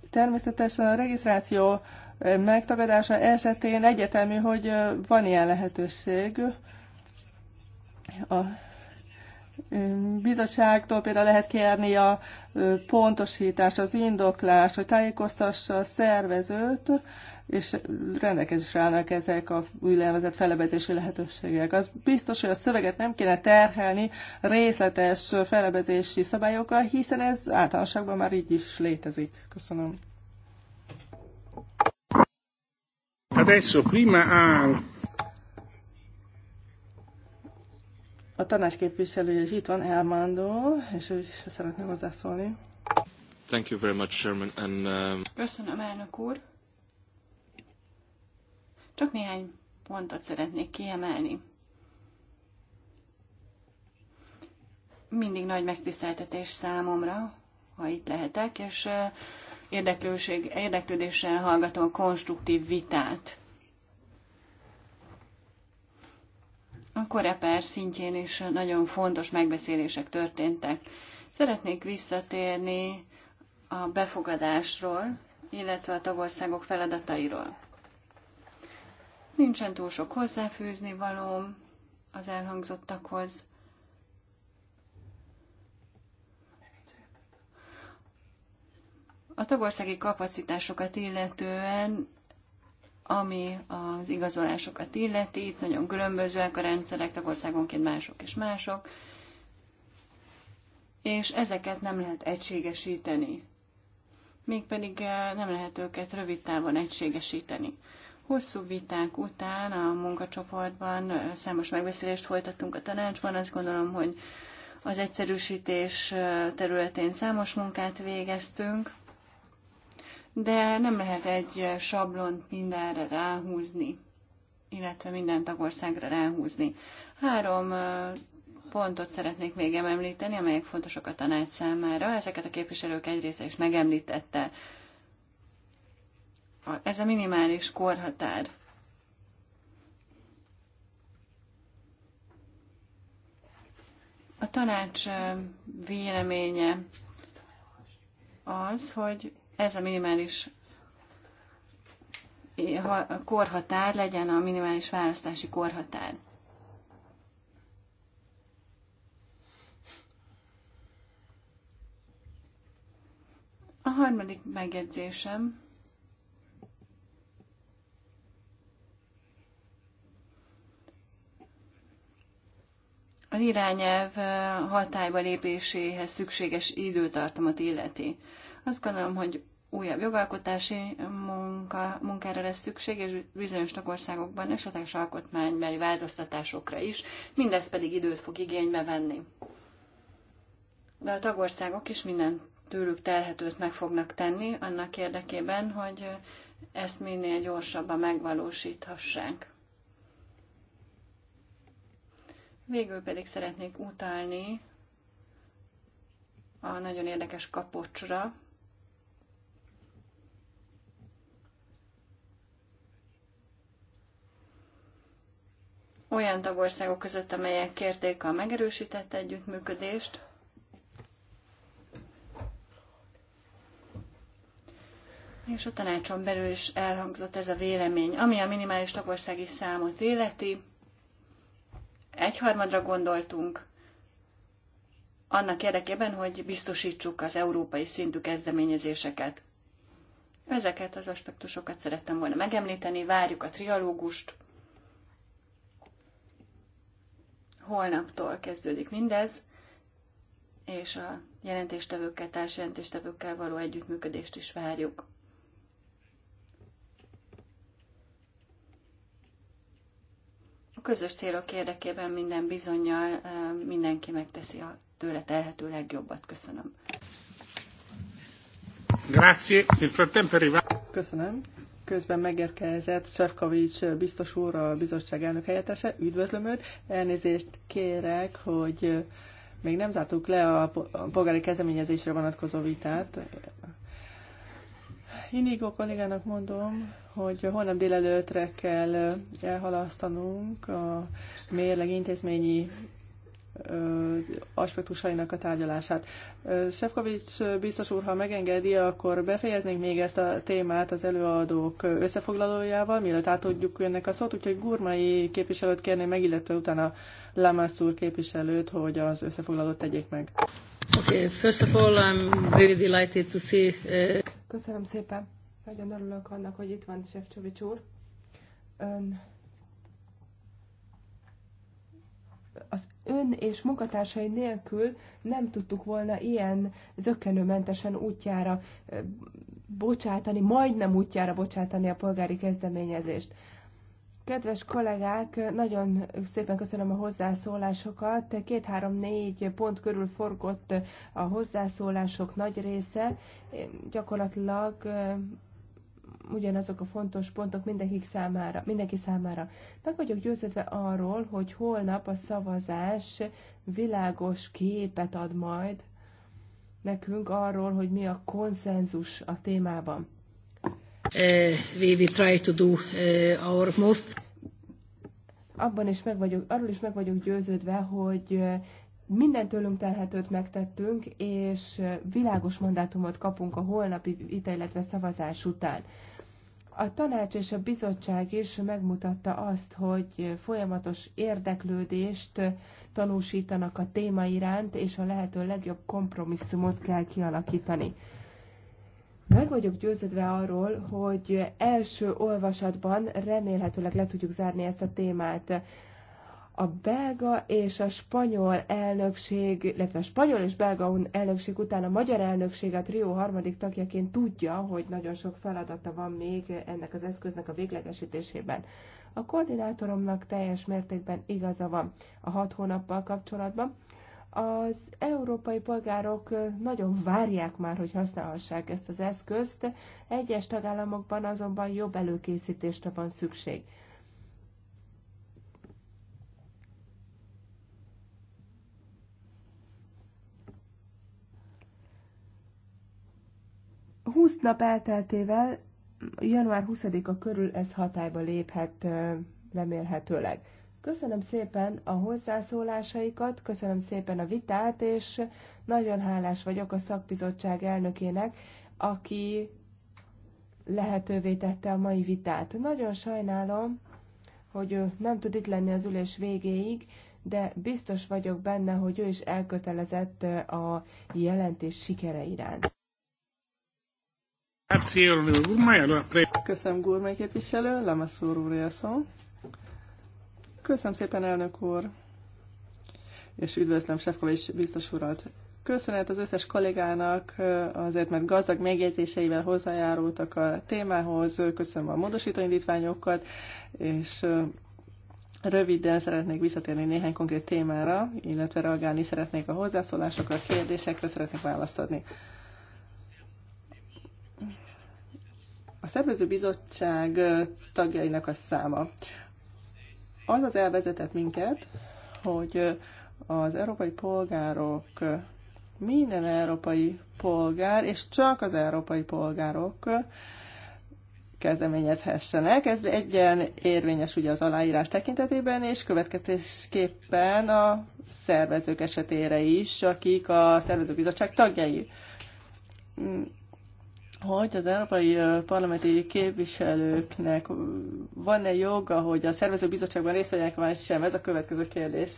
Természetesen a regisztráció megtagadása esetén egyetemű, hogy van ilyen lehetőség. A bizottságtól például lehet kérni a pontosítást, az indoklást, hogy tájékoztassa a szervezőt, és rendelkezésre állnak ezek a úgynevezett felebezési lehetőségek. Az biztos, hogy a szöveget nem kéne terhelni részletes felebezési szabályokkal, hiszen ez általánosságban már így is létezik. Köszönöm. Adesso prima a... A tanács is itt van, Elmandó, és ő is szeretne hozzászólni. Thank you very much, Chairman. And, um... Köszönöm, elnök úr. Csak néhány pontot szeretnék kiemelni. Mindig nagy megtiszteltetés számomra, ha itt lehetek, és érdeklőség, érdeklődéssel hallgatom a konstruktív vitát. A koreper szintjén is nagyon fontos megbeszélések történtek. Szeretnék visszatérni a befogadásról, illetve a tagországok feladatairól. Nincsen túl sok hozzáfűzni valóm az elhangzottakhoz. A tagországi kapacitásokat illetően, ami az igazolásokat illeti, itt nagyon különbözőek a rendszerek, tagországonként mások és mások, és ezeket nem lehet egységesíteni. Mégpedig eh, nem lehet őket rövid távon egységesíteni. Hosszú viták után a munkacsoportban számos megbeszélést folytattunk a tanácsban. Azt gondolom, hogy az egyszerűsítés területén számos munkát végeztünk, de nem lehet egy sablont mindenre ráhúzni, illetve minden tagországra ráhúzni. Három pontot szeretnék még említeni, amelyek fontosak a tanács számára. Ezeket a képviselők egy része is megemlítette ez a minimális korhatár. A tanács véleménye az, hogy ez a minimális korhatár legyen a minimális választási korhatár. A harmadik megjegyzésem az irányelv hatályba lépéséhez szükséges időtartamot illeti. Azt gondolom, hogy újabb jogalkotási munka, munkára lesz szükség, és bizonyos tagországokban esetleges alkotmánybeli változtatásokra is, mindez pedig időt fog igénybe venni. De a tagországok is minden tőlük telhetőt meg fognak tenni annak érdekében, hogy ezt minél gyorsabban megvalósíthassák. Végül pedig szeretnék utálni a nagyon érdekes kapocsra, olyan tagországok között, amelyek kérték a megerősített együttműködést. És a tanácson belül is elhangzott ez a vélemény, ami a minimális tagországi számot életi egyharmadra gondoltunk, annak érdekében, hogy biztosítsuk az európai szintű kezdeményezéseket. Ezeket az aspektusokat szerettem volna megemlíteni, várjuk a trialógust. Holnaptól kezdődik mindez, és a jelentéstevőkkel, társjelentéstevőkkel való együttműködést is várjuk. A közös célok érdekében minden bizonyal mindenki megteszi a tőle telhető legjobbat. Köszönöm. Grazie. Il Köszönöm. Közben megérkezett Sefkovics biztos úr, a bizottság elnök helyettese. Üdvözlöm őt. Elnézést kérek, hogy még nem zártuk le a polgári kezdeményezésre vonatkozó vitát. Inigo kollégának mondom, hogy holnap délelőtre kell elhalasztanunk a mérleg intézményi aspektusainak a tárgyalását. Szefkovics biztos úr, ha megengedi, akkor befejeznénk még ezt a témát az előadók összefoglalójával, mielőtt átadjuk önnek a szót, úgyhogy Gurmai képviselőt kérné meg, illetve utána Lamas úr képviselőt, hogy az összefoglalót tegyék meg. Okay, first of all, I'm really delighted to see... Uh... Köszönöm szépen. Nagyon örülök annak, hogy itt van Sefcsovics úr. Ön az ön és munkatársai nélkül nem tudtuk volna ilyen zökkenőmentesen útjára bocsátani, majdnem útjára bocsátani a polgári kezdeményezést. Kedves kollégák, nagyon szépen köszönöm a hozzászólásokat. Két-három-négy pont körül forgott a hozzászólások nagy része. Gyakorlatilag eh, ugyanazok a fontos pontok mindenki számára. Mindenki számára. Meg vagyok győződve arról, hogy holnap a szavazás világos képet ad majd nekünk arról, hogy mi a konszenzus a témában uh, we, we try to do uh, our most. Abban is meg vagyok, arról is meg vagyok győződve, hogy uh, minden tőlünk telhetőt megtettünk, és uh, világos mandátumot kapunk a holnapi vita, illetve szavazás után. A tanács és a bizottság is megmutatta azt, hogy uh, folyamatos érdeklődést tanúsítanak a téma iránt, és a lehető legjobb kompromisszumot kell kialakítani. Meg vagyok győződve arról, hogy első olvasatban remélhetőleg le tudjuk zárni ezt a témát. A belga és a spanyol elnökség, illetve a spanyol és belga elnökség után a magyar elnökség a trió harmadik tagjaként tudja, hogy nagyon sok feladata van még ennek az eszköznek a véglegesítésében. A koordinátoromnak teljes mértékben igaza van a hat hónappal kapcsolatban az európai polgárok nagyon várják már, hogy használhassák ezt az eszközt, egyes tagállamokban azonban jobb előkészítésre van szükség. Húsz nap elteltével, január 20-a körül ez hatályba léphet remélhetőleg. Köszönöm szépen a hozzászólásaikat, köszönöm szépen a vitát, és nagyon hálás vagyok a szakbizottság elnökének, aki lehetővé tette a mai vitát. Nagyon sajnálom, hogy ő nem tud itt lenni az ülés végéig, de biztos vagyok benne, hogy ő is elkötelezett a jelentés sikere iránt. Köszönöm, Gurmai képviselő, Lemeszúr úr Köszönöm szépen, elnök úr, és üdvözlöm Sefkovics biztos urat. Köszönet az összes kollégának azért, mert gazdag megjegyzéseivel hozzájárultak a témához, köszönöm a módosító indítványokat, és Röviden szeretnék visszatérni néhány konkrét témára, illetve reagálni szeretnék a hozzászólásokra, a kérdésekre, szeretnék választ adni. A szervező bizottság tagjainak a száma az az elvezetett minket, hogy az európai polgárok, minden európai polgár, és csak az európai polgárok kezdeményezhessenek. Ez egyen érvényes ugye az aláírás tekintetében, és következésképpen a szervezők esetére is, akik a szervezőbizottság tagjai mm, hogy az európai parlamenti képviselőknek van-e joga, hogy a szervező részt vegyenek, vagy sem? Ez a következő kérdés.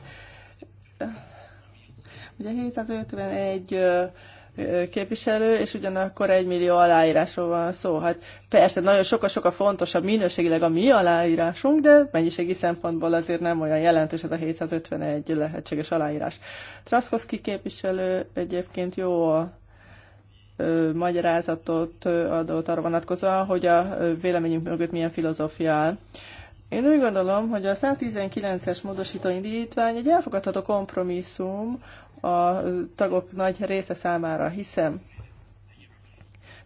Ugye 751 képviselő, és ugyanakkor egy millió aláírásról van szó. Hát persze, nagyon sokkal-sokkal fontosabb minőségileg a mi aláírásunk, de mennyiségi szempontból azért nem olyan jelentős ez a 751 lehetséges aláírás. Traszkowski képviselő egyébként jó a magyarázatot adott arra vonatkozóan, hogy a véleményünk mögött milyen filozófia áll. Én úgy gondolom, hogy a 119-es módosító indítvány egy elfogadható kompromisszum a tagok nagy része számára, hiszem.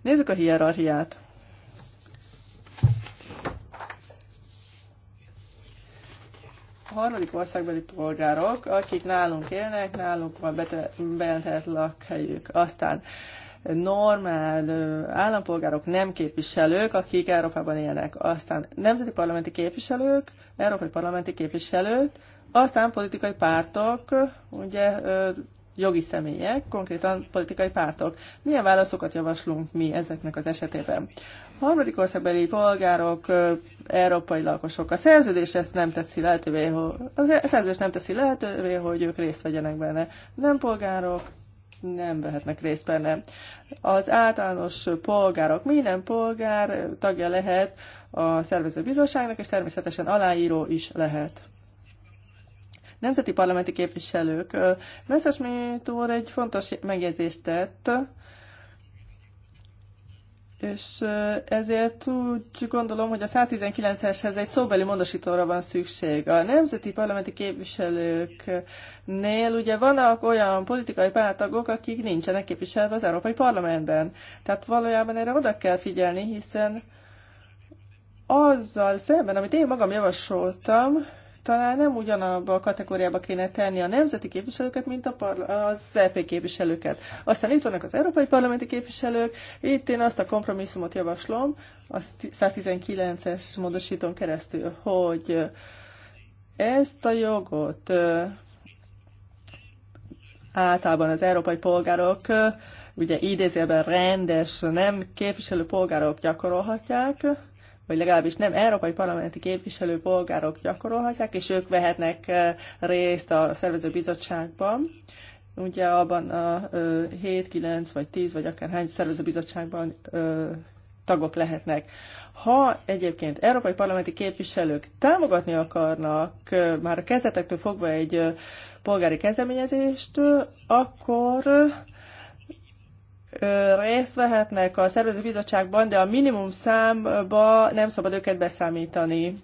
Nézzük a hierarchiát. A harmadik országbeli polgárok, akik nálunk élnek, nálunk van bejelentett lakhelyük. Aztán normál állampolgárok, nem képviselők, akik Európában élnek. Aztán nemzeti parlamenti képviselők, európai parlamenti képviselők, aztán politikai pártok, ugye jogi személyek, konkrétan politikai pártok. Milyen válaszokat javaslunk mi ezeknek az esetében? Harmadik országbeli polgárok, európai lakosok. A szerződés ezt nem teszi lehetővé, hogy, a szerződés nem teszi lehetővé, hogy ők részt vegyenek benne. Nem polgárok, nem vehetnek részt benne. Az általános polgárok, minden polgár tagja lehet a szervező és természetesen aláíró is lehet nemzeti parlamenti képviselők. Messerschmitt úr egy fontos megjegyzést tett és ezért úgy gondolom, hogy a 119-eshez egy szóbeli módosítóra van szükség. A nemzeti parlamenti képviselőknél ugye vannak olyan politikai pártagok, akik nincsenek képviselve az Európai Parlamentben. Tehát valójában erre oda kell figyelni, hiszen azzal szemben, amit én magam javasoltam, talán nem ugyanabba a kategóriába kéne tenni a nemzeti képviselőket, mint a az EP képviselőket. Aztán itt vannak az európai parlamenti képviselők, itt én azt a kompromisszumot javaslom, a 119-es módosítón keresztül, hogy ezt a jogot általában az európai polgárok, ugye idézőben rendes, nem képviselő polgárok gyakorolhatják, vagy legalábbis nem európai parlamenti képviselő polgárok gyakorolhatják, és ők vehetnek eh, részt a szervező bizottságban. Ugye abban a 7, 9 vagy 10 vagy akár hány szervező bizottságban tagok lehetnek. Ha egyébként európai parlamenti képviselők támogatni akarnak már a kezdetektől fogva egy polgári kezdeményezést, akkor részt vehetnek a szervező bizottságban, de a minimum számba nem szabad őket beszámítani.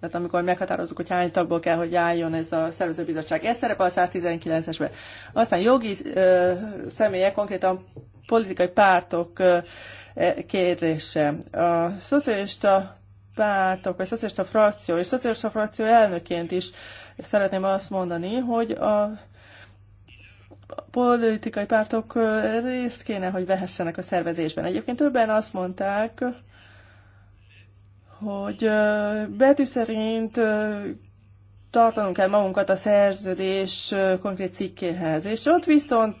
Tehát amikor meghatározunk, hogy hány tagból kell, hogy álljon ez a szervezőbizottság. Ez szerepel a 119-esben. Aztán jogi ö, személyek, konkrétan politikai pártok ö, e, kérdése. A szocialista pártok, vagy szocialista frakció, és szocialista frakció elnöként is szeretném azt mondani, hogy a politikai pártok részt kéne, hogy vehessenek a szervezésben. Egyébként többen azt mondták, hogy betű szerint tartanunk kell magunkat a szerződés konkrét cikkéhez. És ott viszont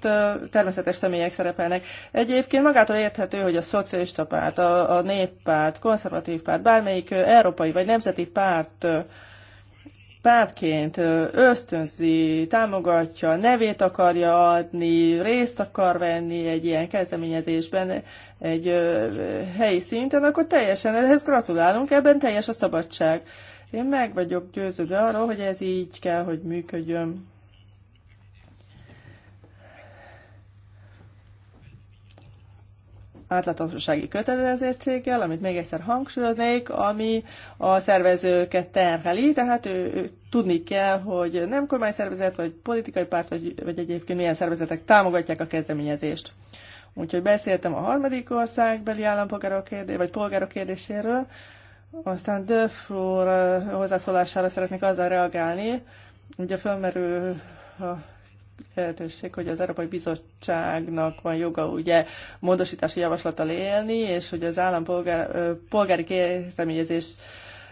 természetes személyek szerepelnek. Egyébként magától érthető, hogy a szocialista párt, a, a néppárt, konzervatív párt, bármelyik európai vagy nemzeti párt pártként ösztönzi, támogatja, nevét akarja adni, részt akar venni egy ilyen kezdeményezésben egy helyi szinten, akkor teljesen ehhez gratulálunk, ebben teljes a szabadság. Én meg vagyok győződve arról, hogy ez így kell, hogy működjön. átláthatósági kötelezettséggel, amit még egyszer hangsúlyoznék, ami a szervezőket terheli, tehát ő, ő tudni kell, hogy nem kormányszervezet, vagy politikai párt, vagy, vagy egyébként milyen szervezetek támogatják a kezdeményezést. Úgyhogy beszéltem a harmadik országbeli állampolgárok kérdé, vagy polgárok kérdéséről, aztán Döf úr hozzászólására szeretnék azzal reagálni, ugye fölmerül lehetőség, hogy az Európai Bizottságnak van joga ugye módosítási javaslattal élni, és hogy az állampolgári polgári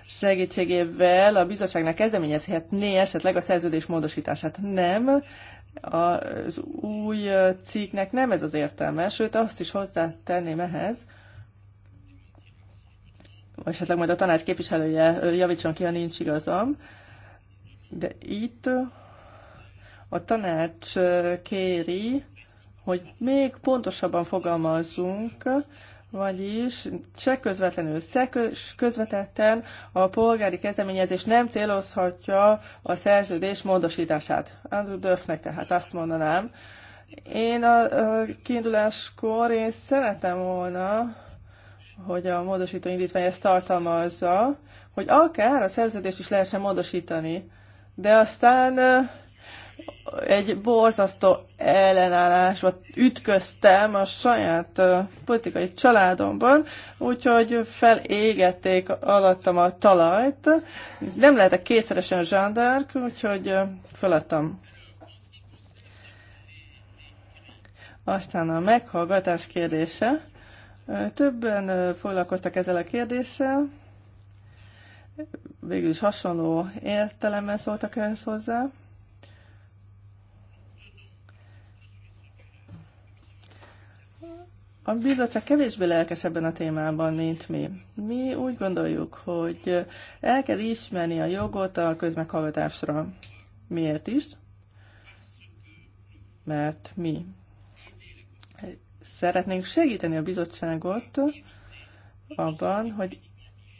segítségével a bizottságnak kezdeményezhetné esetleg a szerződés módosítását. Nem, az új cikknek nem ez az értelme, sőt azt is hozzátenném ehhez, esetleg majd a tanács képviselője javítson ki, ha nincs igazam, de itt a tanács kéri, hogy még pontosabban fogalmazzunk, vagyis se közvetlenül, se közvetetten a polgári kezdeményezés nem célozhatja a szerződés módosítását. Andrew Döfnek tehát azt mondanám. Én a, kiinduláskor én szeretem volna, hogy a módosító indítvány ezt tartalmazza, hogy akár a szerződést is lehessen módosítani, de aztán egy borzasztó ellenállásba ütköztem a saját politikai családomban, úgyhogy felégették alattam a talajt. Nem lehetek kétszeresen zsandárk, úgyhogy feladtam. Aztán a meghallgatás kérdése. Többen foglalkoztak ezzel a kérdéssel. Végül is hasonló értelemben szóltak ehhez hozzá. A bizottság kevésbé lelkes ebben a témában, mint mi. Mi úgy gondoljuk, hogy el kell ismerni a jogot a közmeghallgatásra. Miért is? Mert mi szeretnénk segíteni a bizottságot abban, hogy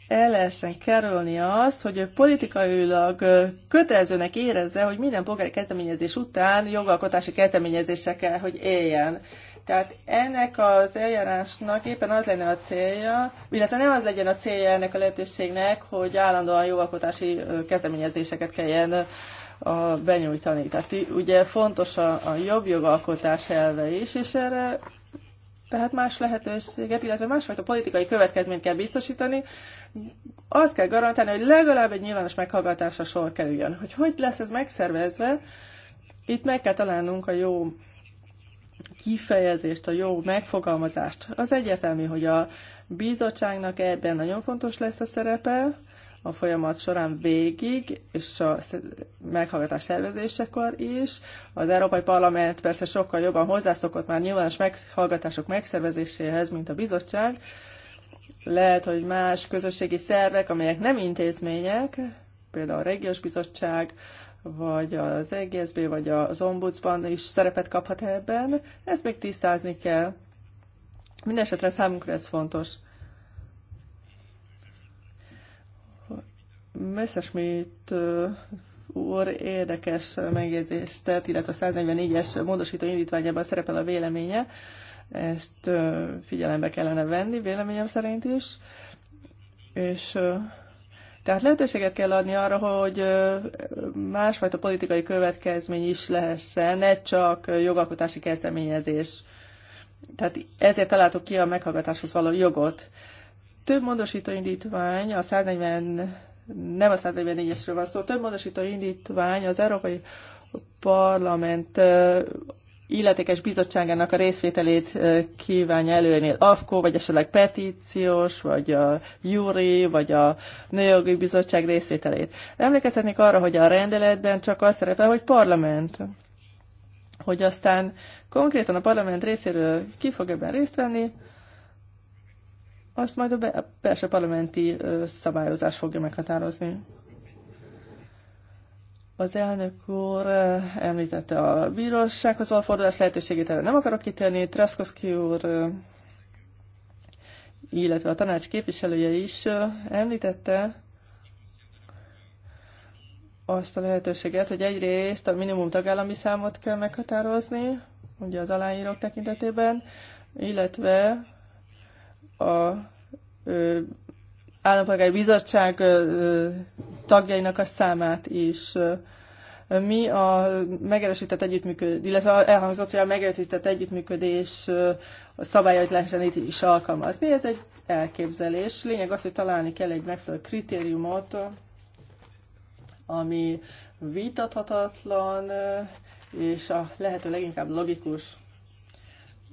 el lehessen kerülni azt, hogy ő politikailag kötelezőnek érezze, hogy minden polgári kezdeményezés után jogalkotási kezdeményezésekkel, hogy éljen. Tehát ennek az eljárásnak éppen az lenne a célja, illetve nem az legyen a célja ennek a lehetőségnek, hogy állandóan jóalkotási kezdeményezéseket kelljen a benyújtani. Tehát ugye fontos a, a jobb jogalkotás elve is, és erre tehát más lehetőséget, illetve másfajta politikai következményt kell biztosítani. Azt kell garantálni, hogy legalább egy nyilvános meghallgatásra sor kerüljön. Hogy hogy lesz ez megszervezve, itt meg kell találnunk a jó kifejezést, a jó megfogalmazást. Az egyetemű, hogy a bizottságnak ebben nagyon fontos lesz a szerepe, a folyamat során végig, és a meghallgatás szervezésekor is. Az Európai Parlament persze sokkal jobban hozzászokott már nyilvános meghallgatások megszervezéséhez, mint a bizottság. Lehet, hogy más közösségi szervek, amelyek nem intézmények, például a Régiós Bizottság, vagy az EGSB, vagy az ombudsman is szerepet kaphat ebben. Ezt még tisztázni kell. Mindenesetre számunkra ez fontos. Messerschmitt uh, úr érdekes megjegyzést tett, illetve a 144-es módosító indítványában szerepel a véleménye. Ezt uh, figyelembe kellene venni, véleményem szerint is. És uh, tehát lehetőséget kell adni arra, hogy másfajta politikai következmény is lehessen, ne csak jogalkotási kezdeményezés. Tehát ezért találtuk ki a meghallgatáshoz való jogot. Több módosító indítvány, a 140, nem a 144-esről van szó, több módosító indítvány az Európai Parlament illetékes bizottságának a részvételét kívánja előni. AFKO, vagy esetleg petíciós, vagy a Júri, vagy a Nőjogi Bizottság részvételét. Emlékeztetnék arra, hogy a rendeletben csak az szerepel, hogy parlament hogy aztán konkrétan a parlament részéről ki fog ebben részt venni, azt majd a belső parlamenti szabályozás fogja meghatározni. Az elnök úr említette a bírósághoz való fordulás lehetőségét, erre nem akarok kitérni. Traszkowski úr, illetve a tanács képviselője is említette azt a lehetőséget, hogy egyrészt a minimum tagállami számot kell meghatározni, ugye az aláírók tekintetében, illetve a állampolgári bizottság tagjainak a számát is. Mi a megerősített együttműködés, illetve elhangzott, hogy a megerősített együttműködés szabályait lehessen itt is alkalmazni. Ez egy elképzelés. Lényeg az, hogy találni kell egy megfelelő kritériumot, ami vitathatatlan, és a lehető leginkább logikus.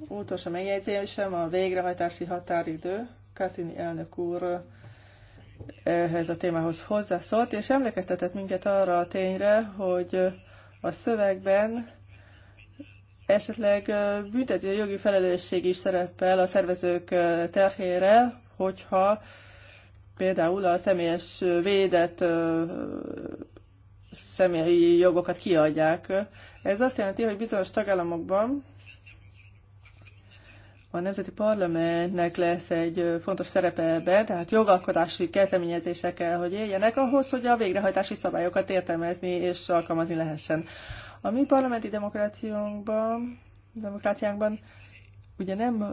Utolsó megjegyzésem a végrehajtási határidő. Kaszini elnök úr ehhez a témához hozzászólt, és emlékeztetett minket arra a tényre, hogy a szövegben esetleg büntető jogi felelősség is szerepel a szervezők terhére, hogyha például a személyes védett személyi jogokat kiadják. Ez azt jelenti, hogy bizonyos tagállamokban a Nemzeti Parlamentnek lesz egy fontos szerepe ebben, tehát jogalkotási kezdeményezésekkel, hogy éljenek ahhoz, hogy a végrehajtási szabályokat értelmezni és alkalmazni lehessen. A mi parlamenti demokráciánkban, demokráciánkban ugye nem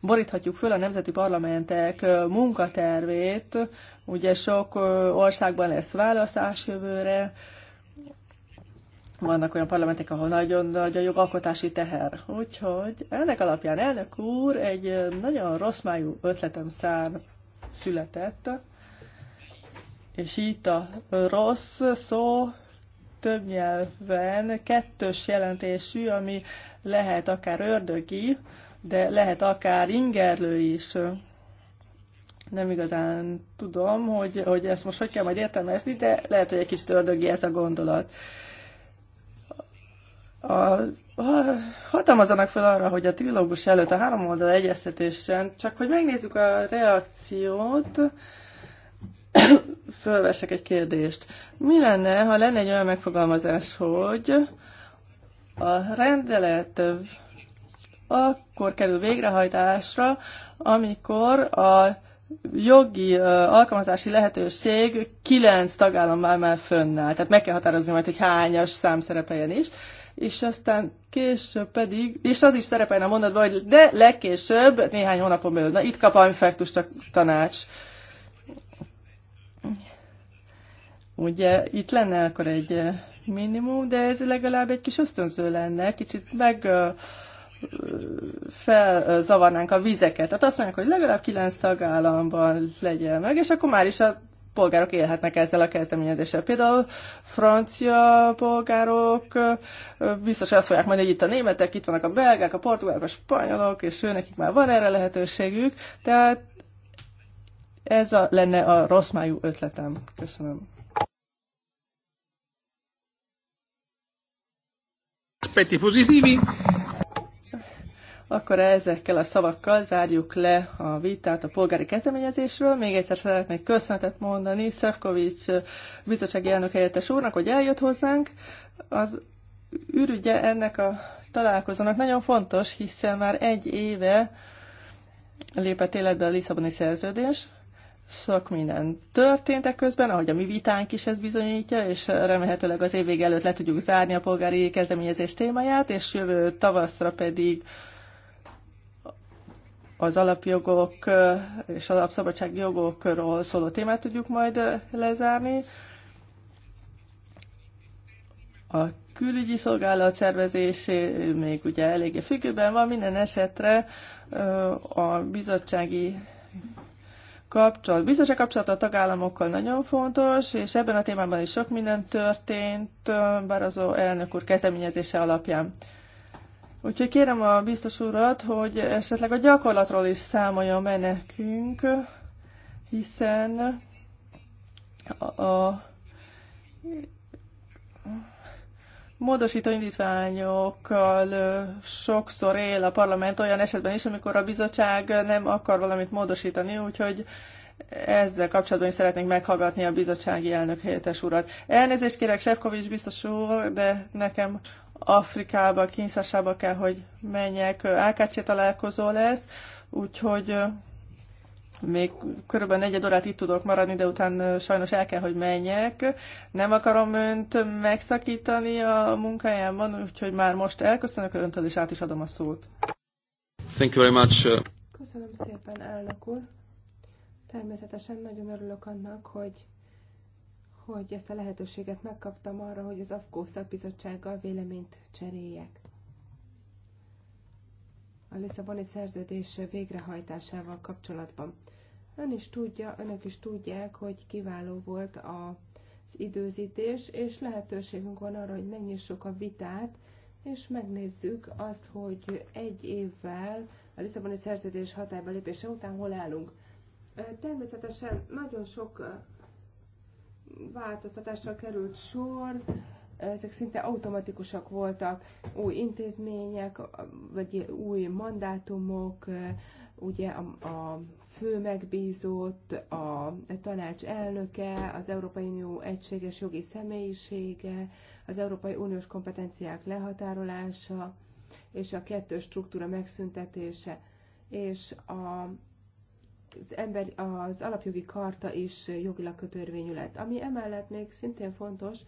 boríthatjuk föl a nemzeti parlamentek munkatervét, ugye sok országban lesz választás jövőre, vannak olyan parlamentek, ahol nagyon nagy a jogalkotási teher. Úgyhogy ennek alapján elnök úr egy nagyon rossz májú ötletem szán született, és itt a rossz szó több nyelven kettős jelentésű, ami lehet akár ördögi, de lehet akár ingerlő is. Nem igazán tudom, hogy, hogy ezt most hogy kell majd értelmezni, de lehet, hogy egy kis ördögi ez a gondolat a, hatalmazanak fel arra, hogy a trilógus előtt a három oldal egyeztetésen, csak hogy megnézzük a reakciót, fölvesek egy kérdést. Mi lenne, ha lenne egy olyan megfogalmazás, hogy a rendelet akkor kerül végrehajtásra, amikor a jogi alkalmazási lehetőség kilenc tagállam már fönnáll. Tehát meg kell határozni majd, hogy hányas szám szerepeljen is és aztán később pedig, és az is szerepelne a mondatban, hogy de legkésőbb, néhány hónapon belül, na itt kap a infarktust a tanács. Ugye itt lenne akkor egy eh, minimum, de ez legalább egy kis ösztönző lenne, kicsit meg eh, felzavarnánk a vizeket. Tehát azt mondják, hogy legalább kilenc tagállamban legyen meg, és akkor már is a polgárok élhetnek ezzel a kezdeményezéssel. Például francia polgárok biztos azt fogják mondani, hogy itt a németek, itt vannak a belgák, a portugálok, a spanyolok, és őnek nekik már van erre lehetőségük, tehát ez a, lenne a rossz májú ötletem. Köszönöm. Aspetti positivi akkor ezekkel a szavakkal zárjuk le a vitát a polgári kezdeményezésről. Még egyszer szeretnék köszönetet mondani Szefkovics bizottsági elnök helyettes úrnak, hogy eljött hozzánk. Az ürügye ennek a találkozónak nagyon fontos, hiszen már egy éve lépett életbe a Lisszaboni szerződés, sok minden történtek közben, ahogy a mi vitánk is ezt bizonyítja, és remélhetőleg az év előtt le tudjuk zárni a polgári kezdeményezés témáját, és jövő tavaszra pedig az alapjogok és az alapszabadság jogokról szóló témát tudjuk majd lezárni. A külügyi szolgálat szervezés még ugye eléggé függőben van, minden esetre a bizottsági kapcsolat. Bizottság kapcsolat a tagállamokkal nagyon fontos, és ebben a témában is sok minden történt, bár az elnök úr kezdeményezése alapján. Úgyhogy kérem a biztos urat, hogy esetleg a gyakorlatról is számolja be nekünk, hiszen a, a módosító indítványokkal sokszor él a parlament olyan esetben is, amikor a bizottság nem akar valamit módosítani, úgyhogy ezzel kapcsolatban is szeretnénk meghallgatni a bizottsági elnök helyettes urat. Elnézést kérek, Sefkovics biztos úr, de nekem Afrikába, Kinszásába kell, hogy menjek. AKC találkozó lesz, úgyhogy még körülbelül negyed órát itt tudok maradni, de utána sajnos el kell, hogy menjek. Nem akarom önt megszakítani a munkájában, úgyhogy már most elköszönök öntől, és át is adom a szót. Thank you very much. Uh, Köszönöm szépen, elnök úr. Természetesen nagyon örülök annak, hogy hogy ezt a lehetőséget megkaptam arra, hogy az AFKO szakbizottsággal véleményt cseréljek. A Lisszaboni szerződés végrehajtásával kapcsolatban. Ön is tudja, önök is tudják, hogy kiváló volt az időzítés, és lehetőségünk van arra, hogy megnyissuk a vitát, és megnézzük azt, hogy egy évvel a Lisszaboni szerződés hatályba lépése után hol állunk. Természetesen nagyon sok változtatásra került sor, ezek szinte automatikusak voltak, új intézmények, vagy új mandátumok, ugye a, a fő megbízott, a tanács elnöke, az Európai Unió egységes jogi személyisége, az Európai Uniós kompetenciák lehatárolása és a kettős struktúra megszüntetése, és a az, ember, az alapjogi karta is jogilag kötörvényű lett. Ami emellett még szintén fontos,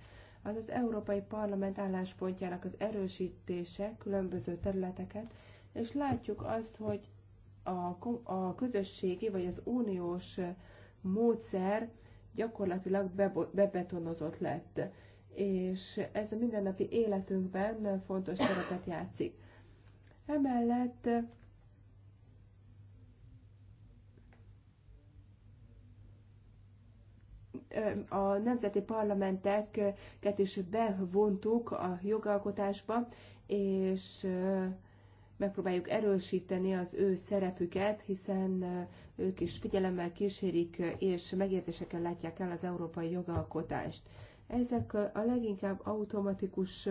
az az Európai Parlament álláspontjának az erősítése különböző területeken, és látjuk azt, hogy a, a közösségi vagy az uniós módszer gyakorlatilag bebetonozott lett, és ez a mindennapi életünkben fontos szerepet játszik. Emellett a nemzeti parlamenteket is bevontuk a jogalkotásba, és megpróbáljuk erősíteni az ő szerepüket, hiszen ők is figyelemmel kísérik és megérzésekkel látják el az európai jogalkotást. Ezek a leginkább automatikus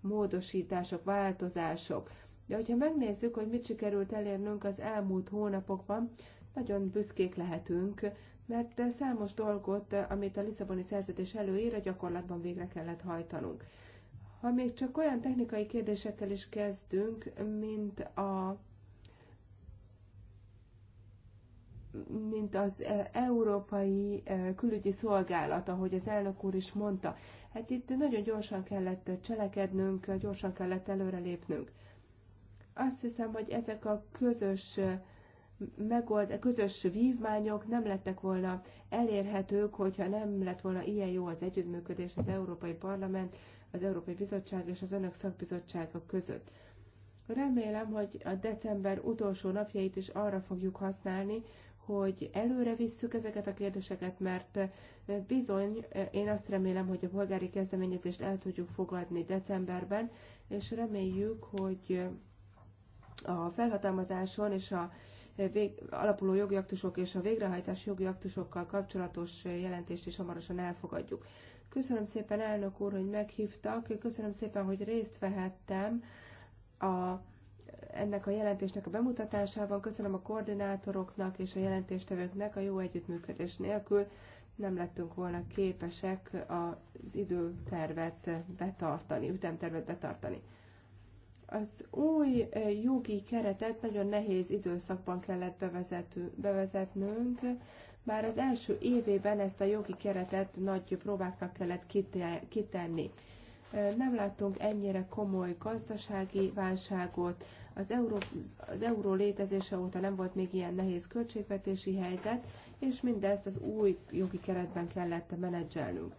módosítások, változások. De hogyha megnézzük, hogy mit sikerült elérnünk az elmúlt hónapokban, nagyon büszkék lehetünk mert számos dolgot, eh, amit a Lisszaboni szerződés előír, a gyakorlatban végre kellett hajtanunk. Ha még csak olyan technikai kérdésekkel is kezdünk, mint a mint az eh, Európai eh, Külügyi Szolgálat, ahogy az elnök úr is mondta. Hát itt nagyon gyorsan kellett cselekednünk, gyorsan kellett előrelépnünk. Azt hiszem, hogy ezek a közös megold, közös vívmányok nem lettek volna elérhetők, hogyha nem lett volna ilyen jó az együttműködés az Európai Parlament, az Európai Bizottság és az Önök szakbizottsága között. Remélem, hogy a december utolsó napjait is arra fogjuk használni, hogy előre visszük ezeket a kérdéseket, mert eh, bizony, eh, én azt remélem, hogy a polgári kezdeményezést el tudjuk fogadni decemberben, és reméljük, hogy eh, a felhatalmazáson és a vég, alapuló jogi aktusok és a végrehajtás jogi aktusokkal kapcsolatos jelentést is hamarosan elfogadjuk. Köszönöm szépen, elnök úr, hogy meghívtak, köszönöm szépen, hogy részt vehettem a ennek a jelentésnek a bemutatásában. Köszönöm a koordinátoroknak és a jelentéstevőknek a jó együttműködés nélkül nem lettünk volna képesek az időtervet betartani, ütemtervet betartani. Az új jogi keretet nagyon nehéz időszakban kellett bevezető, bevezetnünk, már az első évében ezt a jogi keretet nagy próbáknak kellett kitenni. Nem láttunk ennyire komoly gazdasági válságot, az euró, az euró létezése óta nem volt még ilyen nehéz költségvetési helyzet, és mindezt az új jogi keretben kellett menedzselnünk.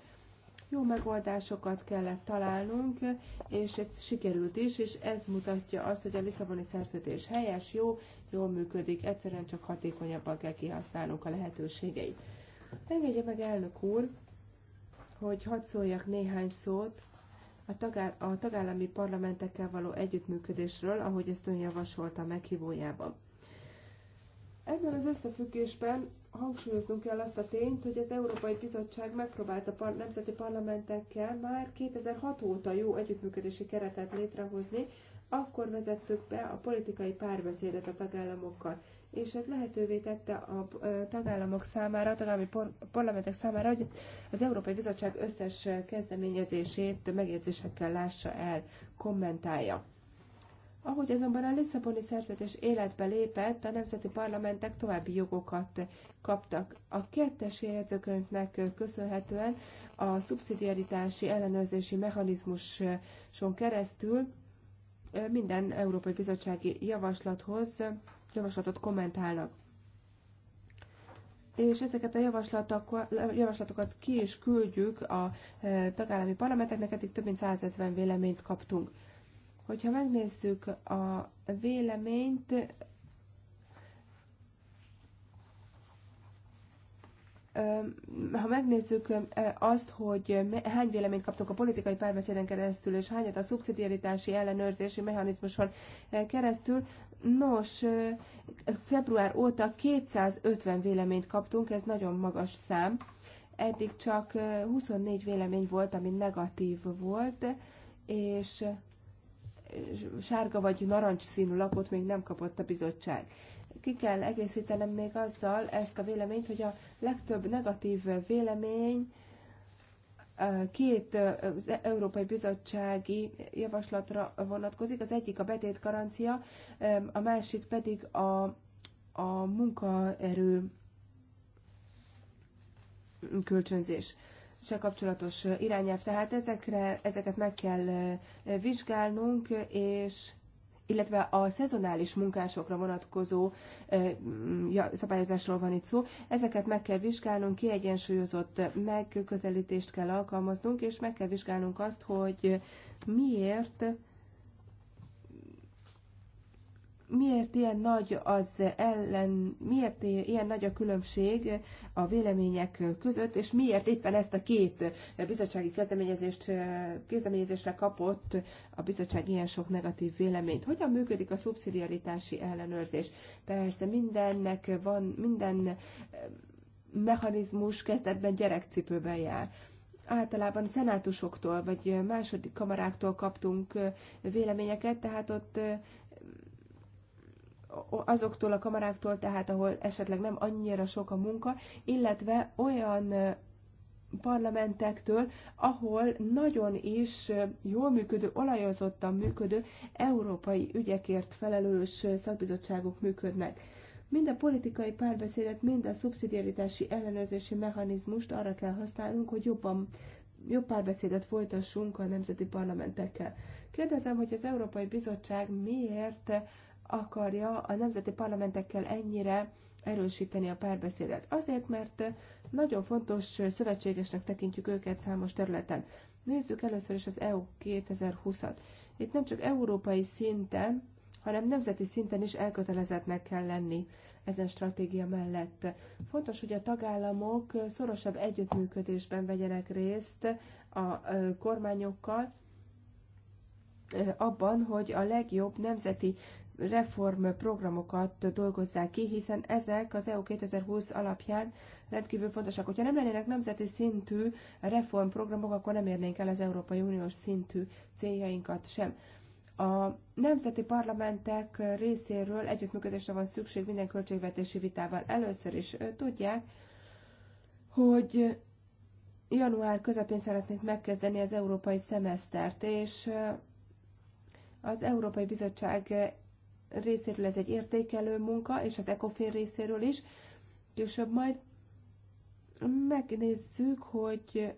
Jó megoldásokat kellett találnunk, és ez sikerült is, és ez mutatja azt, hogy a Lisszaboni szerződés helyes, jó, jól működik, egyszerűen csak hatékonyabban kell kihasználnunk a lehetőségeit. Engedje meg, elnök úr, hogy hadd szóljak néhány szót a, tagá- a tagállami parlamentekkel való együttműködésről, ahogy ezt ön javasolta meghívójában. Ebben az összefüggésben hangsúlyoznunk kell azt a tényt, hogy az Európai Bizottság megpróbált a par- nemzeti parlamentekkel már 2006 óta jó együttműködési keretet létrehozni, akkor vezettük be a politikai párbeszédet a tagállamokkal, és ez lehetővé tette a eh, tagállamok számára, a tagállami parlamentek számára, hogy az Európai Bizottság összes eh, kezdeményezését megjegyzésekkel lássa el, kommentálja. Ahogy azonban a Lisszaboni szerződés életbe lépett, a nemzeti parlamentek további jogokat kaptak. A kettes jegyzőkönyvnek köszönhetően a szubszidiaritási ellenőrzési mechanizmuson keresztül minden Európai Bizottsági javaslathoz javaslatot kommentálnak. És ezeket a javaslatokat ki is küldjük a tagállami parlamenteknek, eddig több mint 150 véleményt kaptunk. Hogyha megnézzük a véleményt, ha megnézzük azt, hogy hány véleményt kaptunk a politikai párbeszéden keresztül, és hányat a szubszidiaritási ellenőrzési mechanizmuson keresztül, nos, február óta 250 véleményt kaptunk, ez nagyon magas szám. Eddig csak 24 vélemény volt, ami negatív volt, és sárga vagy színű lapot még nem kapott a bizottság. Ki kell egészítenem még azzal ezt a véleményt, hogy a legtöbb negatív vélemény két az e- Európai Bizottsági javaslatra vonatkozik, az egyik a betét garancia, a másik pedig a, a munkaerő kölcsönzés se kapcsolatos irányelv. Tehát ezekre, ezeket meg kell vizsgálnunk, és illetve a szezonális munkásokra vonatkozó ja, szabályozásról van itt szó. Ezeket meg kell vizsgálnunk, kiegyensúlyozott megközelítést kell alkalmaznunk, és meg kell vizsgálnunk azt, hogy miért miért ilyen nagy az ellen, miért ilyen nagy a különbség a vélemények között, és miért éppen ezt a két bizottsági kezdeményezést, kezdeményezésre kapott a bizottság ilyen sok negatív véleményt. Hogyan működik a szubszidiaritási ellenőrzés? Persze mindennek van, minden eh, mechanizmus kezdetben gyerekcipőben jár általában szenátusoktól vagy második kamaráktól kaptunk eh, véleményeket, tehát ott eh, azoktól a kamaráktól, tehát ahol esetleg nem annyira sok a munka, illetve olyan parlamentektől, ahol nagyon is jól működő, olajozottan működő európai ügyekért felelős szakbizottságok működnek. Mind a politikai párbeszédet, mind a szubszidiaritási ellenőrzési mechanizmust arra kell használnunk, hogy jobban, jobb párbeszédet folytassunk a nemzeti parlamentekkel. Kérdezem, hogy az Európai Bizottság miért akarja a nemzeti parlamentekkel ennyire erősíteni a párbeszédet. Azért, mert nagyon fontos szövetségesnek tekintjük őket számos területen. Nézzük először is az EU 2020-at. Itt nem csak európai szinten, hanem nemzeti szinten is elkötelezettnek kell lenni ezen stratégia mellett. Fontos, hogy a tagállamok szorosabb együttműködésben vegyenek részt a kormányokkal, abban, hogy a legjobb nemzeti reformprogramokat dolgozzák ki, hiszen ezek az EU 2020 alapján rendkívül fontosak. Hogyha nem lennének nemzeti szintű reformprogramok, akkor nem érnénk el az Európai Uniós szintű céljainkat sem. A nemzeti parlamentek részéről együttműködésre van szükség minden költségvetési vitában. Először is tudják, hogy január közepén szeretnék megkezdeni az európai szemesztert, és az Európai Bizottság részéről ez egy értékelő munka, és az ECOFIN részéről is. Később majd megnézzük, hogy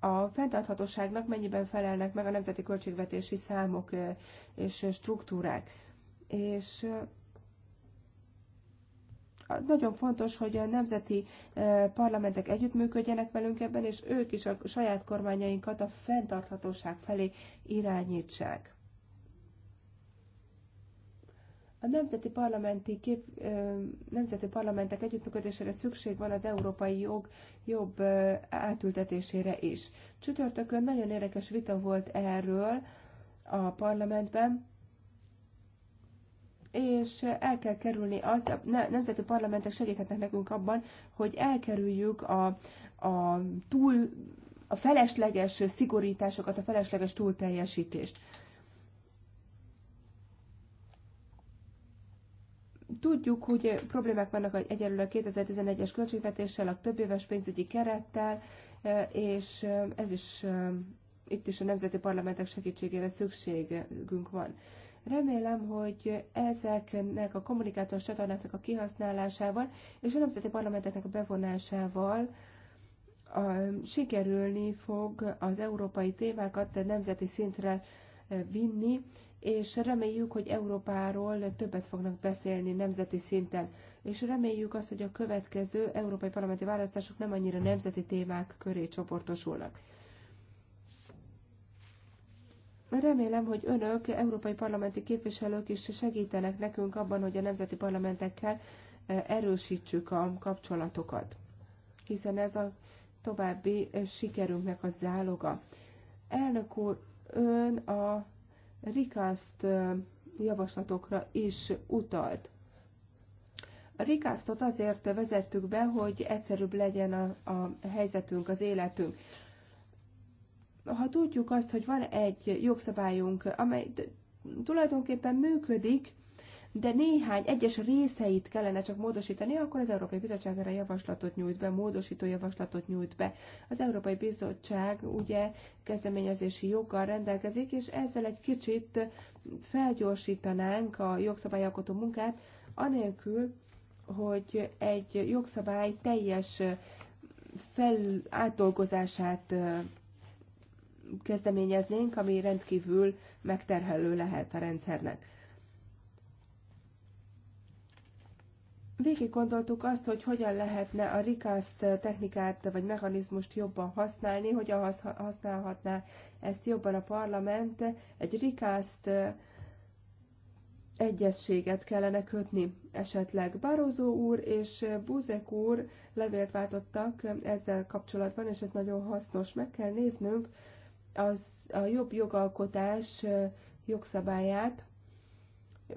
a fenntarthatóságnak mennyiben felelnek meg a nemzeti költségvetési számok és struktúrák. És nagyon fontos, hogy a nemzeti parlamentek együttműködjenek velünk ebben, és ők is a saját kormányainkat a fenntarthatóság felé irányítsák. A nemzeti, parlamenti kép, nemzeti parlamentek együttműködésére szükség van az európai jog jobb átültetésére is. Csütörtökön nagyon érdekes vita volt erről a parlamentben, és el kell kerülni azt, a nemzeti parlamentek segíthetnek nekünk abban, hogy elkerüljük a, a túl, a felesleges szigorításokat, a felesleges túlteljesítést. Tudjuk, hogy problémák vannak egyelőre a 2011-es költségvetéssel, a több éves pénzügyi kerettel, e, és e, ez is e, itt is a nemzeti parlamentek segítségére szükségünk van. Remélem, hogy ezeknek a kommunikációs csatornáknak a kihasználásával és a nemzeti parlamenteknek a bevonásával a, sikerülni fog az európai témákat nemzeti szintre vinni, és reméljük, hogy Európáról többet fognak beszélni nemzeti szinten, és reméljük azt, hogy a következő európai parlamenti választások nem annyira nemzeti témák köré csoportosulnak. Remélem, hogy önök, európai parlamenti képviselők is segítenek nekünk abban, hogy a nemzeti parlamentekkel e, erősítsük a kapcsolatokat, hiszen ez a további e, sikerünknek a záloga. Elnök úr, ön a Rikaszt javaslatokra is utalt. A Rikasztot azért vezettük be, hogy egyszerűbb legyen a, a helyzetünk, az életünk. Ha tudjuk azt, hogy van egy jogszabályunk, amely tulajdonképpen működik, de néhány egyes részeit kellene csak módosítani, akkor az Európai Bizottság erre javaslatot nyújt be, módosító javaslatot nyújt be. Az Európai Bizottság ugye kezdeményezési joggal rendelkezik, és ezzel egy kicsit felgyorsítanánk a jogszabályalkotó munkát, anélkül, hogy egy jogszabály teljes fel, átdolgozását kezdeményeznénk, ami rendkívül megterhelő lehet a rendszernek. Végig gondoltuk azt, hogy hogyan lehetne a rikaszt technikát vagy mechanizmust jobban használni, hogyan használhatná ezt jobban a parlament. Egy rikaszt egyességet kellene kötni. Esetleg Barozó úr és Buzek úr levélt váltottak ezzel kapcsolatban, és ez nagyon hasznos. Meg kell néznünk az, a jobb jogalkotás jogszabályát,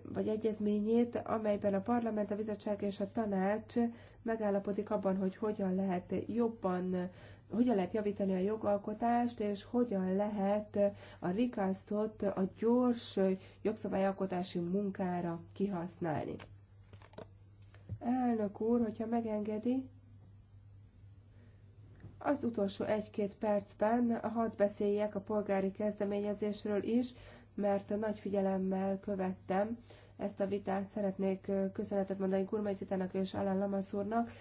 vagy egyezményét, amelyben a parlament, a bizottság és a tanács megállapodik abban, hogy hogyan lehet jobban, hogyan lehet javítani a jogalkotást, és hogyan lehet a rikasztot a gyors jogszabályalkotási munkára kihasználni. Elnök úr, hogyha megengedi, az utolsó egy-két percben hadd beszéljek a polgári kezdeményezésről is, mert nagy figyelemmel követtem ezt a vitát. Szeretnék köszönetet mondani Kurmaizitának és Alan Lamaszúrnak.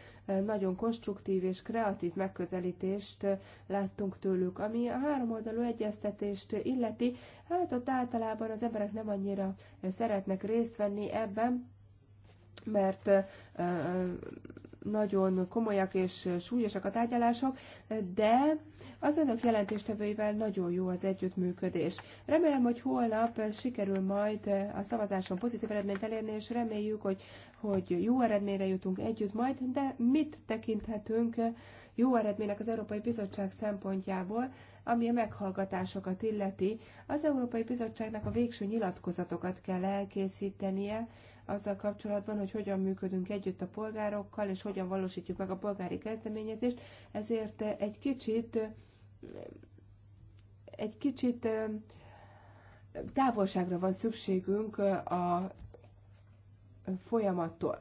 Nagyon konstruktív és kreatív megközelítést láttunk tőlük. Ami a háromoldalú egyeztetést illeti, hát ott általában az emberek nem annyira szeretnek részt venni ebben, mert nagyon komolyak és súlyosak a tárgyalások, de az önök jelentéstevőivel nagyon jó az együttműködés. Remélem, hogy holnap sikerül majd a szavazáson pozitív eredményt elérni, és reméljük, hogy, hogy jó eredményre jutunk együtt majd, de mit tekinthetünk jó eredménynek az Európai Bizottság szempontjából, ami a meghallgatásokat illeti. Az Európai Bizottságnak a végső nyilatkozatokat kell elkészítenie azzal kapcsolatban, hogy hogyan működünk együtt a polgárokkal, és hogyan valósítjuk meg a polgári kezdeményezést, ezért egy kicsit egy kicsit távolságra van szükségünk a folyamattól.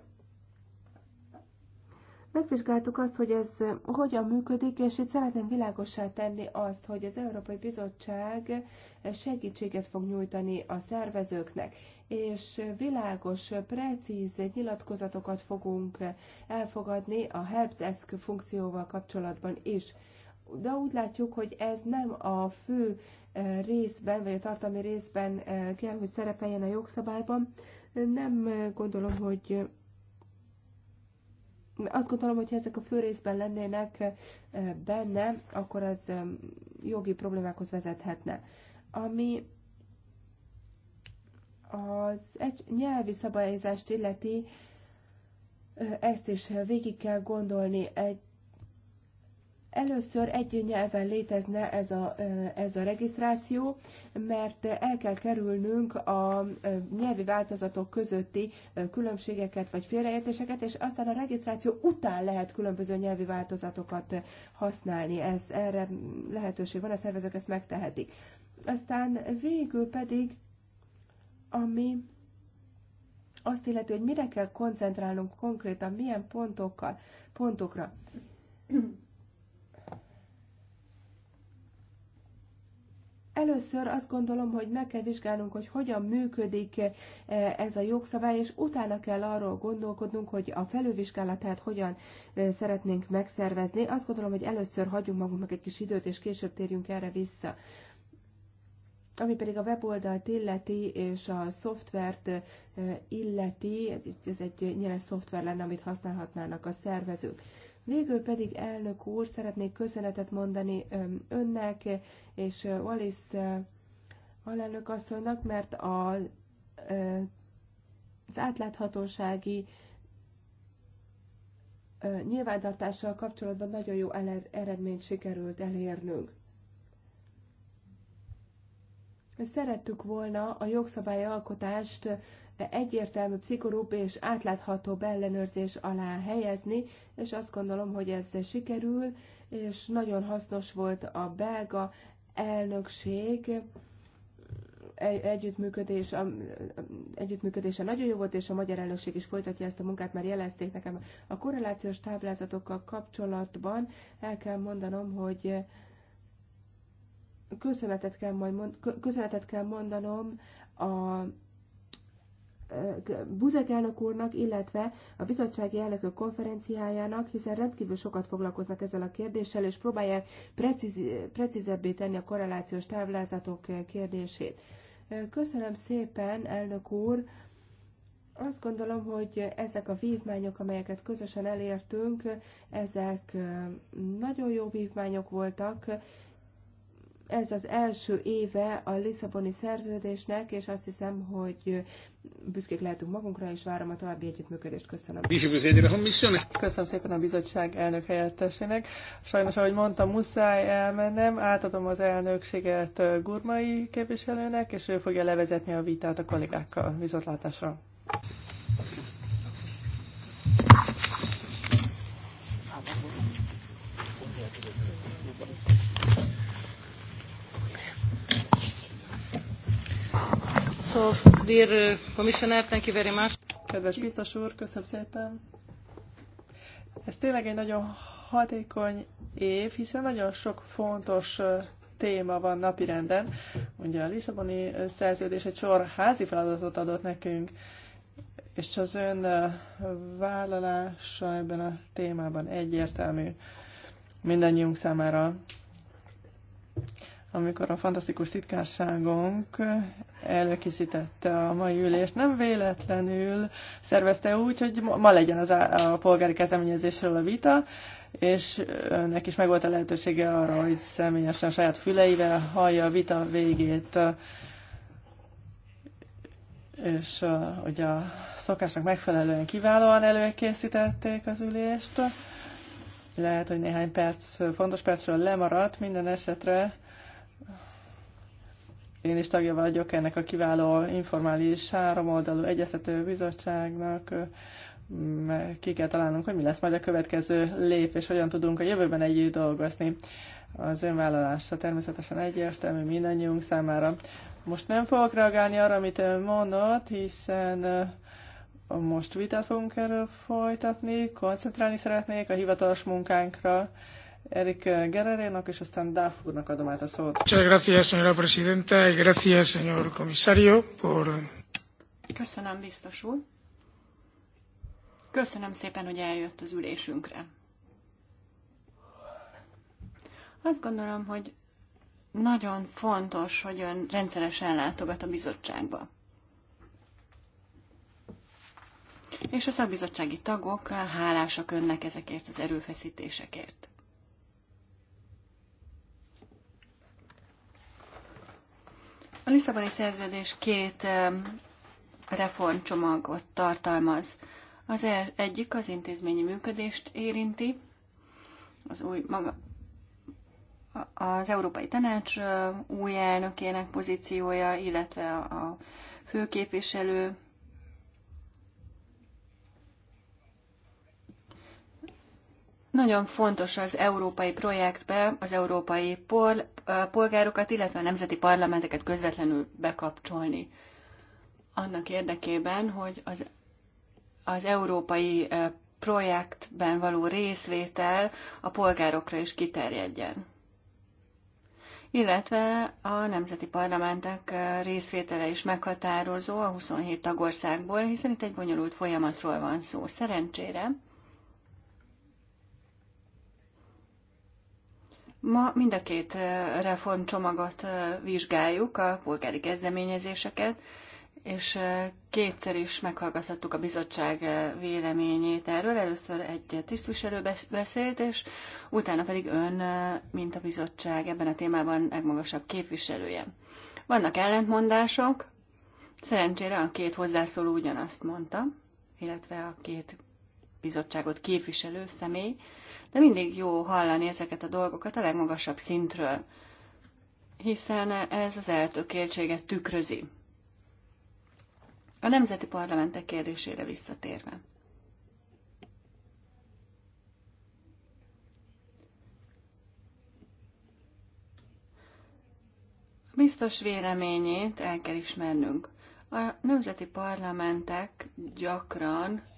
Megvizsgáltuk azt, hogy ez hogyan működik, és itt szeretném világossá tenni azt, hogy az Európai Bizottság segítséget fog nyújtani a szervezőknek, és világos, precíz nyilatkozatokat fogunk elfogadni a helpdesk funkcióval kapcsolatban is. De úgy látjuk, hogy ez nem a fő eh, részben, vagy a tartalmi részben eh, kell, hogy szerepeljen a jogszabályban. Nem eh, gondolom, hogy azt gondolom, hogy ha ezek a fő részben lennének benne, akkor az jogi problémákhoz vezethetne. Ami az egy nyelvi szabályozást illeti, ezt is végig kell gondolni. Egy, először egy nyelven létezne ez a, ez a regisztráció, mert el kell kerülnünk a nyelvi változatok közötti különbségeket vagy félreértéseket, és aztán a regisztráció után lehet különböző nyelvi változatokat használni. Ez, erre lehetőség van, a szervezők ezt megtehetik. Aztán végül pedig ami azt illeti, hogy mire kell koncentrálnunk konkrétan, milyen pontokkal, pontokra. Először azt gondolom, hogy meg kell vizsgálnunk, hogy hogyan működik eh, ez a jogszabály, és utána kell arról gondolkodnunk, hogy a felülvizsgálatát hogyan eh, szeretnénk megszervezni. Azt gondolom, hogy először hagyjunk magunknak egy kis időt, és később térjünk erre vissza. Ami pedig a weboldalt illeti, és a szoftvert illeti, ez egy nyeres szoftver lenne, amit használhatnának a szervezők. Végül pedig, elnök úr, szeretnék köszönetet mondani önnek és Wallis alelnök asszonynak, mert a, az átláthatósági nyilvántartással kapcsolatban nagyon jó eredményt sikerült elérnünk. Szerettük volna a jogszabályalkotást egyértelmű, szigorúbb és átláthatóbb ellenőrzés alá helyezni, és azt gondolom, hogy ez sikerül, és nagyon hasznos volt a belga elnökség együttműködés, a, együttműködése nagyon jó volt, és a magyar elnökség is folytatja ezt a munkát, már jelezték nekem. A korrelációs táblázatokkal kapcsolatban el kell mondanom, hogy köszönetet kell, majd mond, köszönetet kell mondanom a e, Buzek elnök úrnak, illetve a bizottsági elnökök konferenciájának, hiszen rendkívül sokat foglalkoznak ezzel a kérdéssel, és próbálják precíz, precízebbé tenni a korrelációs táblázatok kérdését. E, köszönöm szépen, elnök úr! Azt gondolom, hogy ezek a vívmányok, amelyeket közösen elértünk, ezek e, nagyon jó vívmányok voltak, ez az első éve a Lisszaboni szerződésnek, és azt hiszem, hogy büszkék lehetünk magunkra, és várom a további együttműködést. Köszönöm. Köszönöm szépen a bizottság elnök helyettesének. Sajnos, ahogy mondtam, muszáj elmennem. Átadom az elnökséget Gurmai képviselőnek, és ő fogja levezetni a vitát a kollégákkal. Viszontlátásra! So, dear uh, Commissioner, thank you very much. Kedves biztos úr, köszönöm szépen. Ez tényleg egy nagyon hatékony év, hiszen nagyon sok fontos uh, téma van napirenden. Ugye a Lisszaboni uh, szerződés egy sor házi feladatot adott nekünk, és az ön vállalása ebben a témában egyértelmű mindannyiunk számára amikor a fantasztikus titkárságunk előkészítette a mai ülést. Nem véletlenül szervezte úgy, hogy ma legyen az a polgári kezdeményezésről a vita, és önnek is megvolt a lehetősége arra, hogy személyesen saját füleivel hallja a vita végét. És hogy a szokásnak megfelelően kiválóan előkészítették az ülést lehet, hogy néhány perc, fontos percről lemaradt, minden esetre én is tagja vagyok ennek a kiváló informális háromoldalú egyeztető bizottságnak. Mm, Ki kell találnunk, hogy mi lesz majd a következő lépés, hogyan tudunk a jövőben együtt dolgozni. Az önvállalása természetesen egyértelmű mindannyiunk számára. Most nem fogok reagálni arra, amit ön mondott, hiszen most vitát fogunk erről folytatni, koncentrálni szeretnék a hivatalos munkánkra, Erik Gererénak, és aztán Duff úrnak adom át a szót. Muchas gracias, señora presidenta, y gracias, señor comisario, por... Köszönöm, biztos úr. Köszönöm szépen, hogy eljött az ülésünkre. Azt gondolom, hogy nagyon fontos, hogy ön rendszeresen látogat a bizottságba. És a szakbizottsági tagok hálásak önnek ezekért az erőfeszítésekért. A Lisszaboni szerződés két reformcsomagot tartalmaz. Az egyik az intézményi működést érinti, az új maga, az Európai Tanács új elnökének pozíciója, illetve a főképviselő Nagyon fontos az európai projektbe az európai pol, polgárokat, illetve a nemzeti parlamenteket közvetlenül bekapcsolni. Annak érdekében, hogy az, az európai projektben való részvétel a polgárokra is kiterjedjen illetve a nemzeti parlamentek részvétele is meghatározó a 27 tagországból, hiszen itt egy bonyolult folyamatról van szó. Szerencsére Ma mind a két reformcsomagot vizsgáljuk, a polgári kezdeményezéseket, és kétszer is meghallgathattuk a bizottság véleményét erről. Először egy tisztviselő beszélt, és utána pedig ön, mint a bizottság ebben a témában legmagasabb képviselője. Vannak ellentmondások, szerencsére a két hozzászóló ugyanazt mondta, illetve a két bizottságot képviselő személy, de mindig jó hallani ezeket a dolgokat a legmagasabb szintről, hiszen ez az eltökéltséget tükrözi. A nemzeti parlamentek kérdésére visszatérve. Biztos véleményét el kell ismernünk. A nemzeti parlamentek gyakran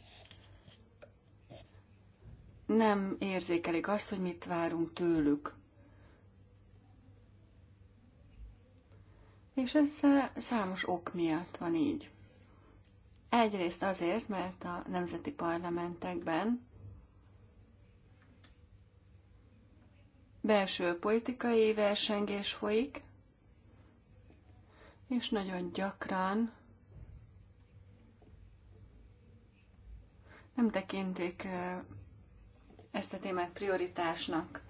nem érzékelik azt, hogy mit várunk tőlük. És ez eh, számos ok miatt van így. Egyrészt azért, mert a nemzeti parlamentekben belső politikai versengés folyik, és nagyon gyakran nem tekintik eh, ezt a témát prioritásnak,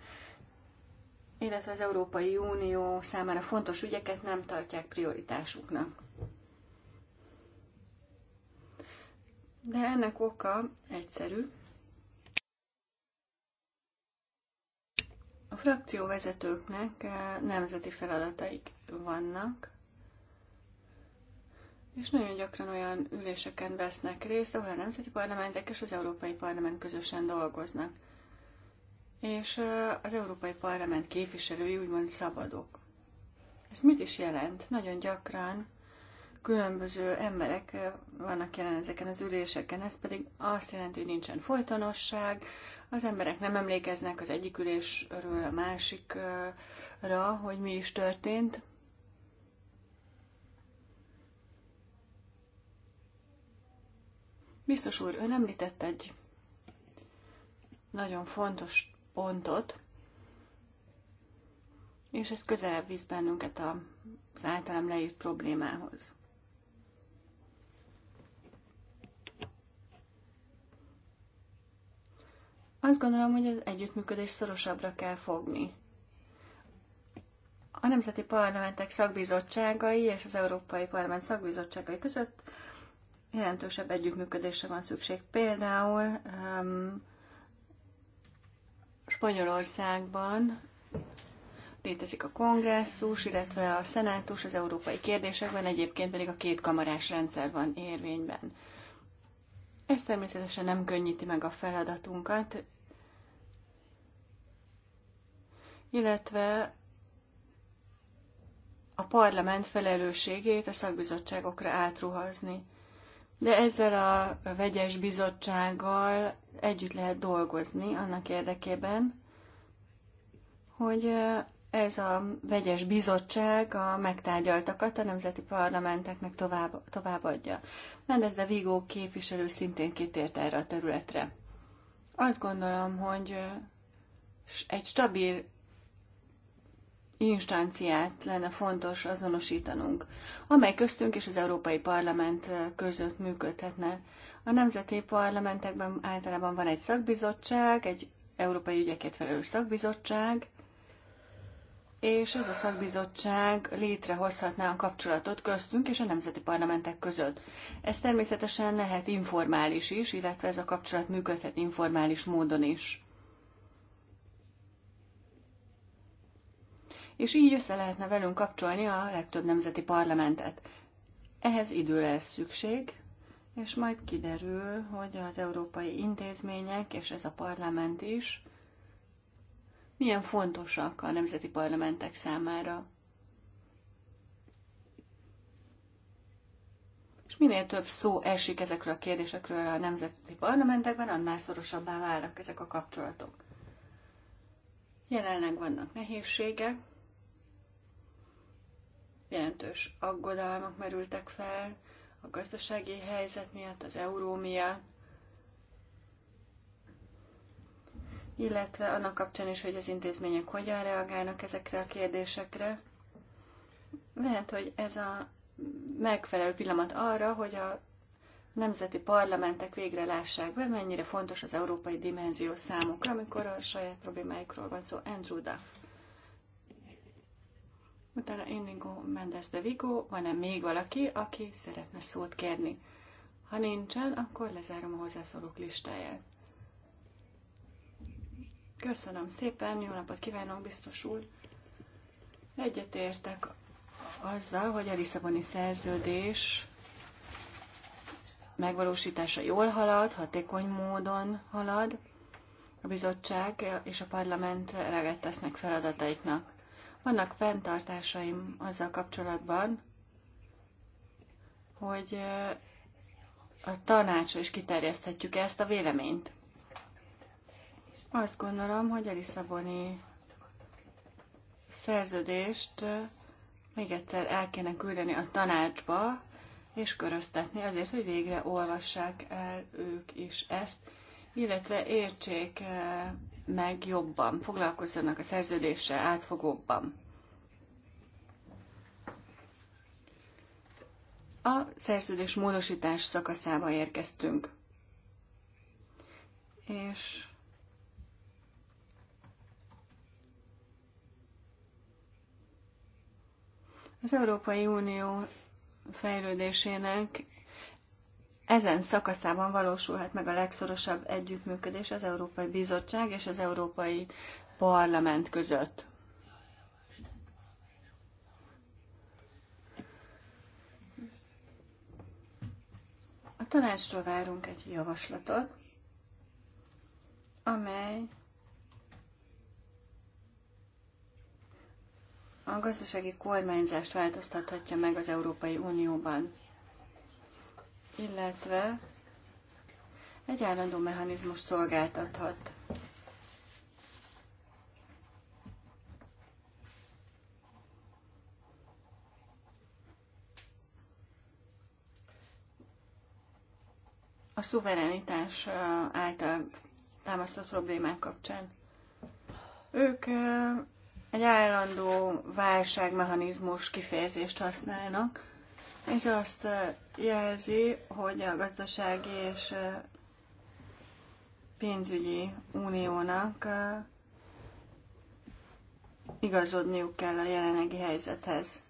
illetve az Európai Unió számára fontos ügyeket nem tartják prioritásuknak. De ennek oka egyszerű. A frakcióvezetőknek eh, nemzeti feladataik vannak, és nagyon gyakran olyan üléseken vesznek részt, ahol a nemzeti parlamentek és az Európai Parlament közösen dolgoznak és az Európai Parlament képviselői úgymond szabadok. Ez mit is jelent? Nagyon gyakran különböző emberek vannak jelen ezeken az üléseken, ez pedig azt jelenti, hogy nincsen folytonosság, az emberek nem emlékeznek az egyik ülésről a másikra, hogy mi is történt. Biztos úr, ön említett egy nagyon fontos pontot, és ez közelebb visz bennünket az általam leírt problémához. Azt gondolom, hogy az együttműködés szorosabbra kell fogni. A Nemzeti Parlamentek szakbizottságai és az Európai Parlament szakbizottságai között jelentősebb együttműködésre van szükség. Például um, Spanyolországban létezik a kongresszus, illetve a szenátus az európai kérdésekben, egyébként pedig a két kamarás rendszer van érvényben. Ez természetesen nem könnyíti meg a feladatunkat, illetve a parlament felelősségét a szakbizottságokra átruházni de ezzel a vegyes bizottsággal együtt lehet dolgozni annak érdekében, hogy ez a vegyes bizottság a megtárgyaltakat a nemzeti parlamenteknek tovább, továbbadja. Mendez de Vigó képviselő szintén kitért erre a területre. Azt gondolom, hogy egy stabil instanciát lenne fontos azonosítanunk, amely köztünk és az Európai Parlament között működhetne. A nemzeti parlamentekben általában van egy szakbizottság, egy európai ügyekért felelős szakbizottság, és ez a szakbizottság létrehozhatná a kapcsolatot köztünk és a nemzeti parlamentek között. Ez természetesen lehet informális is, illetve ez a kapcsolat működhet informális módon is. és így össze lehetne velünk kapcsolni a legtöbb nemzeti parlamentet. Ehhez idő lesz szükség, és majd kiderül, hogy az európai intézmények és ez a parlament is milyen fontosak a nemzeti parlamentek számára. És minél több szó esik ezekről a kérdésekről a nemzeti parlamentekben, annál szorosabbá válnak ezek a kapcsolatok. Jelenleg vannak nehézségek, jelentős aggodalmak merültek fel a gazdasági helyzet miatt, az euró miatt, illetve annak kapcsán is, hogy az intézmények hogyan reagálnak ezekre a kérdésekre. Lehet, hogy ez a megfelelő pillanat arra, hogy a nemzeti parlamentek végre lássák be, mennyire fontos az európai dimenzió számukra, amikor a saját problémáikról van szó. Andrew Duff. Utána Indigo Mendes de Vigo, van-e még valaki, aki szeretne szót kérni? Ha nincsen, akkor lezárom a hozzászólók listáját. Köszönöm szépen, jó napot kívánok, biztos úr! Egyetértek azzal, hogy a Lisszaboni szerződés megvalósítása jól halad, hatékony módon halad, a bizottság és a parlament eleget tesznek feladataiknak. Vannak fenntartásaim azzal kapcsolatban, hogy a tanácsra is kiterjeszthetjük ezt a véleményt. Azt gondolom, hogy a Lisszaboni szerződést még egyszer el kéne küldeni a tanácsba, és köröztetni azért, hogy végre olvassák el ők is ezt, illetve értsék meg jobban, foglalkozzanak a szerződéssel átfogóbban. A szerződés módosítás szakaszába érkeztünk. És az Európai Unió fejlődésének ezen szakaszában valósulhat meg a legszorosabb együttműködés az Európai Bizottság és az Európai Parlament között. A tanácstól várunk egy javaslatot, amely a gazdasági kormányzást változtathatja meg az Európai Unióban illetve egy állandó mechanizmus szolgáltathat. a szuverenitás által támasztott problémák kapcsán. Ők egy állandó válságmechanizmus kifejezést használnak, ez azt jelzi, hogy a gazdasági és pénzügyi uniónak igazodniuk kell a jelenlegi helyzethez.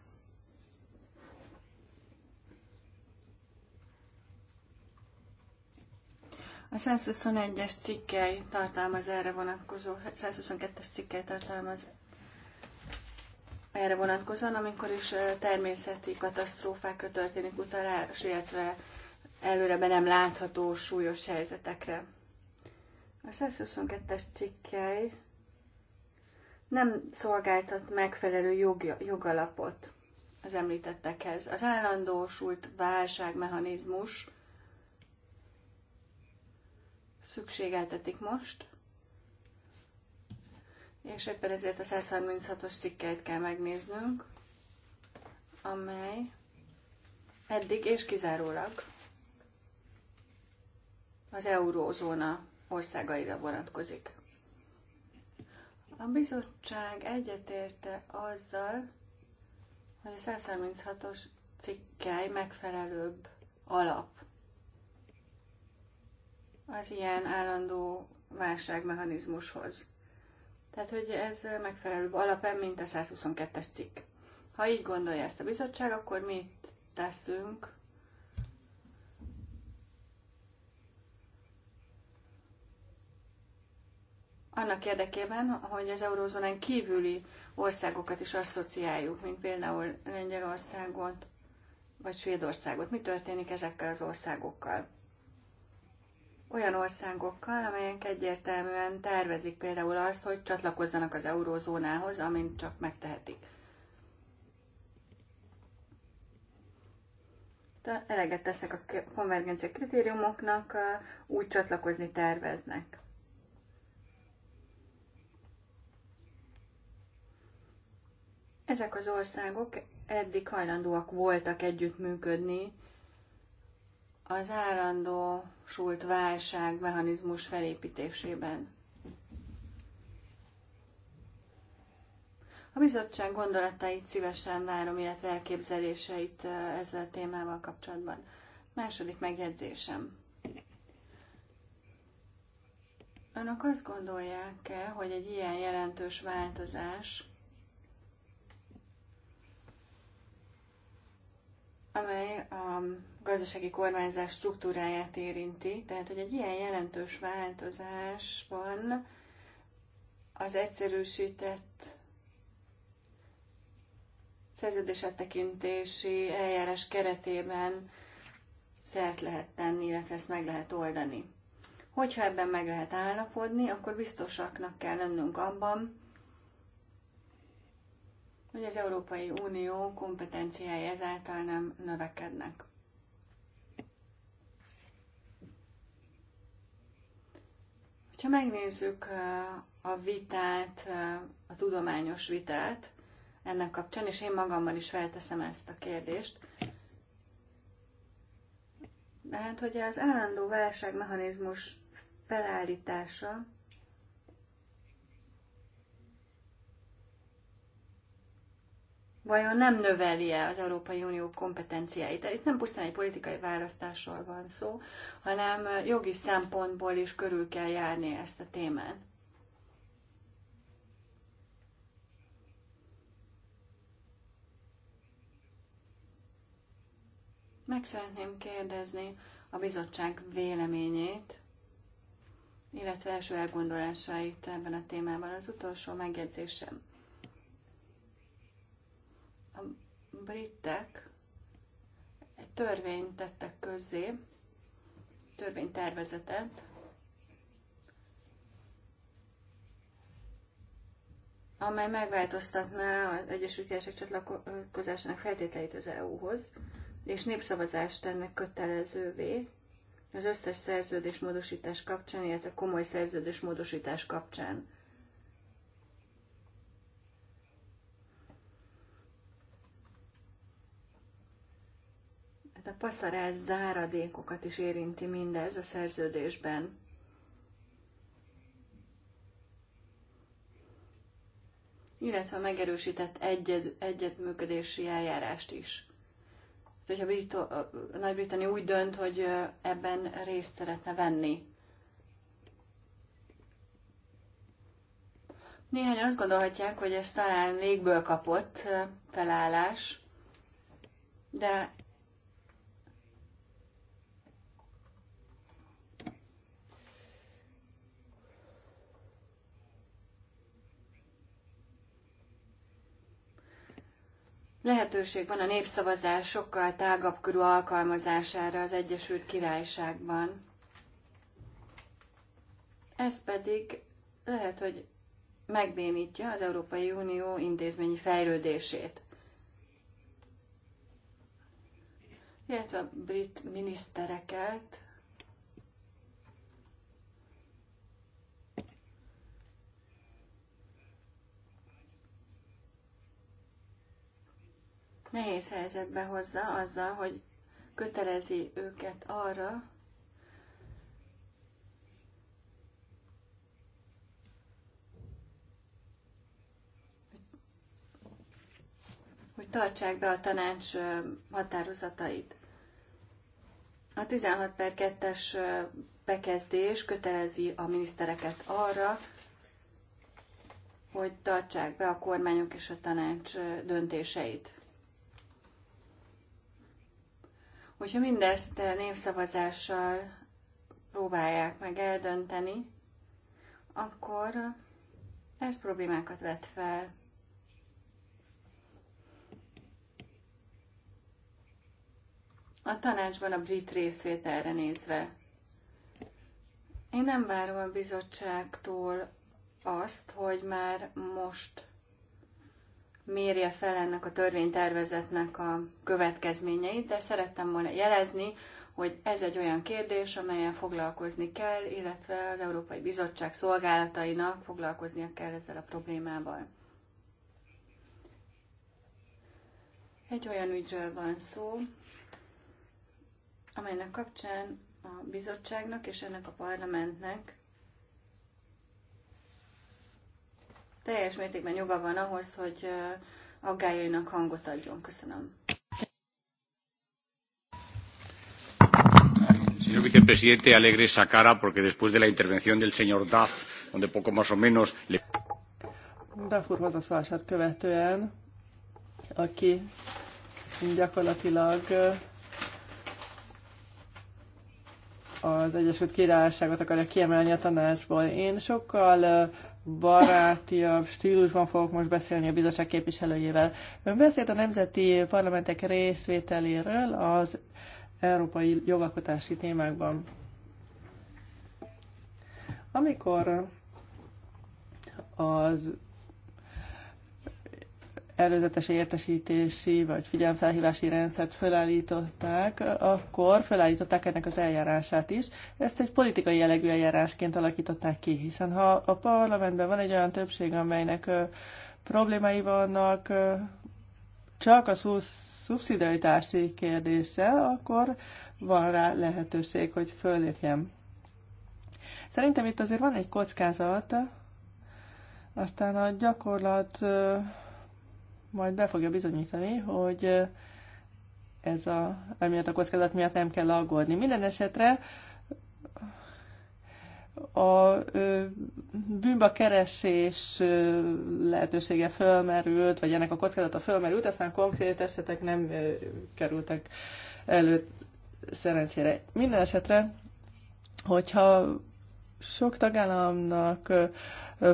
A 121-es cikkely tartalmaz erre vonatkozó, 122-es cikkely tartalmaz erre vonatkozóan, amikor is természeti katasztrófákra történik utalás, illetve előreben nem látható súlyos helyzetekre. A 122-es cikkely nem szolgáltat megfelelő jog, jogalapot az említettekhez. Az állandósult válságmechanizmus szükségeltetik most, és éppen ezért a 136-os cikkeit kell megnéznünk, amely eddig és kizárólag az eurózóna országaira vonatkozik. A bizottság egyetérte azzal, hogy a 136-os cikkely megfelelőbb alap az ilyen állandó válságmechanizmushoz. Tehát, hogy ez megfelelőbb alapelv, mint a 122-es cikk. Ha így gondolja ezt a bizottság, akkor mit teszünk? Annak érdekében, hogy az eurózónán kívüli országokat is asszociáljuk, mint például Lengyelországot vagy Svédországot. Mi történik ezekkel az országokkal? olyan országokkal, amelyek egyértelműen tervezik például azt, hogy csatlakozzanak az eurózónához, amint csak megtehetik. Eleget tesznek a konvergencia kritériumoknak, úgy csatlakozni terveznek. Ezek az országok eddig hajlandóak voltak együttműködni az állandó sult válság mechanizmus felépítésében. A bizottság gondolatait szívesen várom, illetve elképzeléseit ezzel a témával kapcsolatban. Második megjegyzésem. Önök azt gondolják-e, hogy egy ilyen jelentős változás, amely a gazdasági kormányzás struktúráját érinti, tehát hogy egy ilyen jelentős változásban az egyszerűsített szerződésettekintési eljárás keretében szert lehet tenni, illetve ezt meg lehet oldani. Hogyha ebben meg lehet állapodni, akkor biztosaknak kell lennünk abban, hogy az Európai Unió kompetenciái ezáltal nem növekednek. Ha megnézzük a vitát, a tudományos vitát ennek kapcsán, és én magammal is felteszem ezt a kérdést, de hát, hogy az állandó válságmechanizmus felállítása vajon nem növeli-e az Európai Unió kompetenciáit. Itt nem pusztán egy politikai választásról van szó, hanem jogi szempontból is körül kell járni ezt a témát. Meg szeretném kérdezni a bizottság véleményét, illetve első elgondolásait ebben a témában. Az utolsó megjegyzésem. britek egy törvényt tettek közzé, törvénytervezetet, amely megváltoztatná az Egyesült Királyság csatlakozásának feltételeit az EU-hoz, és népszavazást tenne kötelezővé az összes módosítás kapcsán, illetve komoly módosítás kapcsán. Tehát a paszaráz záradékokat is érinti mindez a szerződésben. illetve a megerősített egyed, egyedműködési eljárást is. Tehát, hogyha a Nagy-Britannia úgy dönt, hogy ebben részt szeretne venni. Néhányan azt gondolhatják, hogy ez talán légből kapott felállás, de lehetőség van a népszavazás sokkal tágabb körű alkalmazására az Egyesült Királyságban. Ez pedig lehet, hogy megbénítja az Európai Unió intézményi fejlődését. Illetve a brit minisztereket, nehéz helyzetbe hozza azzal, hogy kötelezi őket arra, hogy tartsák be a tanács határozatait. A 16 per 2-es bekezdés kötelezi a minisztereket arra, hogy tartsák be a kormányok és a tanács döntéseit. Hogyha mindezt eh, népszavazással próbálják meg eldönteni, akkor eh, ez problémákat vet fel. A tanácsban a brit részvételre nézve. Én nem várom a bizottságtól azt, hogy már most mérje fel ennek a törvénytervezetnek a következményeit, de szerettem volna jelezni, hogy ez egy olyan kérdés, amelyen foglalkozni kell, illetve az Európai Bizottság szolgálatainak foglalkoznia kell ezzel a problémával. Egy olyan ügyről van szó, amelynek kapcsán a bizottságnak és ennek a parlamentnek teljes mértékben joga van ahhoz, hogy aggájainak hangot adjon. Köszönöm. Señor vicepresidente, alegre esa cara porque después de la intervención del señor Duff, donde poco más o menos le... Duff úr hozzászólását követően, aki gyakorlatilag az Egyesült Királyságot akarja kiemelni a tanácsból. Én sokkal barátiabb stílusban fogok most beszélni a bizottság képviselőjével. Ön beszélt a nemzeti parlamentek részvételéről az európai jogalkotási témákban. Amikor az előzetes értesítési vagy figyelmfelhívási rendszert felállították, akkor felállították ennek az eljárását is. Ezt egy politikai jellegű eljárásként alakították ki, hiszen ha a parlamentben van egy olyan többség, amelynek problémái vannak csak a szubszidiaritási kérdése, akkor van rá lehetőség, hogy fölépjem. Szerintem itt azért van egy kockázat, aztán a gyakorlat majd be fogja bizonyítani, hogy ez a, emiatt a kockázat miatt nem kell aggódni. Minden esetre a bűnba keresés lehetősége fölmerült, vagy ennek a kockázata fölmerült, aztán konkrét esetek nem kerültek elő szerencsére. Minden esetre, hogyha sok tagállamnak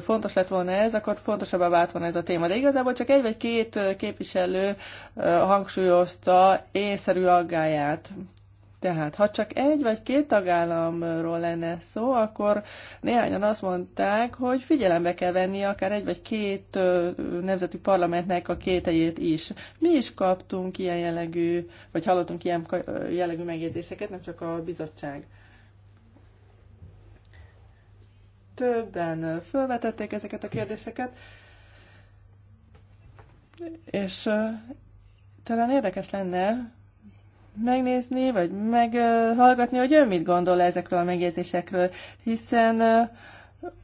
fontos lett volna ez, akkor fontosabbá vált volna ez a téma. De igazából csak egy vagy két képviselő hangsúlyozta észszerű aggáját. Tehát, ha csak egy vagy két tagállamról lenne szó, akkor néhányan azt mondták, hogy figyelembe kell venni akár egy vagy két nemzeti parlamentnek a kételjét is. Mi is kaptunk ilyen jellegű, vagy hallottunk ilyen jellegű megjegyzéseket, nem csak a bizottság. többen felvetették ezeket a kérdéseket, és talán érdekes lenne megnézni, vagy meghallgatni, hogy ön mit gondol ezekről a megjegyzésekről, hiszen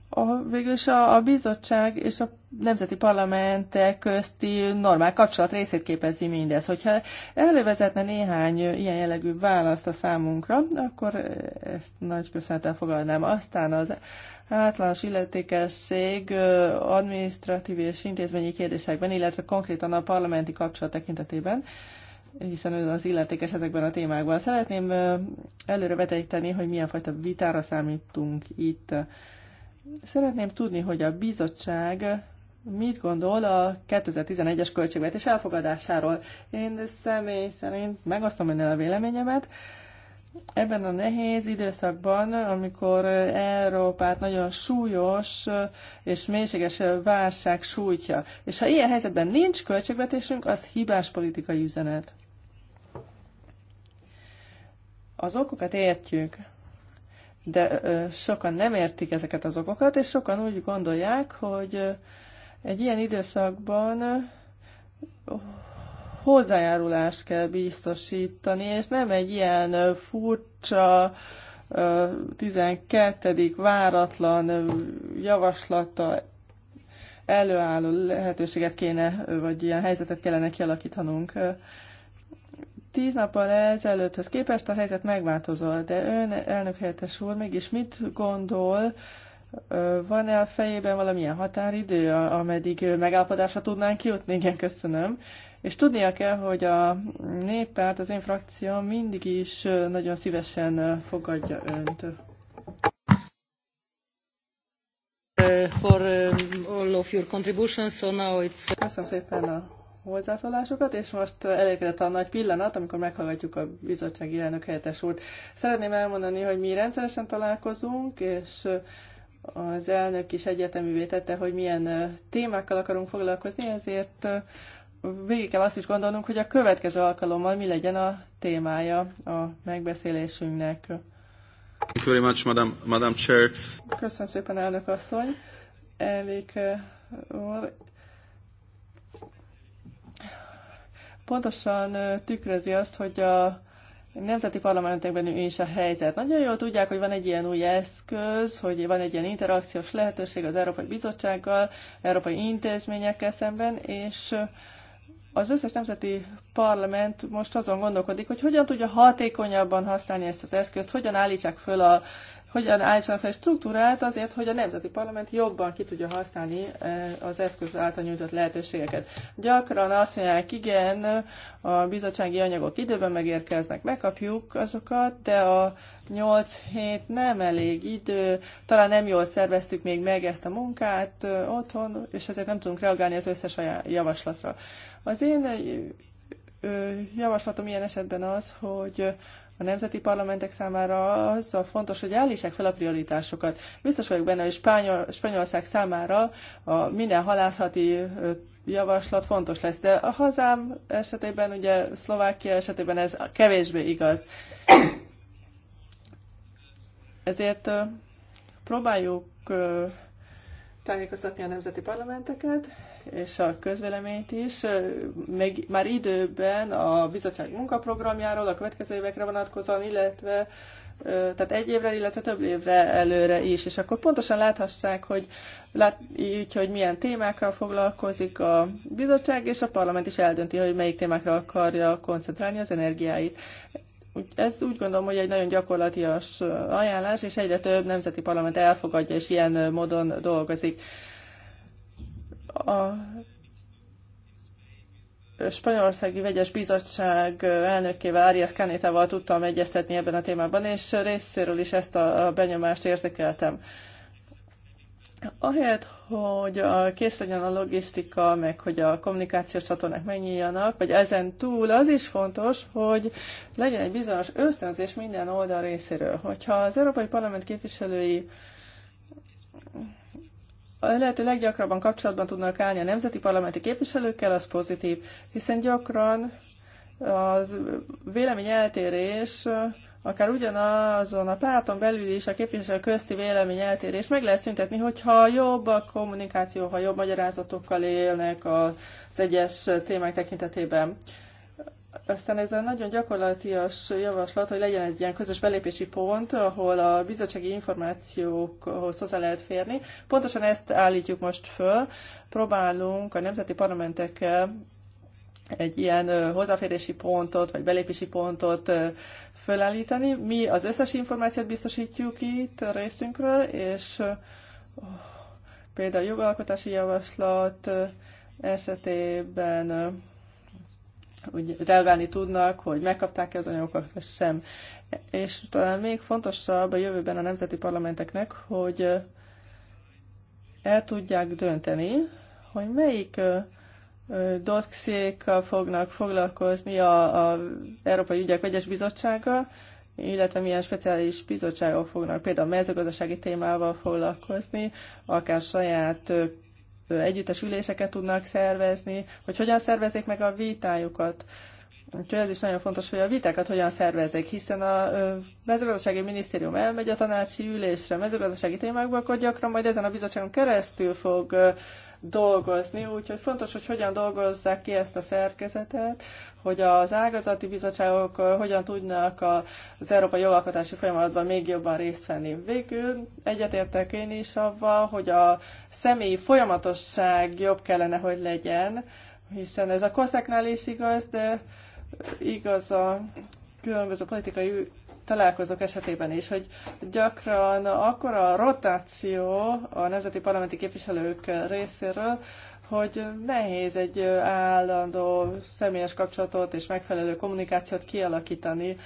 a, végülis a, a bizottság és a nemzeti parlamentek közti normál kapcsolat részét képezi mindez. Hogyha elővezetne néhány ilyen jellegű választ a számunkra, akkor ezt nagy köszönettel fogadnám. Aztán az általános illetékesség administratív és intézményi kérdésekben, illetve konkrétan a parlamenti kapcsolat tekintetében, hiszen ő az illetékes ezekben a témákban. Szeretném előre vetejteni, hogy milyen fajta vitára számítunk itt. Szeretném tudni, hogy a bizottság mit gondol a 2011-es költségvetés elfogadásáról. Én személy szerint megosztom önnel a véleményemet, ebben a nehéz időszakban, amikor Európát nagyon súlyos és mélységes válság sújtja. És ha ilyen helyzetben nincs költségvetésünk, az hibás politikai üzenet. Az okokat értjük, de sokan nem értik ezeket az okokat, és sokan úgy gondolják, hogy egy ilyen időszakban hozzájárulást kell biztosítani, és nem egy ilyen furcsa, 12. váratlan javaslata előálló lehetőséget kéne, vagy ilyen helyzetet kellene kialakítanunk. Tíz nappal ezelőtthöz képest a helyzet megváltozott, de ön, elnök helyettes úr, mégis mit gondol, van-e a fejében valamilyen határidő, ameddig megállapodásra tudnánk jutni? Igen, köszönöm. És tudnia kell, hogy a néppárt, az én frakció mindig is nagyon szívesen fogadja önt. Uh, for um, all of your contributions, so now it's... Uh, Köszönöm szépen a hozzászólásokat, és most elérkezett a nagy pillanat, amikor meghallgatjuk a bizottsági elnök helyettes úrt. Szeretném elmondani, hogy mi rendszeresen találkozunk, és az elnök is egyértelművé tette, hogy milyen témákkal akarunk foglalkozni, ezért végig kell azt is gondolnunk, hogy a következő alkalommal mi legyen a témája a megbeszélésünknek. Thank you very much, Madam, Madam Chair. Köszönöm szépen, elnök asszony. Elég eh, úr. Pontosan eh, tükrözi azt, hogy a nemzeti parlamentekben mi is a helyzet. Nagyon jól tudják, hogy van egy ilyen új eszköz, hogy van egy ilyen interakciós lehetőség az Európai Bizottsággal, Európai Intézményekkel szemben, és az összes nemzeti parlament most azon gondolkodik, hogy hogyan tudja hatékonyabban használni ezt az eszközt, hogyan állítsák föl a hogyan állítsanak fel struktúrát azért, hogy a Nemzeti Parlament jobban ki tudja használni e, az eszköz által nyújtott lehetőségeket. Gyakran azt mondják, igen, a bizottsági anyagok időben megérkeznek, megkapjuk azokat, de a 8 hét nem elég idő, talán nem jól szerveztük még meg ezt a munkát otthon, és ezért nem tudunk reagálni az összes javaslatra. Az én javaslatom ilyen esetben az, hogy a nemzeti parlamentek számára az a fontos, hogy állítsák fel a prioritásokat. Biztos vagyok benne, hogy Spányol, Spanyolország számára a minden halászati javaslat fontos lesz, de a hazám esetében, ugye Szlovákia esetében ez kevésbé igaz. Ezért próbáljuk tájékoztatni a nemzeti parlamenteket, és a közvéleményt is, Még már időben a bizottság munkaprogramjáról a következő évekre vonatkozóan, illetve tehát egy évre, illetve több évre előre is, és akkor pontosan láthassák, hogy, lát, így, hogy milyen témákkal foglalkozik a bizottság, és a parlament is eldönti, hogy melyik témákra akarja koncentrálni az energiáit. Ez úgy gondolom, hogy egy nagyon gyakorlatias ajánlás, és egyre több nemzeti parlament elfogadja, és ilyen módon dolgozik. A Spanyolországi Vegyes Bizottság elnökével, Arias Canétával tudtam egyeztetni ebben a témában, és részéről is ezt a benyomást érzékeltem. Ahelyett, hogy kész legyen a logisztika, meg hogy a kommunikációs csatornák megnyíljanak, vagy ezen túl az is fontos, hogy legyen egy bizonyos ösztönzés minden oldal részéről. Hogyha az Európai Parlament képviselői a lehető leggyakrabban kapcsolatban tudnak állni a nemzeti parlamenti képviselőkkel, az pozitív, hiszen gyakran az eltérés, akár ugyanazon a párton belül is a képviselő közti vélemény eltérés meg lehet szüntetni, hogyha jobb a kommunikáció, ha jobb magyarázatokkal élnek az egyes témák tekintetében. Aztán ez a nagyon gyakorlatias javaslat, hogy legyen egy ilyen közös belépési pont, ahol a bizottsági információkhoz hozzá lehet férni. Pontosan ezt állítjuk most föl. Próbálunk a nemzeti parlamentekkel egy ilyen hozzáférési pontot, vagy belépési pontot fölállítani. Mi az összes információt biztosítjuk itt a részünkről, és például jogalkotási javaslat esetében úgy reagálni tudnak, hogy megkapták-e az anyagokat, vagy sem. És talán még fontosabb a jövőben a nemzeti parlamenteknek, hogy el tudják dönteni, hogy melyik dossziékkal fognak foglalkozni a, a Európai Ügyek Vegyes Bizottsága, illetve milyen speciális bizottságok fognak például mezőgazdasági témával foglalkozni, akár saját együttes üléseket tudnak szervezni, hogy hogyan szervezik meg a vitájukat. Úgyhogy ez is nagyon fontos, hogy a vitákat hogyan szervezzék, hiszen a mezőgazdasági minisztérium elmegy a tanácsi ülésre mezőgazdasági témákba, akkor gyakran majd ezen a bizottságon keresztül fog dolgozni, úgyhogy fontos, hogy hogyan dolgozzák ki ezt a szerkezetet, hogy az ágazati bizottságok hogyan tudnak az európai jogalkotási folyamatban még jobban részt venni. Végül egyetértek én is avval, hogy a személyi folyamatosság jobb kellene, hogy legyen, hiszen ez a koszeknál is igaz, de igaz a különböző politikai találkozók esetében is, hogy gyakran akkor a rotáció a nemzeti parlamenti képviselők részéről, hogy nehéz egy állandó személyes kapcsolatot és megfelelő kommunikációt kialakítani,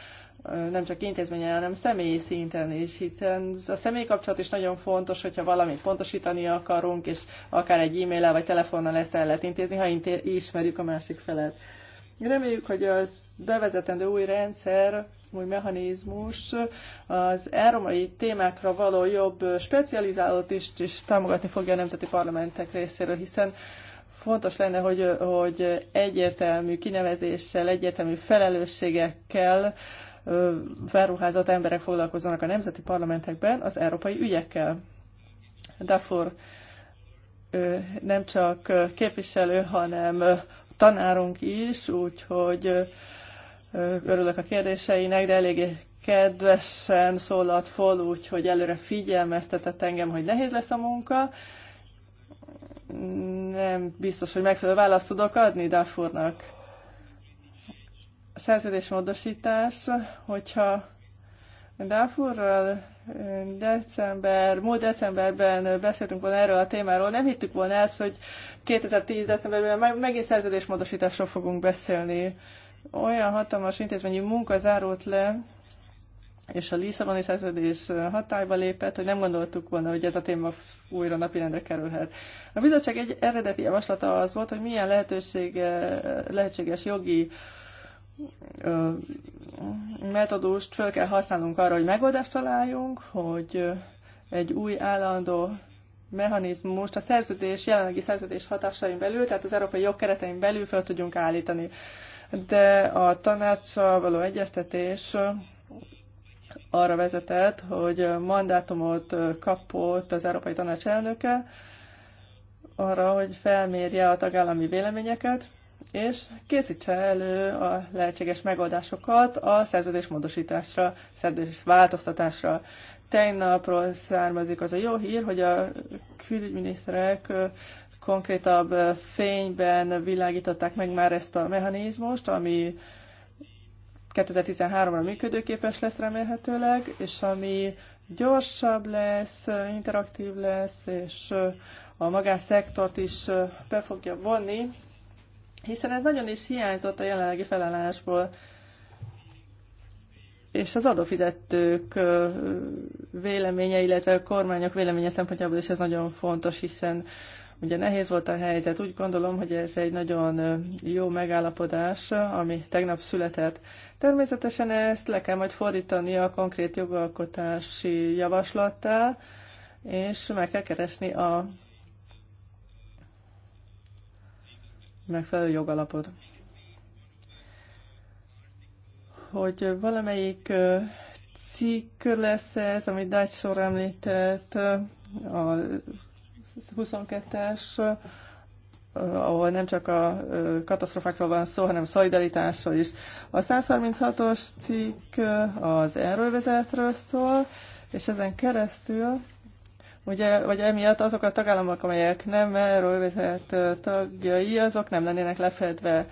nem csak intézményen, hanem személyi szinten is. Hiszen a személyi kapcsolat is nagyon fontos, hogyha valamit pontosítani akarunk, és akár egy e-mail vagy telefonnal ezt el lehet intézni, ha ismerjük a másik felet. Reméljük, hogy az bevezetendő új rendszer új mechanizmus az elromai témákra való jobb is, is támogatni fogja a nemzeti parlamentek részéről, hiszen fontos lenne, hogy, hogy egyértelmű kinevezéssel, egyértelmű felelősségekkel felruházott emberek foglalkozzanak a nemzeti parlamentekben az európai ügyekkel. Dafur nem csak képviselő, hanem tanárunk is, úgyhogy Örülök a kérdéseinek, de eléggé kedvesen szólalt fel, úgyhogy előre figyelmeztetett engem, hogy nehéz lesz a munka. Nem biztos, hogy megfelelő választ tudok adni Dafurnak. A szerződésmódosítás, hogyha Dáfurral december, múlt decemberben beszéltünk volna erről a témáról, nem hittük volna ezt, hogy 2010 decemberben megint szerződésmódosításról fogunk beszélni olyan hatalmas intézményi munka zárult le, és a Lisszaboni szerződés hatályba lépett, hogy nem gondoltuk volna, hogy ez a téma újra napirendre kerülhet. A bizottság egy eredeti javaslata az volt, hogy milyen lehetősége, lehetséges jogi ö, metódust föl kell használnunk arra, hogy megoldást találjunk, hogy egy új állandó mechanizmust a szerződés, jelenlegi szerződés hatásain belül, tehát az európai jog keretein belül fel tudjunk állítani. De a tanácssal való egyeztetés arra vezetett, hogy mandátumot kapott az Európai Tanács elnöke arra, hogy felmérje a tagállami véleményeket, és készítse elő a lehetséges megoldásokat a szerződés módosításra, szerződés változtatásra. Tegnapról származik az a jó hír, hogy a külügyminiszterek konkrétabb fényben világították meg már ezt a mechanizmust, ami 2013-ra működőképes lesz remélhetőleg, és ami gyorsabb lesz, interaktív lesz, és a magánszektort is be fogja vonni, hiszen ez nagyon is hiányzott a jelenlegi felállásból és az adófizetők véleménye, illetve a kormányok véleménye szempontjából is ez nagyon fontos, hiszen ugye nehéz volt a helyzet. Úgy gondolom, hogy ez egy nagyon jó megállapodás, ami tegnap született. Természetesen ezt le kell majd fordítani a konkrét jogalkotási javaslattá, és meg kell keresni a megfelelő jogalapot hogy valamelyik cikk lesz ez, amit Dágy sor említett, a 22-es, ahol nem csak a katasztrofákról van szó, hanem szolidaritásról is. A 136-os cikk az vezetről szól, és ezen keresztül Ugye, vagy emiatt azok a tagállamok, amelyek nem vezet tagjai, azok nem lennének lefedve.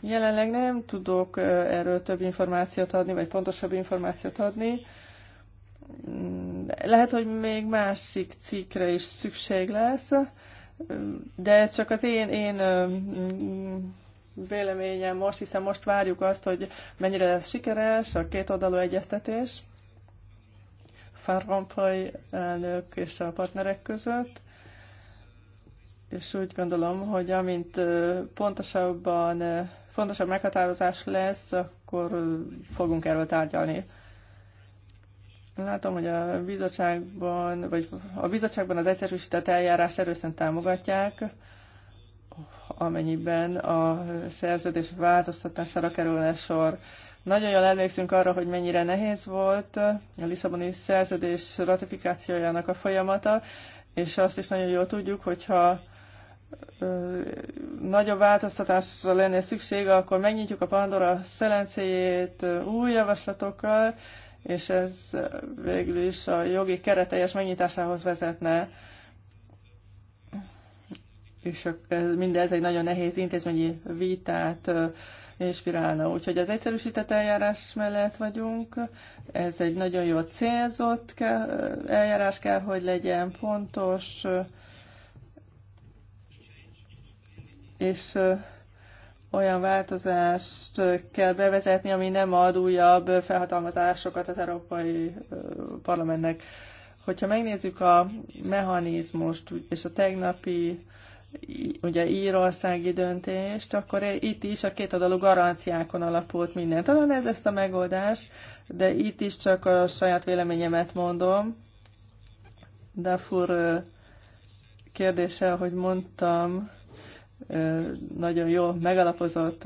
Jelenleg nem tudok erről több információt adni, vagy pontosabb információt adni. Mm, lehet, hogy még másik cikkre is szükség lesz, de ez csak az én, én mm, véleményem most, hiszen most várjuk azt, hogy mennyire lesz sikeres a két oldalú egyeztetés Van Rompuy elnök és a partnerek között és úgy gondolom, hogy amint pontosabban fontosabb meghatározás lesz, akkor fogunk erről tárgyalni. Látom, hogy a bizottságban, vagy a bizottságban az egyszerűsített eljárást erősen támogatják, amennyiben a szerződés változtatására kerülne sor. Nagyon jól emlékszünk arra, hogy mennyire nehéz volt a Lisszaboni szerződés ratifikációjának a folyamata, és azt is nagyon jól tudjuk, hogyha nagyobb változtatásra lenne szükség, akkor megnyitjuk a Pandora szelencéjét új javaslatokkal, és ez végül is a jogi kereteljes megnyitásához vezetne. És mindez egy nagyon nehéz intézményi vitát inspirálna. Úgyhogy az egyszerűsített eljárás mellett vagyunk. Ez egy nagyon jó célzott kell, eljárás kell, hogy legyen pontos, és olyan változást kell bevezetni, ami nem ad újabb felhatalmazásokat az Európai Parlamentnek. Hogyha megnézzük a mechanizmust és a tegnapi ugye írországi döntést, akkor itt is a két adalú garanciákon alapult minden. Talán ez lesz a megoldás, de itt is csak a saját véleményemet mondom. De fur kérdése, hogy mondtam, nagyon jó megalapozott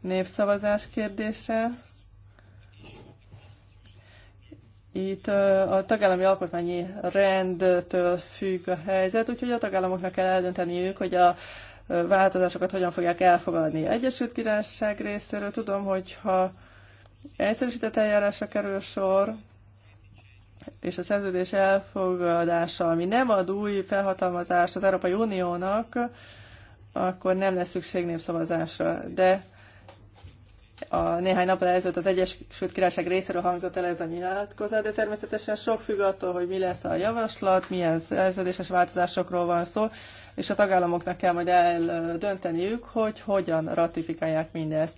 népszavazás kérdése. Itt a tagállami alkotmányi rendtől függ a helyzet, úgyhogy a tagállamoknak kell eldönteniük, hogy a változásokat hogyan fogják elfogadni. Egyesült Királyság részéről tudom, hogy ha egyszerűsített eljárásra kerül sor, és a szerződés elfogadása, ami nem ad új felhatalmazást az Európai Uniónak, akkor nem lesz szükség népszavazásra. De a néhány nap ezelőtt az Egyesült Királyság részéről hangzott el ez a nyilatkozat, de természetesen sok függ attól, hogy mi lesz a javaslat, milyen szerződéses változásokról van szó, és a tagállamoknak kell majd eldönteniük, hogy hogyan ratifikálják mindezt.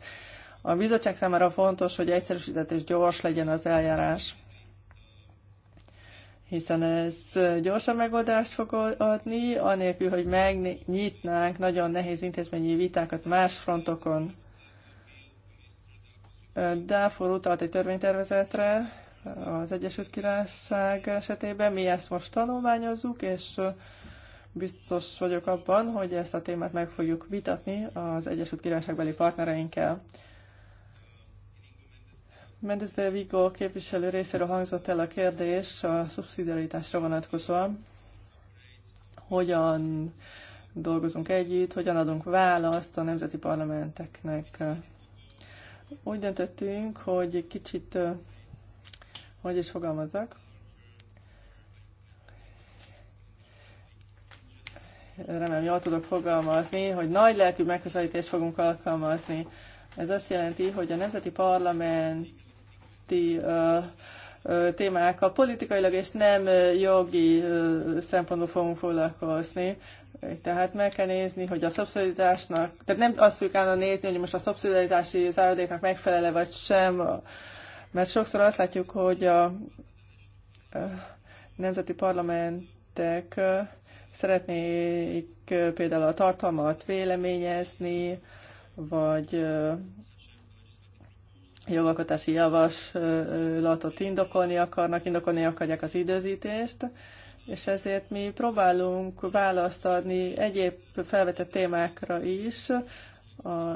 A bizottság számára fontos, hogy egyszerűsített és gyors legyen az eljárás hiszen ez gyorsan megoldást fog adni, anélkül, hogy megnyitnánk nagyon nehéz intézményi vitákat más frontokon. Dáfor utalt egy törvénytervezetre az Egyesült Királyság esetében. Mi ezt most tanulmányozzuk, és biztos vagyok abban, hogy ezt a témát meg fogjuk vitatni az Egyesült Királyságbeli partnereinkkel. Mendes de Vigo képviselő részéről hangzott el a kérdés a szubszidiaritásra vonatkozóan, hogyan dolgozunk együtt, hogyan adunk választ a nemzeti parlamenteknek. Úgy döntöttünk, hogy kicsit, hogy is fogalmazok, remélem jól tudok fogalmazni, hogy nagy lelkű megközelítést fogunk alkalmazni. Ez azt jelenti, hogy a nemzeti parlament alatti témákkal politikailag és nem jogi szempontból fogunk foglalkozni. Tehát meg kell nézni, hogy a szubszidiaritásnak, tehát nem azt fogjuk állna nézni, hogy most a szubszidiaritási záradéknak megfelele vagy sem, mert sokszor azt látjuk, hogy a nemzeti parlamentek szeretnék például a tartalmat véleményezni, vagy jogalkotási javaslatot indokolni akarnak, indokolni akarják az időzítést, és ezért mi próbálunk választ adni egyéb felvetett témákra is, a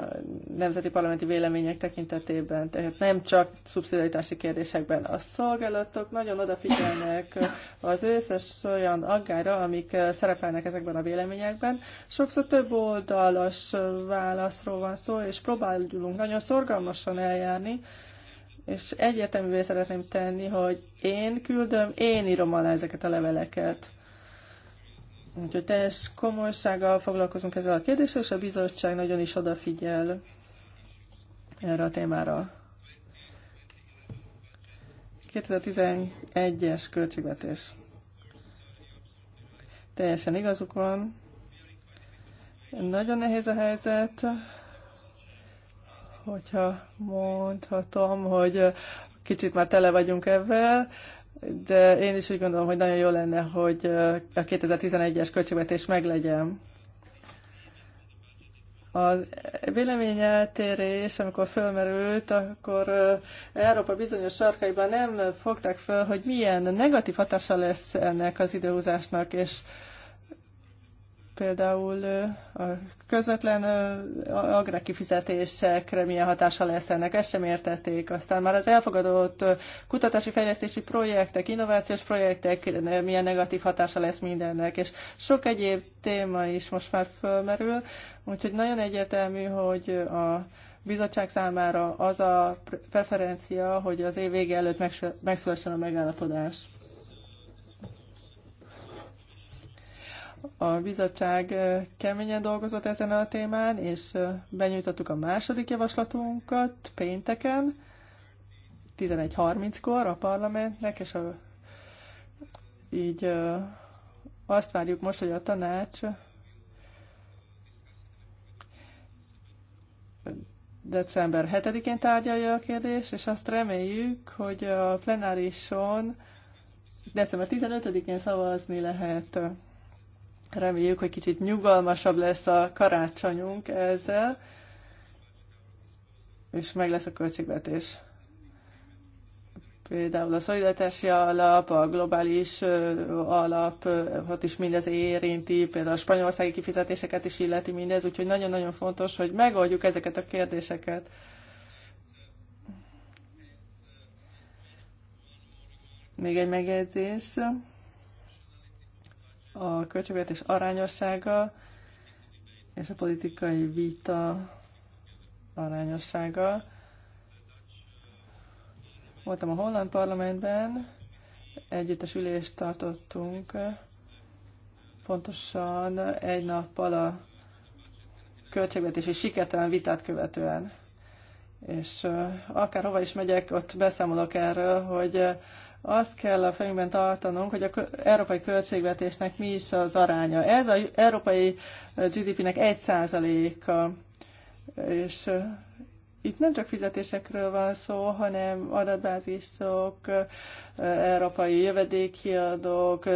nemzeti parlamenti vélemények tekintetében, tehát nem csak szubszidaritási kérdésekben. A szolgálatok nagyon odafigyelnek az összes olyan aggára, amik szerepelnek ezekben a véleményekben. Sokszor több oldalas válaszról van szó, és próbálunk nagyon szorgalmasan eljárni, és egyértelművé szeretném tenni, hogy én küldöm, én írom alá ezeket a leveleket Úgyhogy teljes komolysággal foglalkozunk ezzel a kérdéssel, és a bizottság nagyon is odafigyel erre a témára. 2011-es költségvetés. Teljesen igazuk van. Nagyon nehéz a helyzet, hogyha mondhatom, hogy kicsit már tele vagyunk ebben, de én is úgy gondolom, hogy nagyon jó lenne, hogy a 2011-es költségvetés meglegyen. A véleményeltérés, amikor fölmerült, akkor Európa bizonyos sarkaiban nem fogták föl, hogy milyen negatív hatása lesz ennek az időhúzásnak, és például a közvetlen agrárkifizetésekre milyen hatása lesz ennek, ezt sem értették. Aztán már az elfogadott kutatási fejlesztési projektek, innovációs projektek, milyen negatív hatása lesz mindennek, és sok egyéb téma is most már fölmerül, úgyhogy nagyon egyértelmű, hogy a bizottság számára az a preferencia, hogy az év vége előtt megszülessen a megállapodás. A bizottság keményen dolgozott ezen a témán, és benyújtottuk a második javaslatunkat pénteken, 11.30-kor a parlamentnek, és a, így azt várjuk most, hogy a tanács december 7-én tárgyalja a kérdést, és azt reméljük, hogy a plenárison december 15-én szavazni lehet. Reméljük, hogy kicsit nyugalmasabb lesz a karácsonyunk ezzel, és meg lesz a költségvetés. Például a szolidaritási alap, a globális alap, ott is mindez érinti, például a spanyolországi kifizetéseket is illeti mindez, úgyhogy nagyon-nagyon fontos, hogy megoldjuk ezeket a kérdéseket. Még egy megjegyzés a költségvetés arányossága és a politikai vita arányossága. Voltam a holland parlamentben, együttes ülést tartottunk, pontosan egy nappal a költségvetési sikertelen vitát követően. És akárhova is megyek, ott beszámolok erről, hogy azt kell a fejünkben tartanunk, hogy a európai költségvetésnek mi is az aránya. Ez az európai GDP-nek 1%-a, és itt nem csak fizetésekről van szó, hanem adatbázisok, európai jövedékiadók,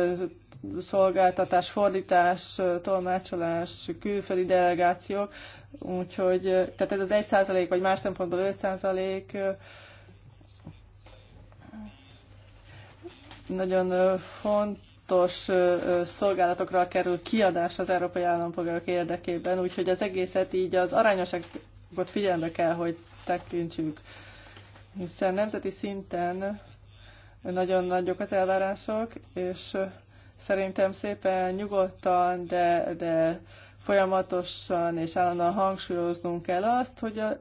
szolgáltatás, fordítás, tolmácsolás, külföldi delegációk, úgyhogy tehát ez az 1% vagy más szempontból 5% Nagyon fontos szolgálatokra kerül kiadás az európai állampolgárok érdekében, úgyhogy az egészet így az arányosságot figyelembe kell, hogy tekintsük. Hiszen nemzeti szinten nagyon nagyok az elvárások, és szerintem szépen nyugodtan, de, de folyamatosan és állandóan hangsúlyoznunk kell azt, hogy a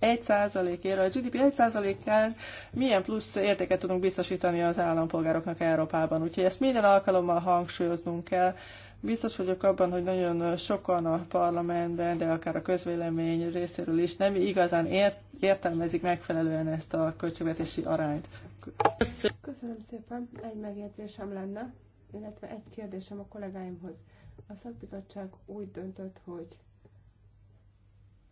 1%-éről, a GDP 1%-án milyen plusz értéket tudunk biztosítani az állampolgároknak Európában. Úgyhogy ezt minden alkalommal hangsúlyoznunk kell. Biztos vagyok abban, hogy nagyon sokan a parlamentben, de akár a közvélemény részéről is nem igazán ért, értelmezik megfelelően ezt a költségvetési arányt. Köszönöm szépen. Egy megjegyzésem lenne, illetve egy kérdésem a kollégáimhoz. A szakbizottság úgy döntött, hogy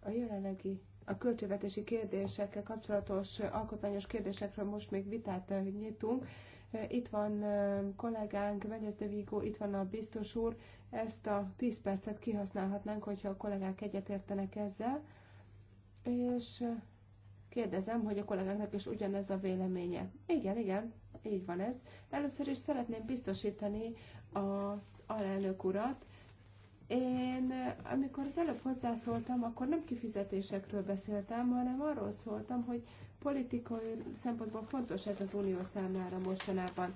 a jelenlegi a költségvetési kérdésekkel kapcsolatos alkotmányos kérdésekről most még vitát eh, nyitunk. Eh, itt van eh, kollégánk, Vegyez de Vigo, itt van a biztos úr. Ezt a 10 percet kihasználhatnánk, hogyha a kollégák egyetértenek ezzel. És kérdezem, hogy a kollégáknak is ugyanez a véleménye. Igen, igen, így van ez. Először is szeretném biztosítani az alelnök urat, én, amikor az előbb hozzászóltam, akkor nem kifizetésekről beszéltem, hanem arról szóltam, hogy politikai szempontból fontos ez az unió számára mostanában.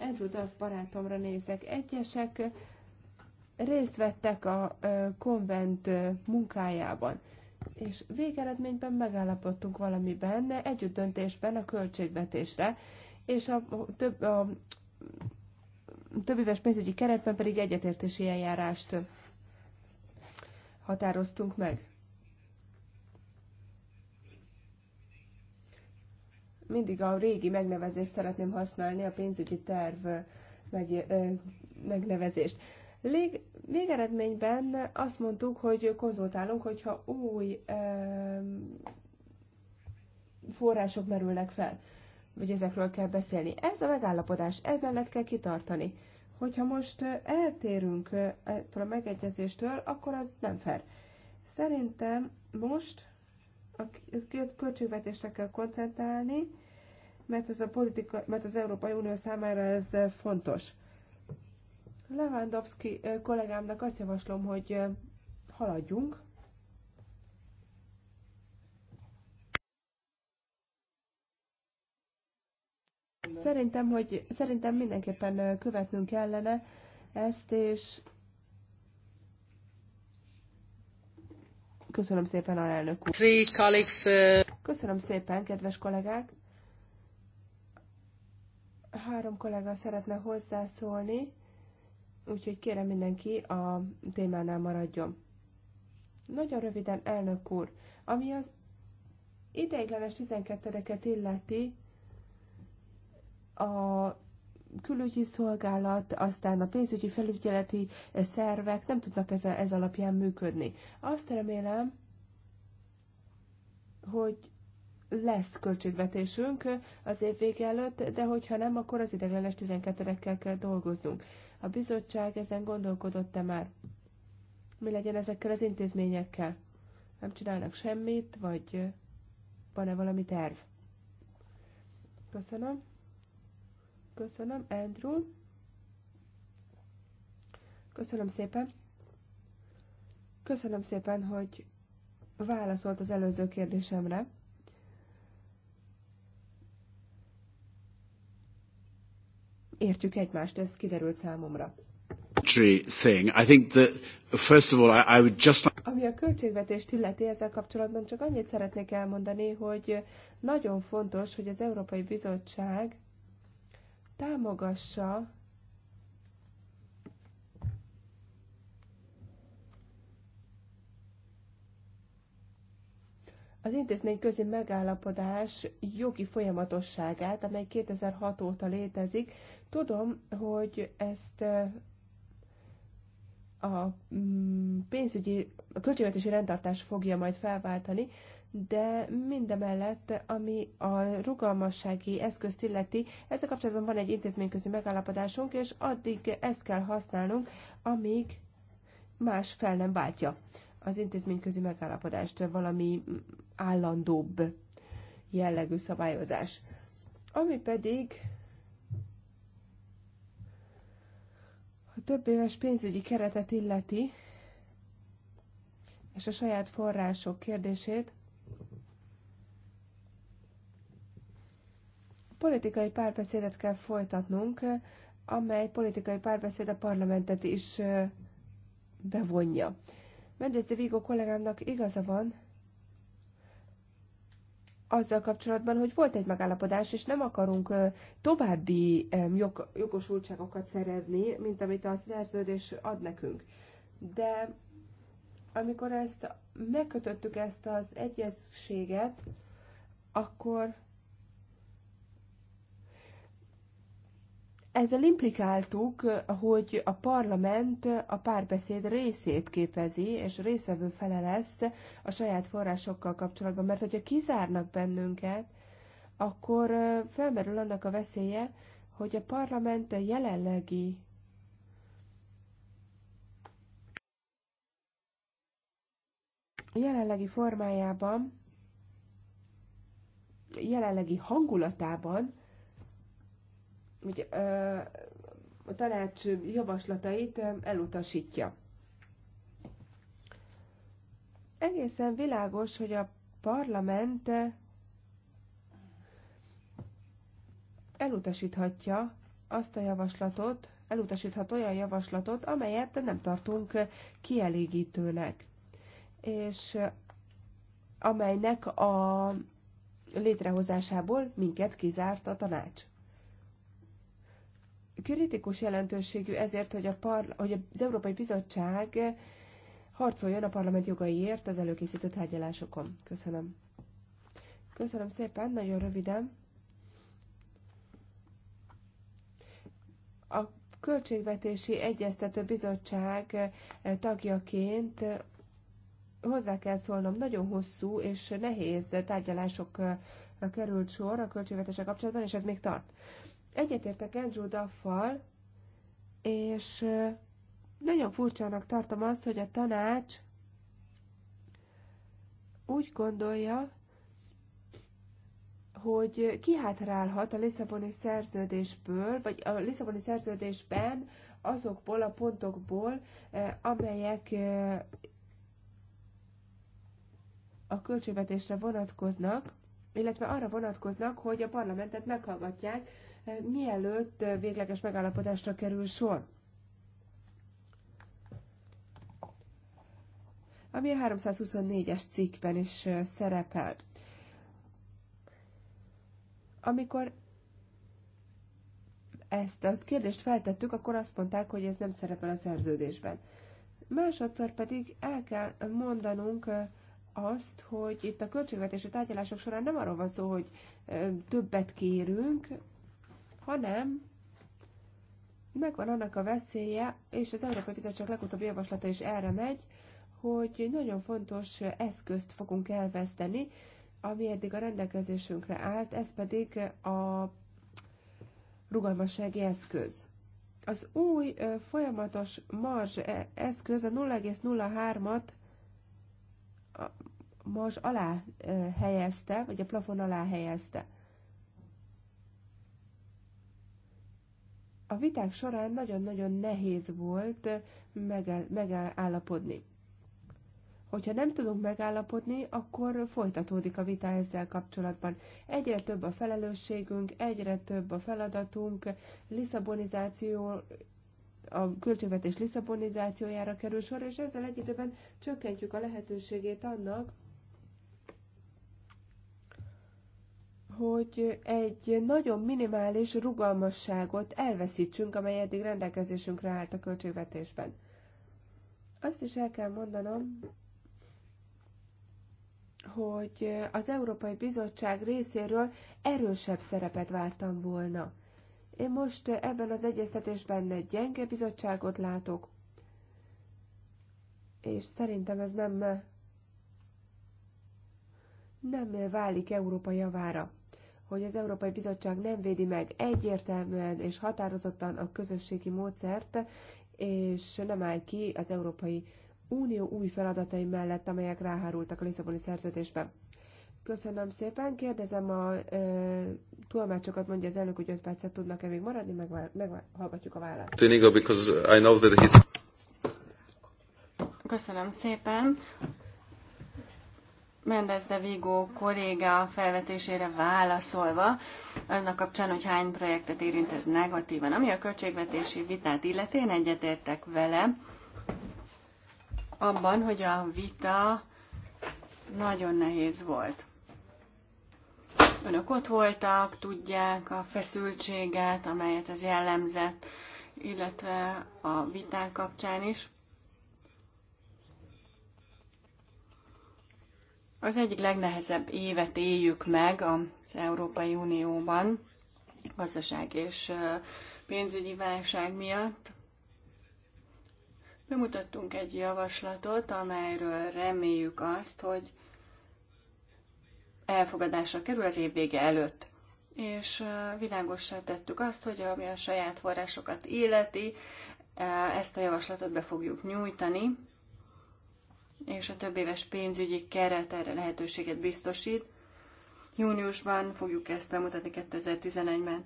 Andrew Duff barátomra nézek. Egyesek részt vettek a konvent munkájában, és végeredményben megállapodtunk valamiben, együtt döntésben a költségvetésre, és a, több, a többéves pénzügyi keretben pedig egyetértési eljárást határoztunk meg. Mindig a régi megnevezést szeretném használni, a pénzügyi terv meg, ö, megnevezést. Lég, végeredményben azt mondtuk, hogy konzultálunk, hogyha új ö, források merülnek fel, vagy ezekről kell beszélni. Ez a megállapodás, emellett kell kitartani. Hogyha most eltérünk ettől a megegyezéstől, akkor az nem fair. Szerintem most a költségvetésre kell koncentrálni, mert, ez a politika, mert az Európai Unió számára ez fontos. Lewandowski kollégámnak azt javaslom, hogy haladjunk, Szerintem, hogy szerintem mindenképpen követnünk kellene ezt, és köszönöm szépen, a elnök úr. Köszönöm szépen, kedves kollégák. Három kollega szeretne hozzászólni, úgyhogy kérem mindenki a témánál maradjon. Nagyon röviden, elnök úr, ami az ideiglenes 12-eket illeti, a külügyi szolgálat, aztán a pénzügyi felügyeleti szervek nem tudnak ez, ez alapján működni. Azt remélem, hogy lesz költségvetésünk az év vége előtt, de hogyha nem, akkor az ideglenes 12-ekkel kell dolgoznunk. A bizottság ezen gondolkodott-e már? Mi legyen ezekkel az intézményekkel? Nem csinálnak semmit, vagy van-e valami terv? Köszönöm. Köszönöm, Andrew. Köszönöm szépen. Köszönöm szépen, hogy válaszolt az előző kérdésemre. Értjük egymást, ez kiderült számomra. Thing. I think that, first of all, I, I would just... Ami a költségvetést illeti ezzel kapcsolatban, csak annyit szeretnék elmondani, hogy nagyon fontos, hogy az Európai Bizottság támogassa az intézmény közi megállapodás jogi folyamatosságát, amely 2006 óta létezik. Tudom, hogy ezt a mm, pénzügyi, a költségvetési rendtartás fogja majd felváltani, de mindemellett, ami a rugalmassági eszközt illeti, ezzel kapcsolatban van egy intézményközi megállapodásunk, és addig ezt kell használnunk, amíg más fel nem váltja az intézményközi megállapodást, valami állandóbb jellegű szabályozás. Ami pedig a több éves pénzügyi keretet illeti, és a saját források kérdését, politikai párbeszédet kell folytatnunk, amely politikai párbeszéd a parlamentet is bevonja. Mendez de Vigo kollégámnak igaza van azzal kapcsolatban, hogy volt egy megállapodás, és nem akarunk további jog, jogosultságokat szerezni, mint amit a szerződés ad nekünk. De amikor ezt megkötöttük ezt az egyezséget, akkor Ezzel implikáltuk, hogy a parlament a párbeszéd részét képezi, és részvevő fele lesz a saját forrásokkal kapcsolatban, mert hogyha kizárnak bennünket, akkor felmerül annak a veszélye, hogy a parlament jelenlegi jelenlegi formájában, jelenlegi hangulatában hogy a tanács javaslatait elutasítja. Egészen világos, hogy a parlament elutasíthatja azt a javaslatot, elutasíthat olyan javaslatot, amelyet nem tartunk kielégítőnek, és amelynek a létrehozásából minket kizárt a tanács kritikus jelentőségű ezért, hogy, a parla- hogy az Európai Bizottság harcoljon a parlament jogaiért az előkészítő tárgyalásokon. Köszönöm. Köszönöm szépen, nagyon röviden. A Költségvetési Egyeztető Bizottság eh, tagjaként eh, hozzá kell szólnom, nagyon hosszú és nehéz tárgyalások került sor a költségvetése kapcsolatban, és ez még tart. Egyetértek Andrew Duffal, és nagyon furcsának tartom azt, hogy a tanács úgy gondolja, hogy kihátrálhat a Lisszaboni szerződésből, vagy a Lisszaboni szerződésben azokból a pontokból, amelyek a költségvetésre vonatkoznak, illetve arra vonatkoznak, hogy a parlamentet meghallgatják mielőtt végleges megállapodásra kerül sor. ami a 324-es cikkben is szerepel. Amikor ezt a kérdést feltettük, akkor azt mondták, hogy ez nem szerepel a szerződésben. Másodszor pedig el kell mondanunk azt, hogy itt a költségvetési tárgyalások során nem arról van szó, hogy többet kérünk, hanem megvan annak a veszélye, és az Európai Bizottság legutóbbi javaslata is erre megy, hogy nagyon fontos eszközt fogunk elveszteni, ami eddig a rendelkezésünkre állt, ez pedig a rugalmassági eszköz. Az új folyamatos marzs e, eszköz a 0,03-at marzs alá helyezte, vagy a plafon alá helyezte. A viták során nagyon-nagyon nehéz volt megállapodni. Hogyha nem tudunk megállapodni, akkor folytatódik a vita ezzel kapcsolatban. Egyre több a felelősségünk, egyre több a feladatunk, Lisszabonizáció a költségvetés Lisszabonizációjára kerül sor, és ezzel egy időben csökkentjük a lehetőségét annak, hogy egy nagyon minimális rugalmasságot elveszítsünk, amely eddig rendelkezésünkre állt a költségvetésben. Azt is el kell mondanom, hogy az Európai Bizottság részéről erősebb szerepet vártam volna. Én most ebben az egyeztetésben egy gyenge bizottságot látok, és szerintem ez nem nem válik Európa javára hogy az Európai Bizottság nem védi meg egyértelműen és határozottan a közösségi módszert, és nem áll ki az Európai Unió új feladatai mellett, amelyek ráhárultak a Lisszaboni szerződésben. Köszönöm szépen, kérdezem a e, tolmácsokat, mondja az elnök, hogy 5 percet tudnak-e még maradni, meghallgatjuk meg, a választ. Köszönöm szépen. Mendez de Vigo kolléga felvetésére válaszolva, annak kapcsán, hogy hány projektet érint ez negatívan. Ami a költségvetési vitát illeti, én egyetértek vele abban, hogy a vita nagyon nehéz volt. Önök ott voltak, tudják a feszültséget, amelyet ez jellemzett, illetve a viták kapcsán is. Az egyik legnehezebb évet éljük meg az Európai Unióban, gazdaság és pénzügyi válság miatt. Bemutattunk egy javaslatot, amelyről reméljük azt, hogy elfogadásra kerül az év vége előtt. És világossá tettük azt, hogy ami a saját forrásokat életi, ezt a javaslatot be fogjuk nyújtani, és a több éves pénzügyi keret erre lehetőséget biztosít. Júniusban fogjuk ezt bemutatni 2011-ben.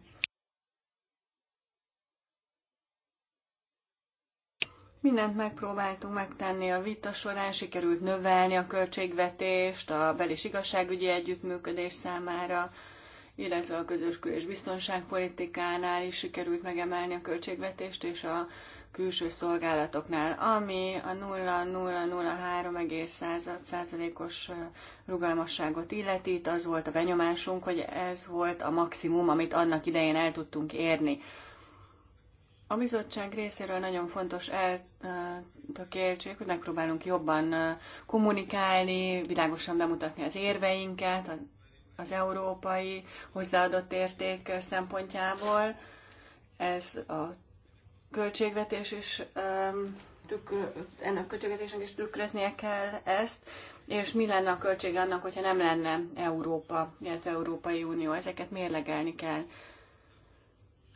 Mindent megpróbáltunk megtenni a vita során, sikerült növelni a költségvetést a bel- és igazságügyi együttműködés számára, illetve a közös kül- és biztonságpolitikánál is sikerült megemelni a költségvetést, és a külső szolgálatoknál, ami a 0,003%-os rugalmasságot illeti. Itt az volt a benyomásunk, hogy ez volt a maximum, amit annak idején el tudtunk érni. A bizottság részéről nagyon fontos eltökéltség, hogy megpróbálunk jobban kommunikálni, világosan bemutatni az érveinket az európai hozzáadott érték szempontjából. Ez a költségvetés is tükr, ennek a költségvetésnek is tükröznie kell ezt, és mi lenne a költség annak, hogyha nem lenne Európa, illetve Európai Unió, ezeket mérlegelni kell.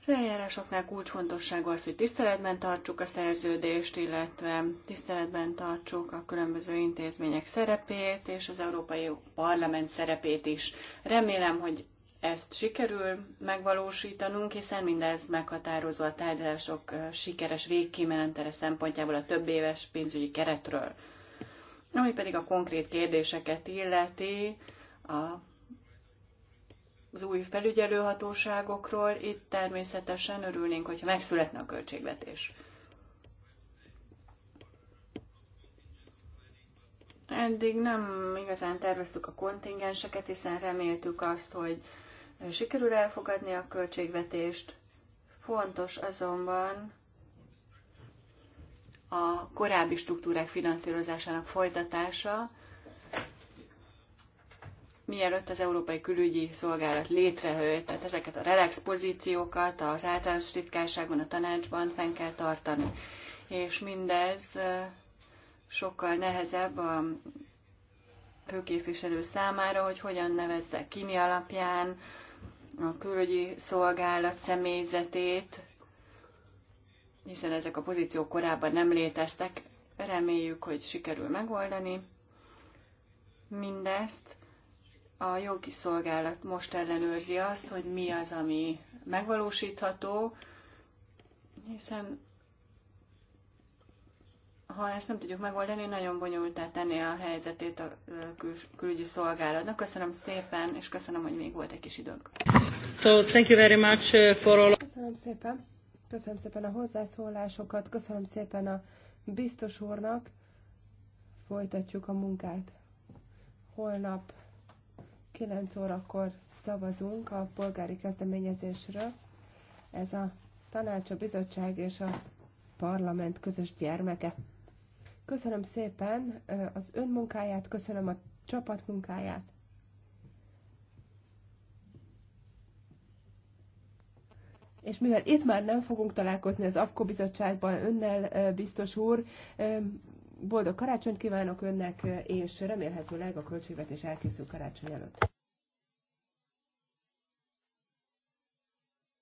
Az eljárásoknál kulcsfontosságú az, hogy tiszteletben tartsuk a szerződést, illetve tiszteletben tartsuk a különböző intézmények szerepét és az Európai Parlament szerepét is. Remélem, hogy ezt sikerül megvalósítanunk, hiszen mindez meghatározó a tárgyalások sikeres végkimenetele szempontjából a több éves pénzügyi keretről. Ami pedig a konkrét kérdéseket illeti, a az új felügyelőhatóságokról, itt természetesen örülnénk, hogyha megszületne a költségvetés. Eddig nem igazán terveztük a kontingenseket, hiszen reméltük azt, hogy sikerül elfogadni a költségvetést. Fontos azonban a korábbi struktúrák finanszírozásának folytatása, mielőtt az Európai Külügyi Szolgálat létrejött, tehát ezeket a relax pozíciókat az általános titkárságon, a tanácsban fenn kell tartani. És mindez sokkal nehezebb a főképviselő számára, hogy hogyan nevezze ki, mi alapján, a külügyi szolgálat személyzetét, hiszen ezek a pozíciók korábban nem léteztek. Reméljük, hogy sikerül megoldani mindezt. A jogi szolgálat most ellenőrzi azt, hogy mi az, ami megvalósítható, hiszen ha ezt nem tudjuk megoldani, nagyon bonyolultá tenni a helyzetét a kül- külügyi szolgálatnak. Köszönöm szépen, és köszönöm, hogy még volt egy kis időnk. So, thank you very much uh, for all... Köszönöm szépen. Köszönöm szépen a hozzászólásokat, köszönöm szépen a biztos úrnak. Folytatjuk a munkát. Holnap 9 órakor szavazunk a polgári kezdeményezésről. Ez a tanács, a bizottság és a parlament közös gyermeke. Köszönöm szépen az ön munkáját, köszönöm a csapat munkáját. És mivel itt már nem fogunk találkozni az AFKO bizottságban önnel, biztos úr, boldog karácsonyt kívánok önnek, és remélhetőleg a költségvetés elkészül karácsony előtt.